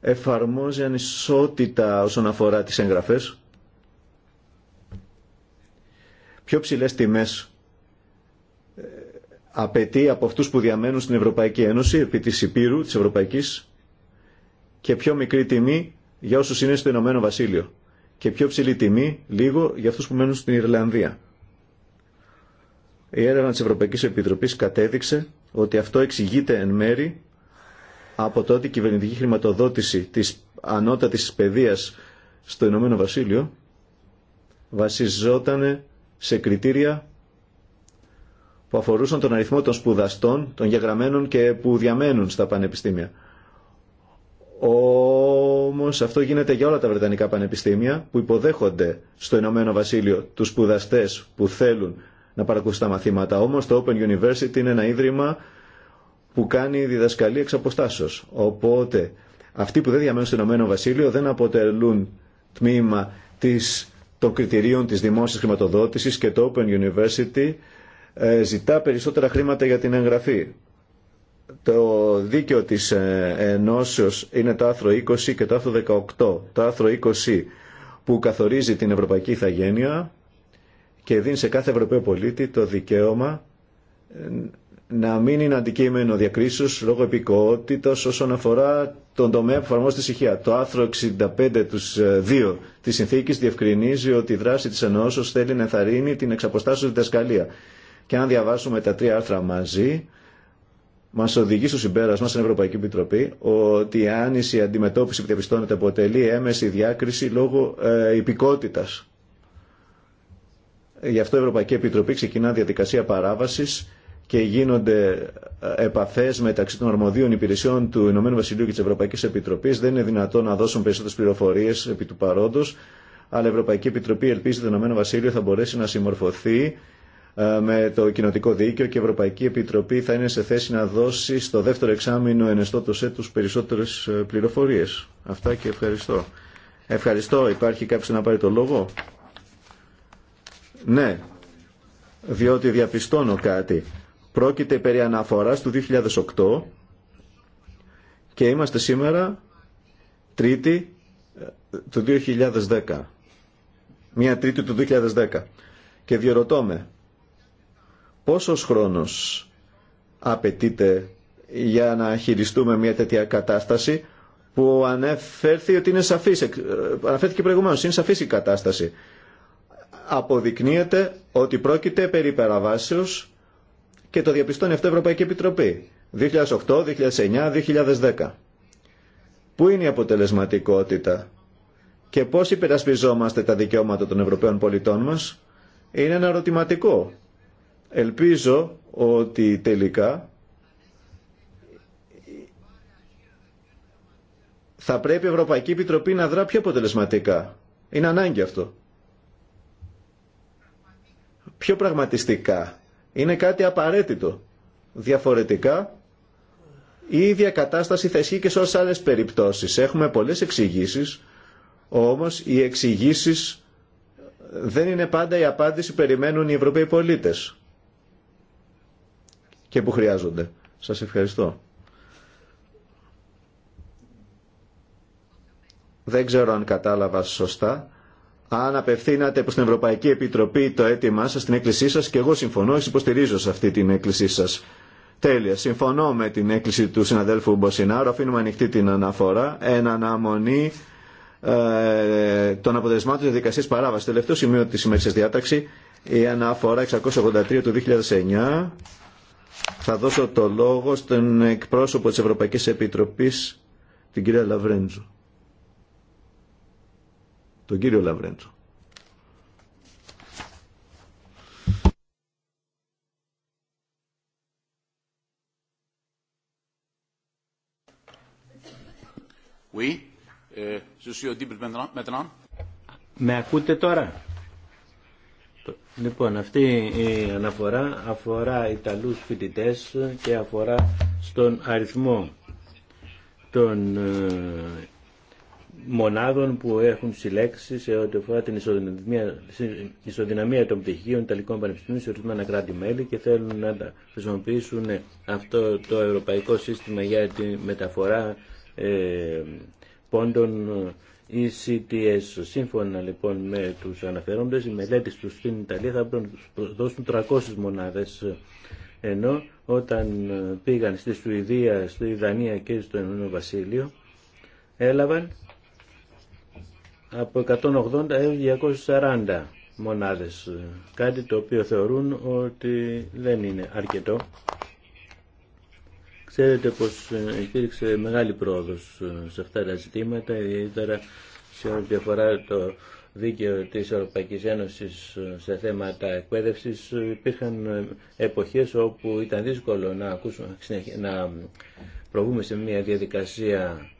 εφαρμόζει ανισότητα όσον αφορά τις εγγραφές πιο ψηλές τιμές ε, απαιτεί από αυτούς που διαμένουν στην Ευρωπαϊκή Ένωση επί της Υπήρου της Ευρωπαϊκής και πιο μικρή τιμή για όσους είναι στο Ηνωμένο Βασίλειο και πιο ψηλή τιμή λίγο για αυτούς που μένουν στην Ιρλανδία. Η έρευνα της Ευρωπαϊκής Επιτροπής κατέδειξε ότι αυτό εξηγείται εν μέρη από τότε η κυβερνητική χρηματοδότηση της ανώτατης παιδείας στο Ηνωμένο Βασίλειο βασιζόταν σε κριτήρια που αφορούσαν τον αριθμό των σπουδαστών, των γεγραμμένων και που διαμένουν στα πανεπιστήμια. Όμως αυτό γίνεται για όλα τα Βρετανικά πανεπιστήμια που υποδέχονται στο Ηνωμένο Βασίλειο τους σπουδαστές που θέλουν να παρακολουθεί τα μαθήματα. Όμως το Open University είναι ένα ίδρυμα που κάνει διδασκαλία εξ αποστάσεως. Οπότε αυτοί που δεν διαμένουν στο Ηνωμένο Βασίλειο δεν αποτελούν τμήμα της, των κριτηρίων της δημόσιας χρηματοδότησης και το Open University ε, ζητά περισσότερα χρήματα για την εγγραφή. Το δίκαιο της ε, ενώσεως είναι το άρθρο 20 και το άρθρο 18. Το άρθρο 20 που καθορίζει την Ευρωπαϊκή Ιθαγένεια και δίνει σε κάθε Ευρωπαίο πολίτη το δικαίωμα ε, να μην είναι αντικείμενο διακρίσεως λόγω επικότητας όσον αφορά τον τομέα που εφαρμόζει τη ησυχία. Το άρθρο 65 του 2 της συνθήκης διευκρινίζει ότι η δράση της ενώσεως θέλει να ενθαρρύνει την εξαποστάσεως διδασκαλία. Και αν διαβάσουμε τα τρία άρθρα μαζί, μα οδηγεί στο συμπέρασμα στην Ευρωπαϊκή Επιτροπή ότι η άνηση αντιμετώπιση που διαπιστώνεται αποτελεί έμεση διάκριση λόγω ε, Γι' αυτό η Ευρωπαϊκή Επιτροπή ξεκινά διαδικασία παράβασης και γίνονται ε, επαφέ μεταξύ των αρμοδίων υπηρεσιών του Ηνωμένου Βασιλείου και τη Ευρωπαϊκή Επιτροπή. Δεν είναι δυνατόν να δώσουν περισσότερε πληροφορίε επί του παρόντο, αλλά η Ευρωπαϊκή Επιτροπή ελπίζει ότι το Ηνωμένο Βασίλειο θα μπορέσει να συμμορφωθεί ε, με το κοινοτικό δίκαιο και η Ευρωπαϊκή Επιτροπή θα είναι σε θέση να δώσει στο δεύτερο εξάμεινο ενεστώτο έτου περισσότερε ε, πληροφορίε. Αυτά και ευχαριστώ. Ευχαριστώ. Υπάρχει κάποιο να πάρει το λόγο. Ναι, διότι διαπιστώνω κάτι. Πρόκειται περί αναφοράς του 2008 και είμαστε σήμερα τρίτη ε, του 2010. Μία τρίτη του 2010. Και διερωτώ με, πόσος χρόνος απαιτείται για να χειριστούμε μια τέτοια κατάσταση που αναφέρθηκε ότι είναι σαφής, ε, αναφέρθηκε προηγουμένως, είναι σαφής η κατάσταση αποδεικνύεται ότι πρόκειται περί παραβάσεως και το διαπιστώνει αυτή η Ευρωπαϊκή Επιτροπή 2008, 2009, 2010. Πού είναι η αποτελεσματικότητα και πώς υπερασπιζόμαστε τα δικαιώματα των Ευρωπαίων πολιτών μας είναι ένα ερωτηματικό. Ελπίζω ότι τελικά θα πρέπει η Ευρωπαϊκή Επιτροπή να δρά πιο αποτελεσματικά. Είναι ανάγκη αυτό πιο πραγματιστικά. Είναι κάτι απαραίτητο. Διαφορετικά, η ίδια κατάσταση θα ισχύει και σε όσες άλλες περιπτώσεις. Έχουμε πολλές εξηγήσει, όμως οι εξηγήσει δεν είναι πάντα η απάντηση που περιμένουν οι Ευρωπαίοι πολίτες και που χρειάζονται. Σας ευχαριστώ. Δεν ξέρω αν κατάλαβα σωστά αν απευθύνατε προς την Ευρωπαϊκή Επιτροπή το αίτημά σας, την έκκλησή σας και εγώ συμφωνώ, εσείς υποστηρίζω σε αυτή την έκκλησή σας. Τέλεια. Συμφωνώ με την έκκληση του συναδέλφου Μποσινάρου. Αφήνουμε ανοιχτή την αναφορά. Εν αναμονή ε, των αποτελεσμάτων τη δικασία παράβαση. Τελευταίο σημείο τη σημερινής διάταξη, η αναφορά 683 του 2009. Θα δώσω το λόγο στον εκπρόσωπο της Ευρωπαϊκής Επιτροπής, την κυρία Λαβρέντζου τον κύριο Λαβρέντσο. Euh, Με ακούτε τώρα. Λοιπόν, αυτή η αναφορά αφορά Ιταλούς φοιτητέ και αφορά στον αριθμό των ε, μονάδων που έχουν συλλέξει σε ό,τι αφορά την ισοδυναμία, ισοδυναμία των πτυχίων Ιταλικών Πανεπιστημίων σε ορισμένα κράτη-μέλη και θέλουν να χρησιμοποιήσουν αυτό το ευρωπαϊκό σύστημα για τη μεταφορά ε, πόντων ή e CTS. Σύμφωνα λοιπόν με τους αναφερόντες, οι μελέτες τους στην Ιταλία θα δώσουν 300 μονάδες ενώ όταν πήγαν στη Σουηδία, στη Δανία και στο Ενωμένο Βασίλειο έλαβαν από 180 έως 240 μονάδες. Κάτι το οποίο θεωρούν ότι δεν είναι αρκετό. Ξέρετε πως ε, υπήρξε μεγάλη πρόοδος ε, σε αυτά τα ζητήματα, ιδιαίτερα σε ό,τι αφορά το δίκαιο της Ευρωπαϊκής Ένωσης ε, σε θέματα εκπαίδευσης. Υπήρχαν εποχές όπου ήταν δύσκολο να, ακούσουμε, να προβούμε σε μια διαδικασία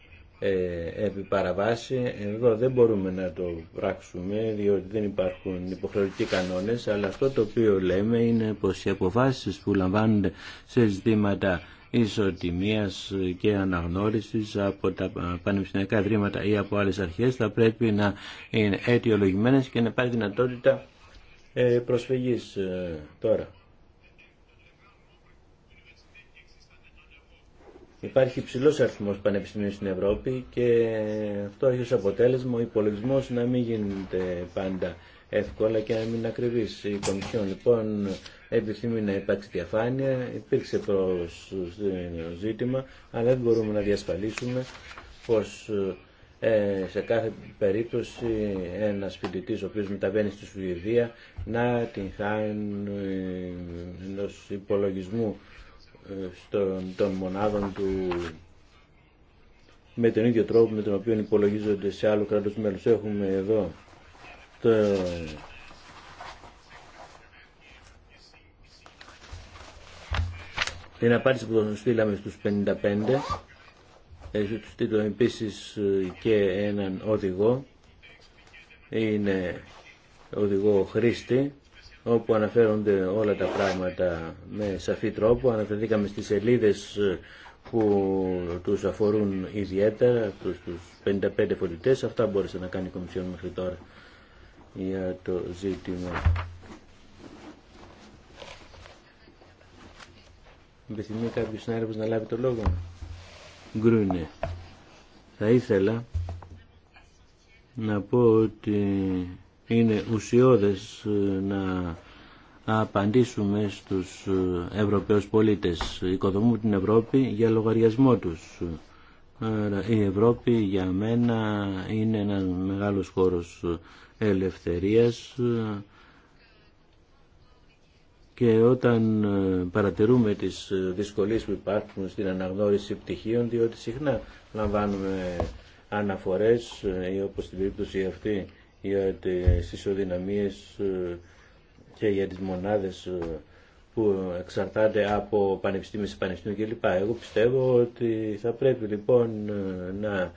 ε, επί παραβάση. δεν μπορούμε να το πράξουμε διότι δεν υπάρχουν υποχρεωτικοί κανόνες αλλά αυτό το οποίο λέμε είναι πως οι αποφάσεις που λαμβάνονται σε ζητήματα ισοτιμίας και αναγνώρισης από τα πανεπιστημιακά δρήματα ή από άλλες αρχές θα πρέπει να είναι αιτιολογημένες και να υπάρχει δυνατότητα ε, προσφυγής ε, τώρα. Υπάρχει υψηλό αριθμό πανεπιστημίων στην Ευρώπη και αυτό έχει ως αποτέλεσμα ο υπολογισμό να μην γίνεται πάντα εύκολα και να μην ακριβή. Η Κομισιόν λοιπόν επιθυμεί να υπάρξει διαφάνεια, υπήρξε προς ζήτημα, αλλά δεν μπορούμε να διασφαλίσουμε πως ε, σε κάθε περίπτωση ένας φοιτητή ο οποίο μεταβαίνει στη Σουηδία να την χάνει ενό υπολογισμού των μονάδων του με τον ίδιο τρόπο με τον οποίο υπολογίζονται σε άλλο κράτος μέλους. Έχουμε εδώ το, την απάντηση που τον στείλαμε στους 55 έχει στείλω επίσης ε, και έναν οδηγό είναι οδηγό χρήστη όπου αναφέρονται όλα τα πράγματα με σαφή τρόπο. Αναφερθήκαμε στις σελίδες ε, που τους αφορούν ιδιαίτερα, τους, τους 55 φοιτητές. Αυτά μπόρεσε να κάνει η Κομισιόν μέχρι τώρα για το ζήτημα. Επιθυμεί κάποιος συνάδελφος να λάβει το λόγο. Γκρούνε. Θα ήθελα να πω ότι είναι ουσιώδες ε, να απαντήσουμε στους ε, Ευρωπαίους πολίτες. Οικοδομούν την Ευρώπη για λογαριασμό τους. Η Ευρώπη για μένα είναι ένας μεγάλος χώρος ε, ελευθερίας και όταν παρατηρούμε τις δυσκολίες που υπάρχουν στην αναγνώριση πτυχίων, διότι συχνά λαμβάνουμε αναφορές ή όπως στην περίπτωση αυτή για τις ισοδυναμίες ε, και για τις μονάδες ε, που εξαρτάται από πανεπιστήμιο σε πανεπιστήμιο κλπ. Εγώ πιστεύω ότι θα πρέπει λοιπόν ε, να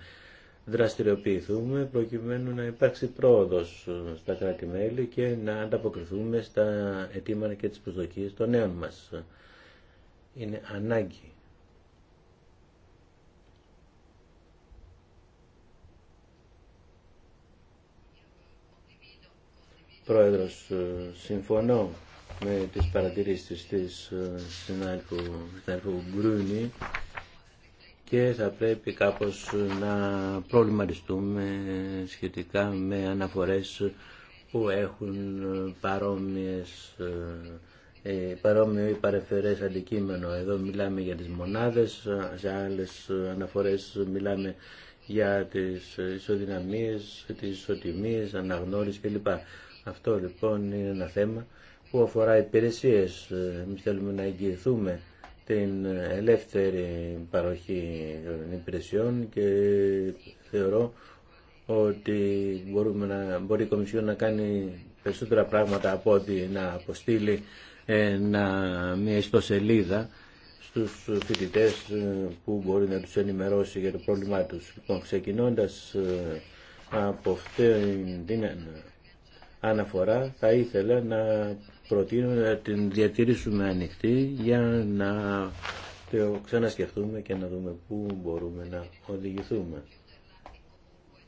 δραστηριοποιηθούμε προκειμένου να υπάρξει πρόοδος στα κράτη-μέλη και να ανταποκριθούμε στα αιτήματα και τις προσδοκίες των νέων μας. Είναι ανάγκη Πρόεδρος, ε, συμφωνώ με τις παρατηρήσεις της ε, συνάδελφου, γκρούνι Γκρούνη και θα πρέπει κάπως ε, να προβληματιστούμε σχετικά με αναφορές που έχουν παρόμοιες παρόμοιο ή παρεφερές αντικείμενο. Εδώ μιλάμε για τις μονάδες, σε άλλες αναφορές μιλάμε για τις ισοδυναμίες, τις ισοτιμίες, αναγνώριση κλπ. Αυτό λοιπόν είναι ένα θέμα που αφορά υπηρεσίες. Εμεί θέλουμε να εγγυηθούμε την ελεύθερη παροχή των υπηρεσιών και θεωρώ ότι μπορούμε να, μπορεί η Κομισιόν να κάνει περισσότερα πράγματα από ότι να αποστείλει ένα, μια ιστοσελίδα στους φοιτητέ που μπορεί να τους ενημερώσει για το πρόβλημά τους. Λοιπόν, ξεκινώντας ε, από αυτή την αναφορά θα ήθελα να προτείνω να την διατηρήσουμε ανοιχτή για να το ξανασκεφτούμε και να δούμε πού μπορούμε να οδηγηθούμε.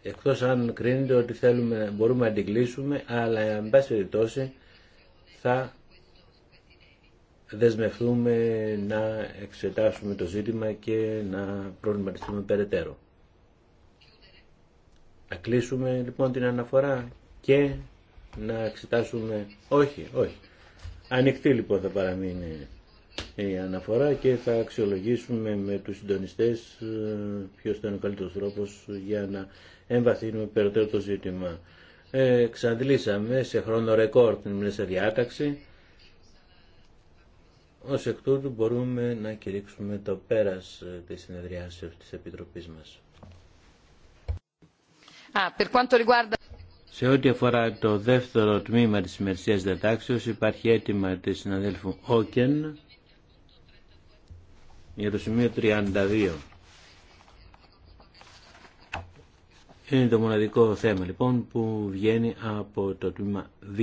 Εκτός αν κρίνεται ότι θέλουμε, μπορούμε να την κλείσουμε, αλλά εν πάση περιπτώσει θα δεσμευτούμε να εξετάσουμε το ζήτημα και να προβληματιστούμε περαιτέρω. Να κλείσουμε λοιπόν την αναφορά και να εξετάσουμε... Όχι, όχι. Ανοιχτή λοιπόν θα παραμείνει η αναφορά και θα αξιολογήσουμε με τους συντονιστές ε, ποιος ήταν ο καλύτερος τρόπος για να εμβαθύνουμε περαιτέρω το ζήτημα. Ε, Ξαντλήσαμε σε χρόνο ρεκόρ την μέσα διάταξη. Ως εκ τούτου μπορούμε να κηρύξουμε το πέρας ε, της συνεδριάσεως της Επιτροπής μας. Α, per quanto riguarda... Σε ό,τι αφορά το δεύτερο τμήμα της ημερησίας διατάξεως υπάρχει αίτημα της συναδέλφου Όκεν για το σημείο 32. Είναι το μοναδικό θέμα λοιπόν που βγαίνει από το τμήμα Β.